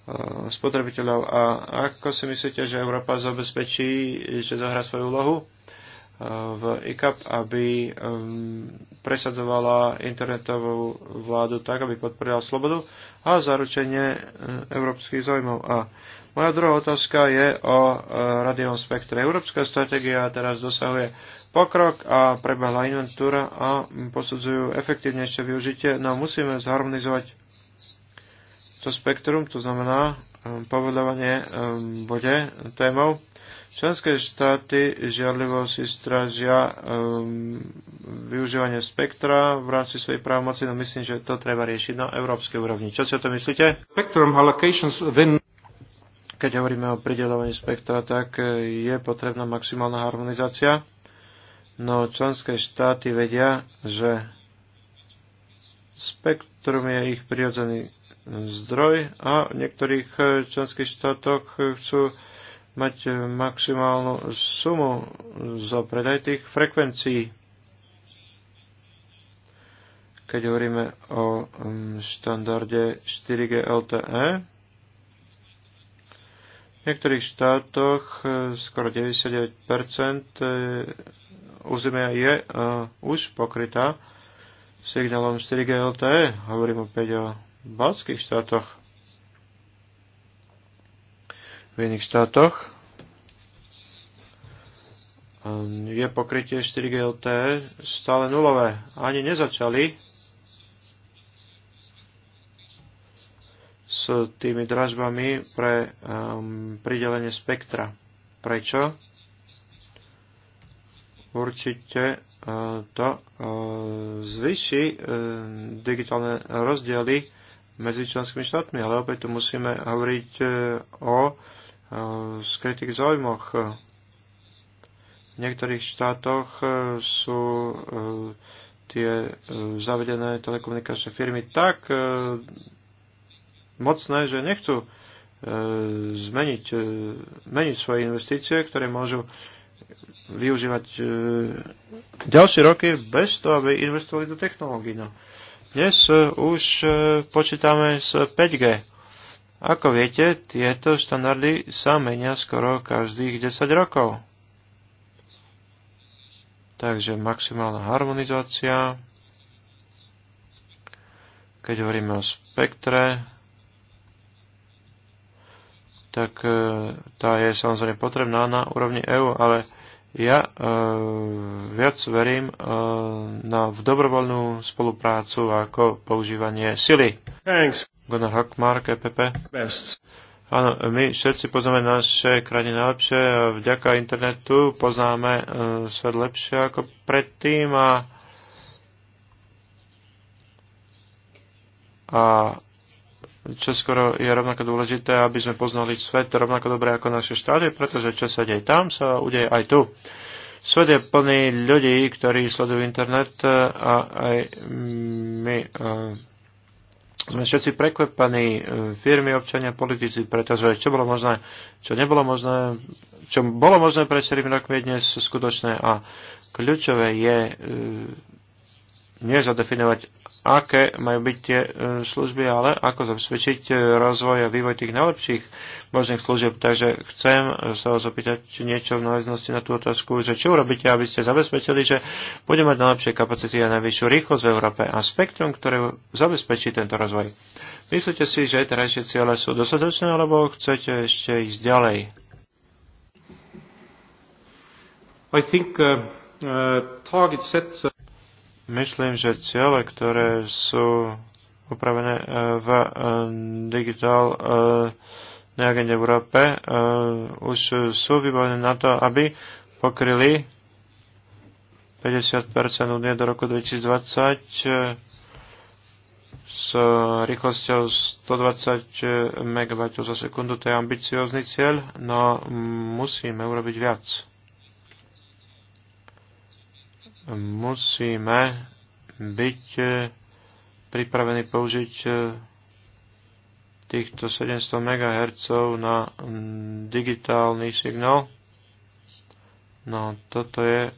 Eh, spotrebiteľov. A ako si myslíte, že Európa zabezpečí, že zohrá svoju úlohu eh, v ICAP, aby ehm, presadzovala internetovú vládu tak, aby podporila slobodu a zaručenie eh, európskych zaujímav. A moja druhá otázka je o radiovom spektre. Európska stratégia teraz dosahuje pokrok a prebehla inventúra a posudzujú efektívnejšie využitie, no musíme zharmonizovať to spektrum, to znamená um, povedovanie um, bude témou. Členské štáty žiadlivo si stražia um, využívanie spektra v rámci svojej právomoci, no myslím, že to treba riešiť na európskej úrovni. Čo si o to myslíte? Spectrum allocations within keď hovoríme o pridelovaní spektra, tak e, je potrebná maximálna harmonizácia. No členské štáty vedia, že spektrum je ich prirodzený zdroj a v niektorých e, členských štátoch e, chcú mať e, maximálnu sumu za predaj tých frekvencií. Keď hovoríme o mm, štandarde 4G LTE, v niektorých štátoch skoro 99% územia je už pokrytá signálom 4G LTE. Hovorím opäť o balských štátoch, v iných štátoch ehm, je pokrytie 4G LTE stále nulové. Ani nezačali s tými dražbami pre um, pridelenie spektra. Prečo? Určite uh, to uh, eh, zvyši uh, eh, digitálne rozdiely medzi členskými štátmi, ale opäť tu musíme hovoriť e, o e, skrytých záujmoch. V niektorých štátoch e, sú tie zavedené telekomunikačné firmy tak mocné, že nechcú zmeniť, meniť svoje investície, ktoré môžu využívať ďalšie roky bez toho, aby investovali do technológií. No. Dnes eh, už eh, počítame s 5G. Ako viete, tieto štandardy sa menia skoro každých 10 rokov. Takže maximálna harmonizácia. Keď hovoríme o spektre, tak eh, tá je samozrejme potrebná na úrovni EU, ale ja e, viac verím e, na v dobrovoľnú spoluprácu ako používanie sily. Thanks. Gunnar Hockmark, EPP. Best. Áno, my všetci poznáme naše krajiny najlepšie a vďaka internetu poznáme e, svet lepšie ako predtým a, a čo skoro je rovnako dôležité, aby sme poznali svet rovnako dobre ako naše štády, pretože čo sa deje tam, sa udeje aj tu. Svet je plný ľudí, ktorí sledujú internet e, a aj my e, sme všetci prekvapení, e, firmy, občania, politici, pretože čo bolo možné, čo nebolo možné, čo bolo možné pre 7 rokmi je dnes skutočné a kľúčové je nie zadefinovať, aké majú byť tie e, služby, ale ako zabezpečiť e, rozvoj a vývoj tých najlepších možných služieb. Takže chcem e, sa vás opýtať niečo v náleznosti na tú otázku, že čo urobíte, aby ste zabezpečili, že budeme mať najlepšie kapacity a najvyššiu rýchlosť v Európe a spektrum, ktoré zabezpečí tento rozvoj. Myslíte si, že terajšie ciele sú dostatočné, alebo chcete ešte ísť ďalej? I think uh, uh, target sets uh... Myslím, že ciele, ktoré sú upravené e, v e, Digital e, agende Európe, už sú vybavené na to, aby pokryli 50 únie do roku 2020 s rýchlosťou 120 MB za sekundu. To je ambiciózny cieľ, no musíme urobiť viac musíme byť e, pripravení použiť e, týchto 700 MHz na digitálny signál. No toto je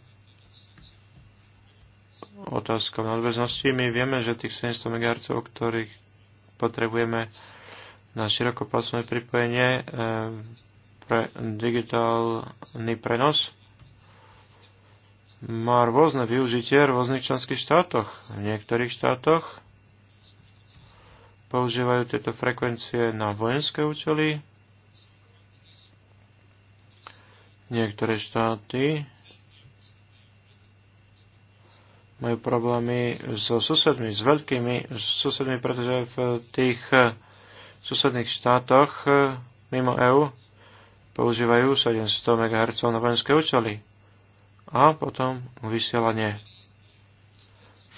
otázka v nadväznosti. My vieme, že tých 700 MHz, ktorých potrebujeme na širokopásmové pripojenie e, pre digitálny prenos, má rôzne využitie v rôznych členských štátoch. V niektorých štátoch používajú tieto frekvencie na vojenské účely. Niektoré štáty majú problémy so susedmi, s veľkými susedmi, pretože v tých susedných štátoch mimo EÚ používajú 700 MHz na vojenské účely a potom vysielanie.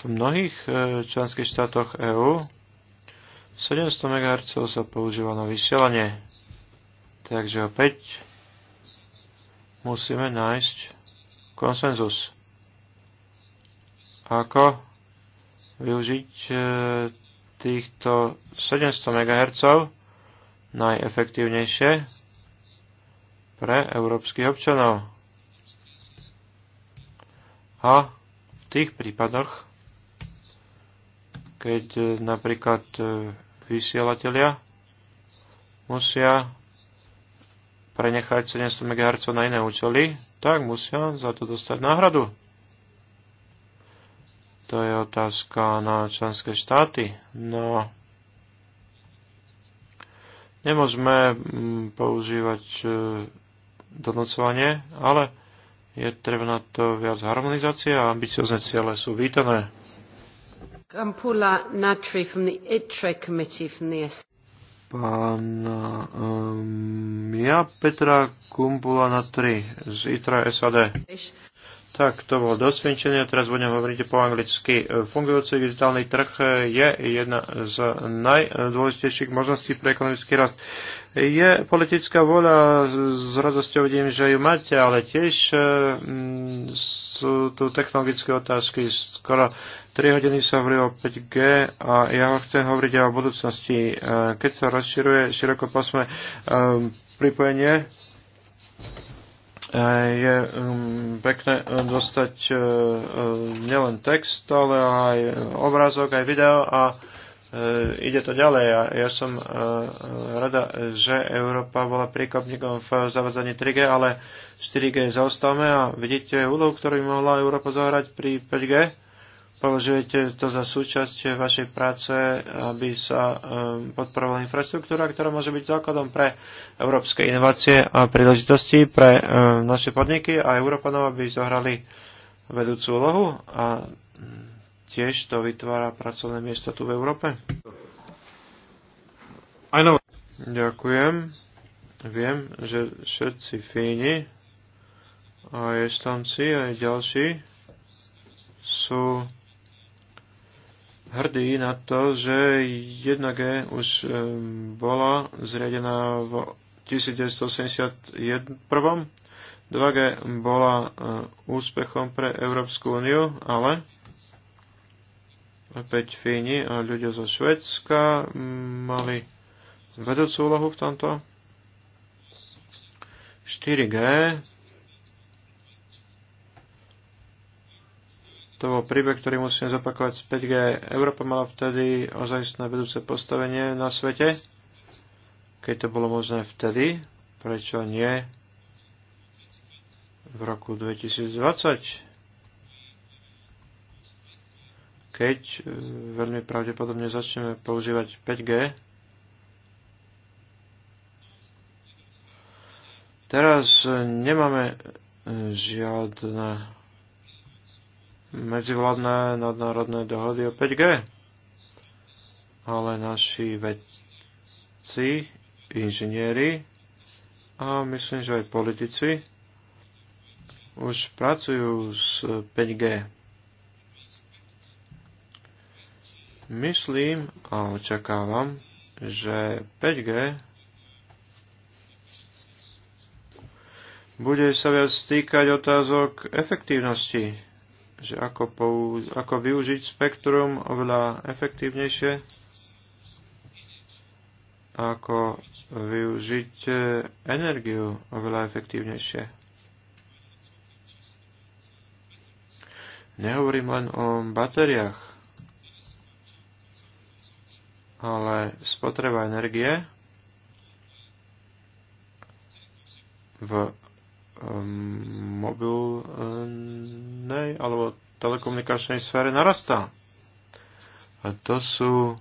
V mnohých e, členských štátoch EÚ 700 MHz sa používa na vysielanie. Takže opäť musíme nájsť konsenzus. Ako využiť e, týchto 700 MHz najefektívnejšie pre európskych občanov. A v tých prípadoch, keď e, napríklad e, vysielatelia musia prenechať 700 MHz na iné účely, tak musia za to dostať náhradu. To je otázka na členské štáty. No, nemôžeme mm, používať e, donocovanie, ale je treba na to viac harmonizácie a ambiciozne ciele sú vítané. Kampula Natri from the e ITRE from the pána um, ja Petra Kumpula Natri z ITRE SAD. Tak, to bolo dosvedčenie, teraz budem hovoriť po anglicky. Fungujúci digitálny trh je jedna z najdôležitejších možností pre ekonomický rast. Je politická vôľa, s radosťou vidím, že ju máte, ale tiež mm, sú tu technologické otázky. Skoro 3 hodiny sa hovorí o 5G a ja ho chcem hovoriť aj o budúcnosti. Keď sa rozširuje širokopásme ehm, pripojenie, je um, pekné eh, dostať eh, eh, nielen text, ale aj obrázok, aj video a ide to ďalej. A ja som rada, že Európa bola príkopníkom v zavadzaní 3G, ale 4G zaostávame a vidíte úlohu, ktorú mohla Európa zahrať pri 5G Považujete to za súčasť vašej práce, aby sa ehm, podporovala infraštruktúra, ktorá môže byť základom pre európske inovácie a príležitosti pre ehm, naše podniky a Európanov, aby zohrali vedúcu úlohu a mm, tiež to vytvára pracovné miesta tu v Európe? Ďakujem. Viem, že všetci Fíni a Estonci aj ďalší sú hrdí na to, že jedna g už eh, bola zriadená v 1981. 2G bola eh, úspechom pre Európsku úniu, ale opäť Fíni a ľudia zo Švedska mm, mali vedúcu úlohu v tomto. 4G To bol príbeh, ktorý musíme zopakovať z 5G. Európa mala vtedy ozajstné vedúce postavenie na svete, keď to bolo možné vtedy, prečo nie v roku 2020, keď e, veľmi pravdepodobne začneme používať 5G. Teraz e, nemáme e, žiadne medzivládne nadnárodné dohody o 5G. Ale naši vedci, inžinieri a myslím, že aj politici už pracujú s 5G. Myslím a očakávam, že 5G bude sa viac týkať otázok efektívnosti že ako, použ- ako využiť spektrum oveľa efektívnejšie, ako využiť e, energiu oveľa efektívnejšie. Nehovorím len o batériách, ale spotreba energie v Ehm, mobilnej alebo telekomunikačnej sfére narastá. A to sú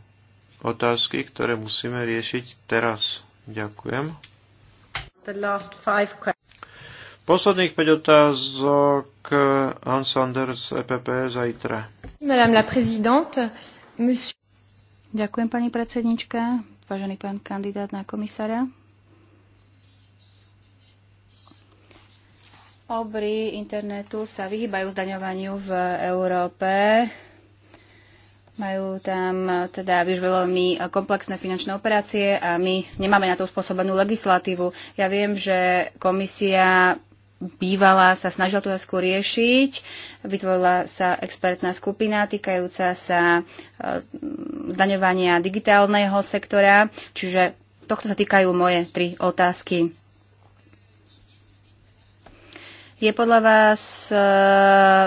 otázky, ktoré musíme riešiť teraz. Ďakujem. Posledných 5 otázok Hans Sanders, EPP, zajtra. Madame la présidente, monsieur... Ďakujem, pani predsednička, vážený pán kandidát na komisára. Obry internetu sa vyhýbajú zdaňovaniu v Európe. Majú tam teda už veľmi komplexné finančné operácie a my nemáme na to spôsobenú legislatívu. Ja viem, že komisia bývala, sa snažila tú otázku riešiť. Vytvorila sa expertná skupina týkajúca sa e, zdaňovania digitálneho sektora, čiže tohto sa týkajú moje tri otázky. Je podľa vás e,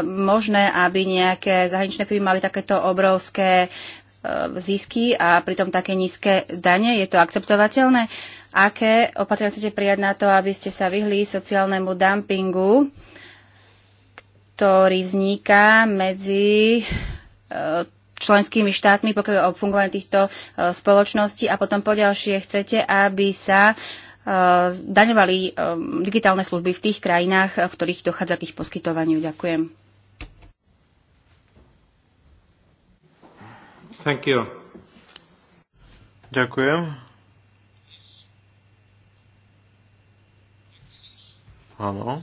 možné, aby nejaké zahraničné firmy mali takéto obrovské e, zisky a pritom také nízke dane? Je to akceptovateľné? Aké opatrenia chcete prijať na to, aby ste sa vyhli sociálnemu dumpingu, ktorý vzniká medzi e, členskými štátmi, pokiaľ o fungovanie týchto e, spoločností a potom poďalšie chcete, aby sa zdaňovali eh, eh, digitálne služby v tých krajinách, v ktorých dochádza k ich poskytovaniu. Ďakujem. Thank you. Ďakujem. Áno.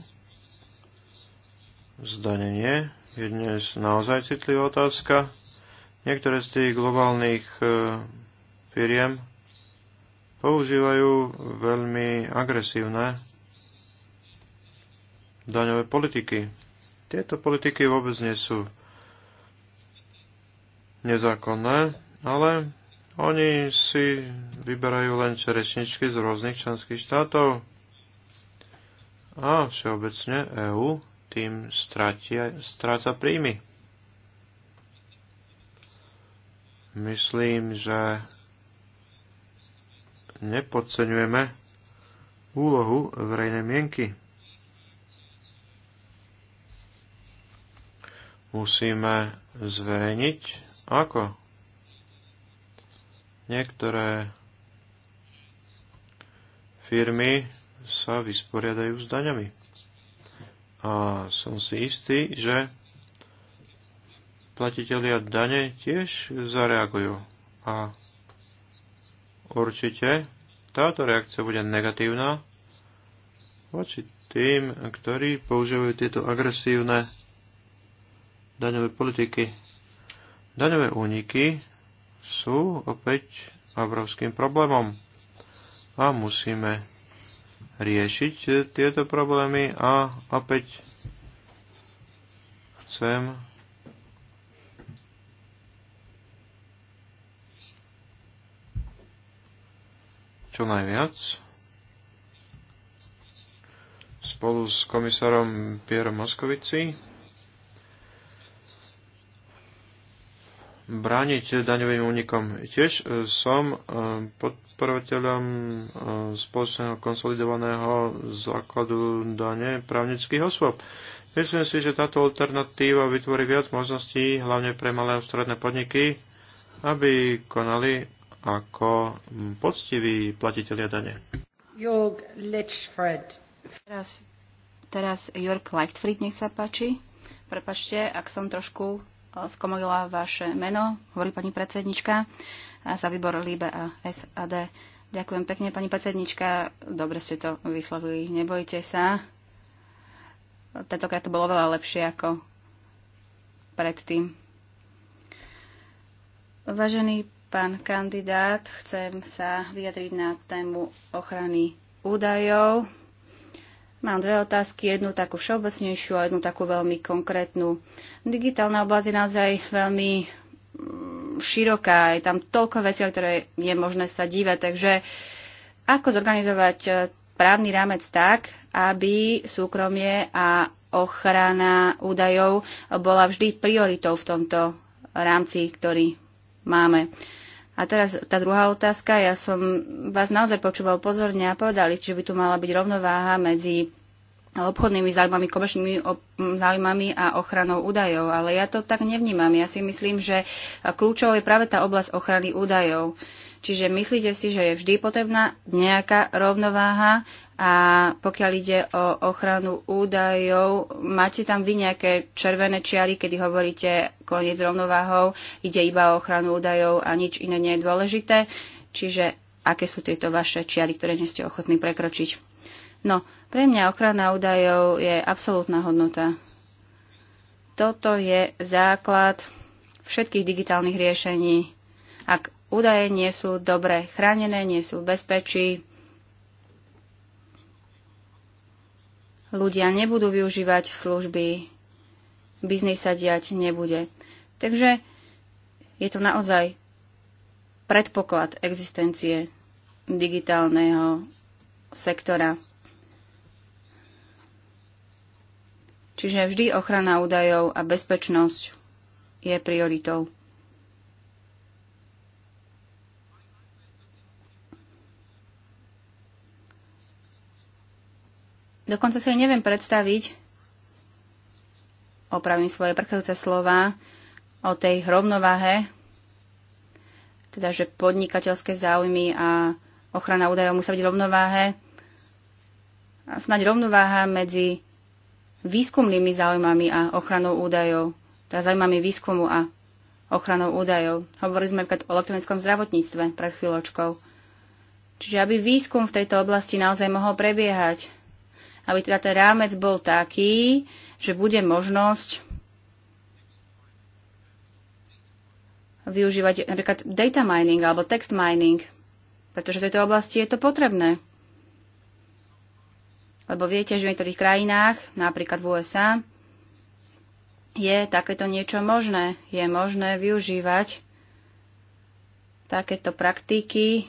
Zdanenie je dnes naozaj citlivá otázka. Niektoré z tých globálnych eh, firiem používajú veľmi agresívne daňové politiky. Tieto politiky vôbec nie sú nezákonné, ale oni si vyberajú len čerečničky z rôznych členských štátov a všeobecne EÚ tým stratia, stráca príjmy. Myslím, že nepodceňujeme úlohu verejnej mienky. Musíme zverejniť ako niektoré firmy sa vysporiadajú s daňami. A som si istý, že platitelia dane tiež zareagujú. A určite táto reakcia bude negatívna voči tým, ktorí používajú tieto agresívne daňové politiky. Daňové úniky sú opäť obrovským problémom a musíme riešiť tieto problémy a opäť chcem čo najviac spolu s komisárom Pierom Moskovici brániť daňovým únikom. Tiež e, som e, podporovateľom e, spoločného konsolidovaného základu dane právnických osôb. Myslím si, že táto alternatíva vytvorí viac možností, hlavne pre malé a stredné podniky, aby konali ako poctiví platiteľia dane. Jörg Lechfred. Teraz, teraz Jörg Leichtfried, nech sa páči. Prepačte, ak som trošku eh, skomolila vaše meno, hovorí pani predsednička eh, za výbor LIBE a SAD. Ďakujem pekne, pani predsednička. Dobre ste to vyslovili, nebojte sa. Tentokrát to bolo veľa lepšie ako predtým. Vážený Pán kandidát, chcem sa vyjadriť na tému ochrany údajov. Mám dve otázky, jednu takú všeobecnejšiu a jednu takú veľmi konkrétnu. Digitálna oblasť je naozaj veľmi mm, široká, je tam toľko vecí, o ktoré je možné sa dívať, takže ako zorganizovať e, právny rámec tak, aby súkromie a ochrana údajov bola vždy prioritou v tomto rámci, ktorý máme. A teraz tá druhá otázka. Ja som vás naozaj počúval pozorne a povedali, že by tu mala byť rovnováha medzi obchodnými záujmami, komerčnými záujmami a ochranou údajov. Ale ja to tak nevnímam. Ja si myslím, že kľúčovou je práve tá oblasť ochrany údajov. Čiže myslíte si, že je vždy potrebná nejaká rovnováha a pokiaľ ide o ochranu údajov, máte tam vy nejaké červené čiary, kedy hovoríte koniec rovnováhou, ide iba o ochranu údajov a nič iné nie je dôležité. Čiže aké sú tieto vaše čiary, ktoré nie ste ochotní prekročiť? No, pre mňa ochrana údajov je absolútna hodnota. Toto je základ všetkých digitálnych riešení. Ak údaje nie sú dobre chránené, nie sú v bezpečí, ľudia nebudú využívať služby, biznis sa diať nebude. Takže je to naozaj predpoklad existencie digitálneho sektora. Čiže vždy ochrana údajov a bezpečnosť je prioritou. Dokonca si neviem predstaviť, opravím svoje predchádzajúce slova, o tej rovnováhe, teda že podnikateľské záujmy a ochrana údajov musia byť rovnováhe. A snáď rovnováha medzi výskumnými záujmami a ochranou údajov, teda záujmami výskumu a ochranou údajov. Hovorili sme napríklad o elektronickom zdravotníctve pred chvíľočkou. Čiže aby výskum v tejto oblasti naozaj mohol prebiehať, aby teda ten rámec bol taký, že bude možnosť využívať napríklad data mining alebo text mining, pretože v tejto oblasti je to potrebné. Lebo viete, že v niektorých krajinách, napríklad v USA, je takéto niečo možné. Je možné využívať takéto praktiky,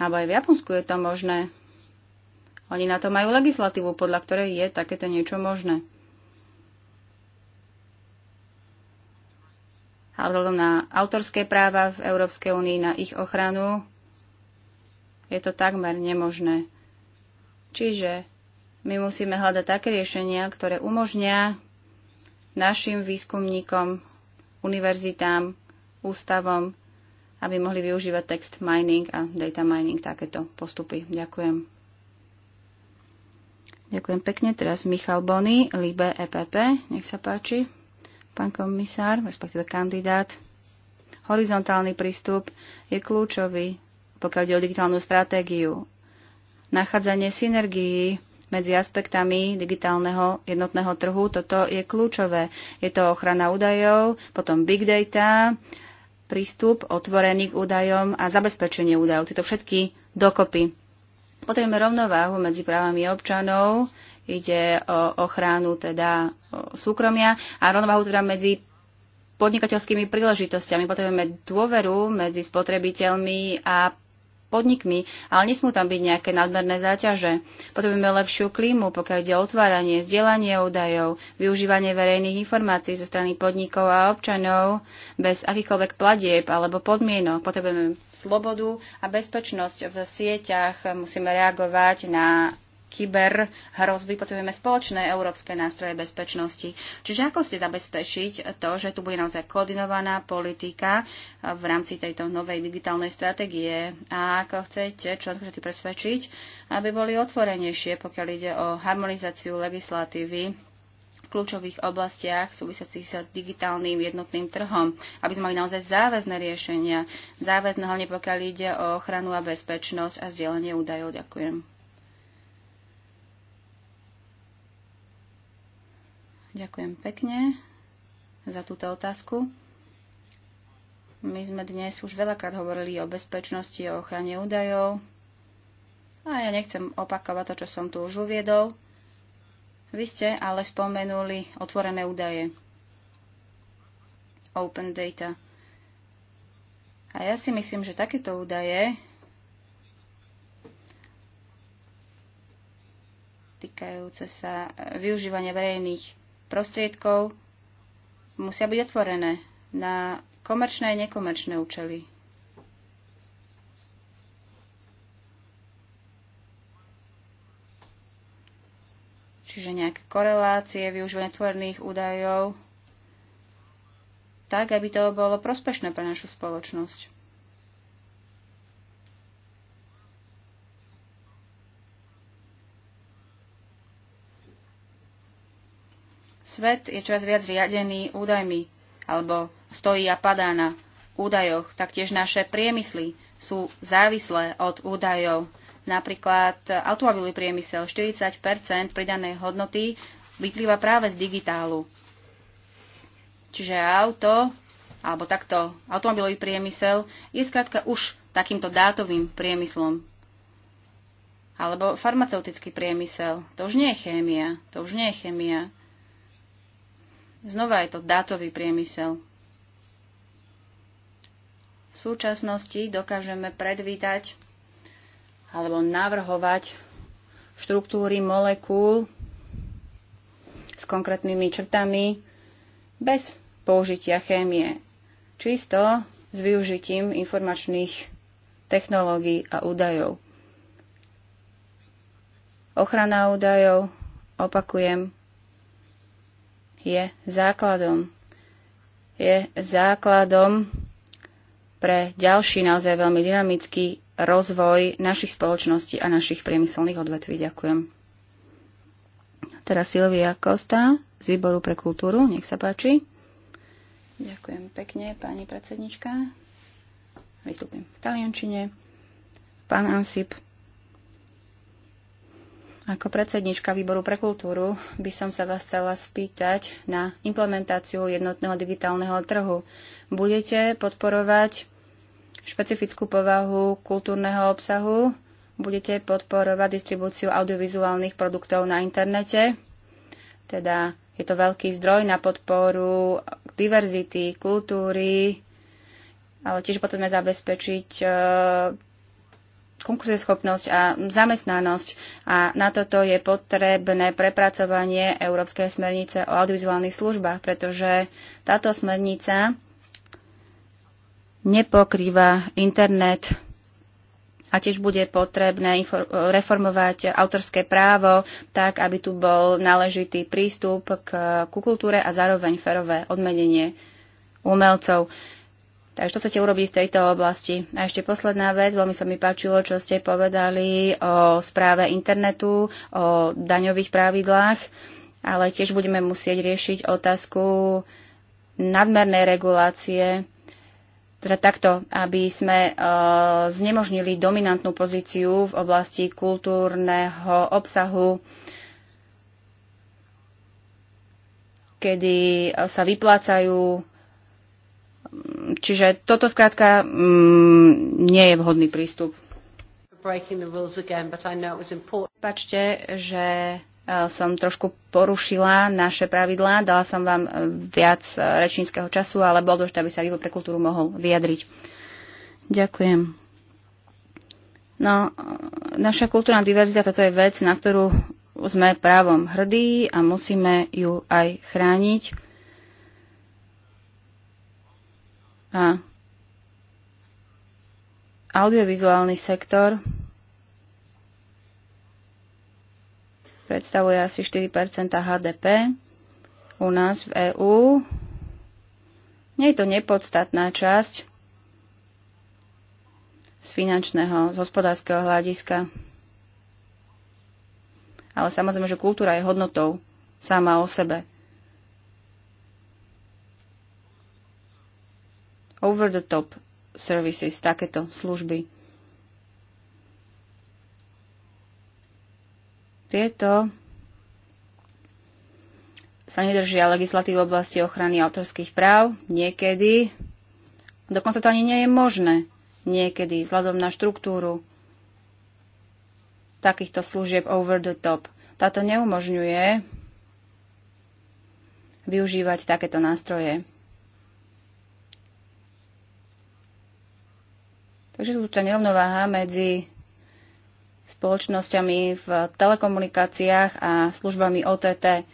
alebo aj v Japonsku je to možné. Oni na to majú legislatívu, podľa ktorej je takéto niečo možné. Alebo na autorské práva v Európskej únii, na ich ochranu, je to takmer nemožné. Čiže my musíme hľadať také riešenia, ktoré umožnia našim výskumníkom, univerzitám, ústavom, aby mohli využívať text mining a data mining takéto postupy. Ďakujem. Ďakujem pekne. Teraz Michal Bony, Libe EPP. Nech sa páči. Pán komisár, respektíve kandidát. Horizontálny prístup je kľúčový, pokiaľ ide o digitálnu stratégiu. Nachádzanie synergií medzi aspektami digitálneho jednotného trhu. Toto je kľúčové. Je to ochrana údajov, potom big data, prístup otvorený k údajom a zabezpečenie údajov. Tieto všetky dokopy. Potrebujeme rovnováhu medzi právami občanov, ide o ochranu teda súkromia a rovnováhu teda medzi podnikateľskými príležitosťami. Potrebujeme dôveru medzi spotrebiteľmi a podnikmi, ale nesmú tam byť nejaké nadmerné záťaže. Potrebujeme lepšiu klímu, pokiaľ ide o otváranie, zdieľanie údajov, využívanie verejných informácií zo strany podnikov a občanov bez akýchkoľvek platieb alebo podmienok. Potrebujeme slobodu a bezpečnosť v sieťach, musíme reagovať na kyber hrozby, potrebujeme spoločné európske nástroje bezpečnosti. Čiže ako ste zabezpečiť to, že tu bude naozaj koordinovaná politika v rámci tejto novej digitálnej stratégie a ako chcete členské štáty presvedčiť, aby boli otvorenejšie, pokiaľ ide o harmonizáciu legislatívy v kľúčových oblastiach súvisiacich s digitálnym jednotným trhom, aby sme mali naozaj záväzne riešenia, záväzne hlavne pokiaľ ide o ochranu a bezpečnosť a zdieľanie údajov. Ďakujem. Ďakujem pekne za túto otázku. My sme dnes už veľakrát hovorili o bezpečnosti, o ochrane údajov. A ja nechcem opakovať to, čo som tu už uviedol. Vy ste ale spomenuli otvorené údaje. Open data. A ja si myslím, že takéto údaje týkajúce sa využívania verejných prostriedkov musia byť otvorené na komerčné a nekomerčné účely. Čiže nejaké korelácie, využívanie tvorných údajov, tak, aby to bolo prospešné pre našu spoločnosť. Svet je čoraz viac riadený údajmi, alebo stojí a padá na údajoch. Taktiež naše priemysly sú závislé od údajov. Napríklad automobilový priemysel 40 pridanej hodnoty vyplýva práve z digitálu. Čiže auto, alebo takto automobilový priemysel, je skrátka už takýmto dátovým priemyslom. Alebo farmaceutický priemysel. To už nie je chémia. To už nie je chémia. Znova je to dátový priemysel. V súčasnosti dokážeme predvítať alebo navrhovať štruktúry molekúl s konkrétnymi črtami bez použitia chémie. Čisto s využitím informačných technológií a údajov. Ochrana údajov, opakujem, je základom. Je základom pre ďalší naozaj veľmi dynamický rozvoj našich spoločností a našich priemyselných odvetví. Ďakujem. Teraz Silvia Kosta z Výboru pre kultúru. Nech sa páči. Ďakujem pekne, pani predsednička. Vystúpim v taliančine. Pán Ansip, ako predsednička výboru pre kultúru by som sa vás chcela spýtať na implementáciu jednotného digitálneho trhu. Budete podporovať špecifickú povahu kultúrneho obsahu? Budete podporovať distribúciu audiovizuálnych produktov na internete? Teda je to veľký zdroj na podporu diverzity, kultúry, ale tiež potrebujeme zabezpečiť e, konkurenceschopnosť a zamestnanosť. A na toto je potrebné prepracovanie Európskej smernice o audiovizuálnych službách, pretože táto smernica nepokrýva internet a tiež bude potrebné reformovať autorské právo tak, aby tu bol náležitý prístup k, ku kultúre a zároveň ferové odmenenie umelcov. Takže čo chcete urobiť v tejto oblasti? A ešte posledná vec, veľmi sa mi páčilo, čo ste povedali o správe internetu, o daňových pravidlách, ale tiež budeme musieť riešiť otázku nadmernej regulácie teda takto, aby sme e, znemožnili dominantnú pozíciu v oblasti kultúrneho obsahu, kedy sa vyplácajú Čiže toto skrátka mm, nie je vhodný prístup. Pačte, že e, som trošku porušila naše pravidlá, dala som vám e, viac e, rečníckého času, ale bol dôležité, aby sa výbor pre kultúru mohol vyjadriť. Ďakujem. No, naša kultúrna diverzita, toto je vec, na ktorú sme právom hrdí a musíme ju aj chrániť A audiovizuálny sektor predstavuje asi 4 HDP u nás v EÚ. Nie je to nepodstatná časť z finančného, z hospodárskeho hľadiska. Ale samozrejme, že kultúra je hodnotou sama o sebe. over-the-top services, takéto služby. Tieto sa nedržia legislatív v oblasti ochrany autorských práv. Niekedy, dokonca to ani nie je možné, niekedy vzhľadom na štruktúru takýchto služieb over the top. Táto neumožňuje využívať takéto nástroje. Takže tu tá nerovnováha medzi spoločnosťami v telekomunikáciách a službami OTT.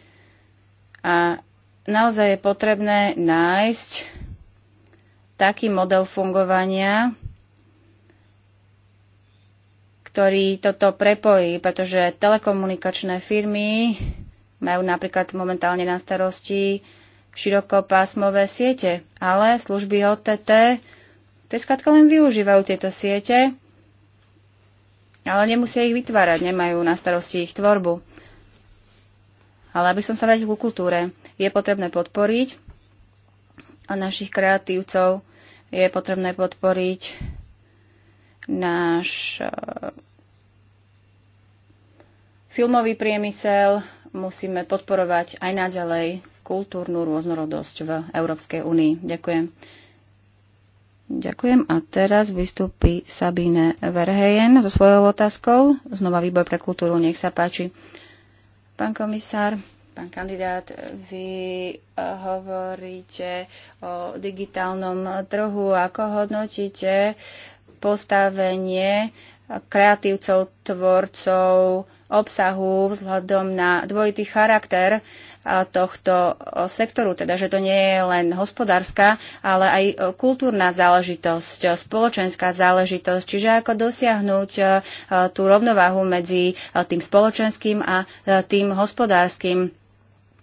A naozaj je potrebné nájsť taký model fungovania, ktorý toto prepojí, pretože telekomunikačné firmy majú napríklad momentálne na starosti širokopásmové siete, ale služby OTT to je skladka len využívajú tieto siete, ale nemusia ich vytvárať, nemajú na starosti ich tvorbu. Ale aby som sa vrátil ku kultúre, je potrebné podporiť a našich kreatívcov je potrebné podporiť náš eh, filmový priemysel, musíme podporovať aj naďalej kultúrnu rôznorodosť v Európskej únii. Ďakujem. Ďakujem. A teraz vystúpi Sabine Verhejen so svojou otázkou. Znova výbor pre kultúru, nech sa páči. Pán komisár, pán kandidát, vy eh, hovoríte o digitálnom trhu. Ako hodnotíte postavenie kreatívcov, tvorcov, obsahu vzhľadom na dvojitý charakter tohto sektoru, teda že to nie je len hospodárska, ale aj kultúrna záležitosť, spoločenská záležitosť, čiže ako dosiahnuť tú rovnováhu medzi tým spoločenským a tým hospodárskym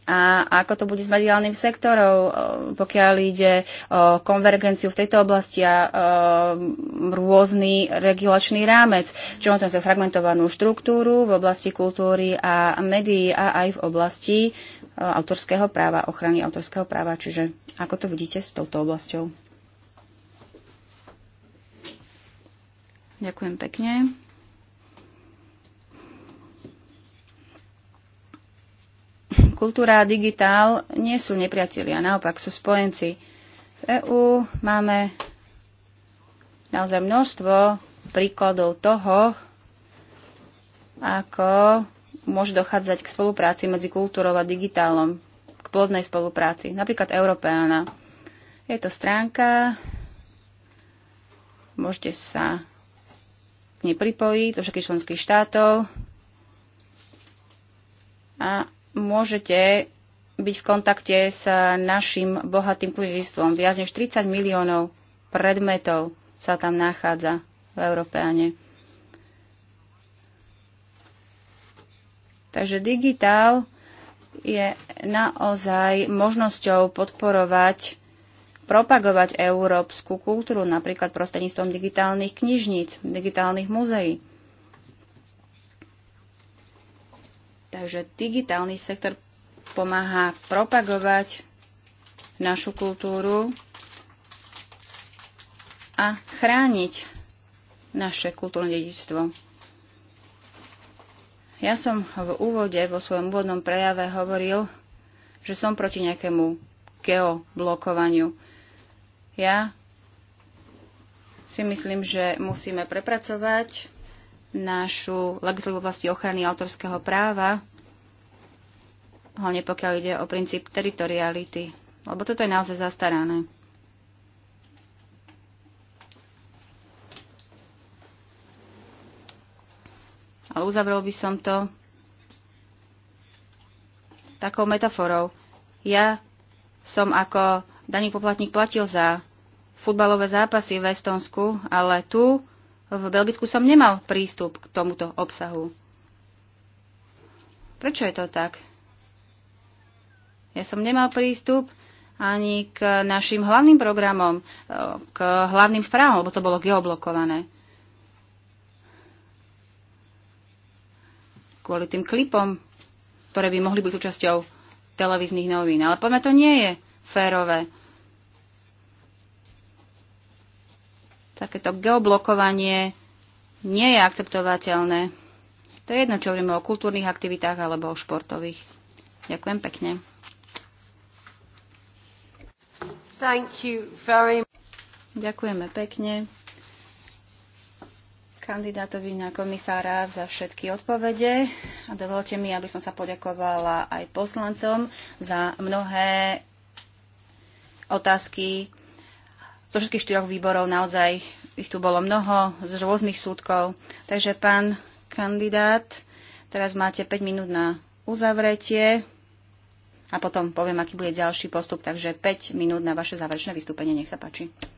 a ako to bude s mediálnym sektorom, pokiaľ ide o konvergenciu v tejto oblasti a rôzny regulačný rámec, čo má tam fragmentovanú štruktúru v oblasti kultúry a médií a aj v oblasti Eh, autorského práva, ochrany autorského práva. Čiže ako to vidíte s touto oblasťou? Ďakujem pekne. Kultúra a digitál nie sú nepriatelia, naopak sú spojenci. V EÚ máme naozaj množstvo príkladov toho, ako môže dochádzať k spolupráci medzi kultúrou a digitálom, k plodnej spolupráci, napríklad Európeána. Je to stránka, môžete sa k nej pripojiť do všetkých členských štátov a môžete byť v kontakte s našim bohatým kľúžistvom. Viac než 30 miliónov predmetov sa tam nachádza v Európeáne. Takže digitál je naozaj možnosťou podporovať, propagovať európsku kultúru, napríklad prostredníctvom digitálnych knižníc, digitálnych muzeí. Takže digitálny sektor pomáha propagovať našu kultúru a chrániť naše kultúrne dedičstvo. Ja som v úvode, vo svojom úvodnom prejave hovoril, že som proti nejakému geoblokovaniu. Ja si myslím, že musíme prepracovať našu legislatívu oblasti ochrany autorského práva, hlavne pokiaľ ide o princíp teritoriality, lebo toto je naozaj zastarané. Ale uzavrel by som to takou metaforou. Ja som ako daný poplatník platil za futbalové zápasy v Estonsku, ale tu v Belgicku som nemal prístup k tomuto obsahu. Prečo je to tak? Ja som nemal prístup ani k našim hlavným programom, e, k hlavným správam, lebo to bolo geoblokované. kvôli tým klipom, ktoré by mohli byť súčasťou televíznych novín. Ale poďme to nie je férové. Takéto geoblokovanie nie je akceptovateľné. To je jedno, čo hovoríme o kultúrnych aktivitách alebo o športových. Ďakujem pekne. Thank you very... Ďakujeme pekne kandidátovi na komisára za všetky odpovede a dovolte mi, aby som sa poďakovala aj poslancom za mnohé otázky zo všetkých štyroch výborov. Naozaj ich tu bolo mnoho z rôznych súdkov. Takže pán kandidát, teraz máte 5 minút na uzavretie a potom poviem, aký bude ďalší postup. Takže 5 minút na vaše záverečné vystúpenie. Nech sa páči.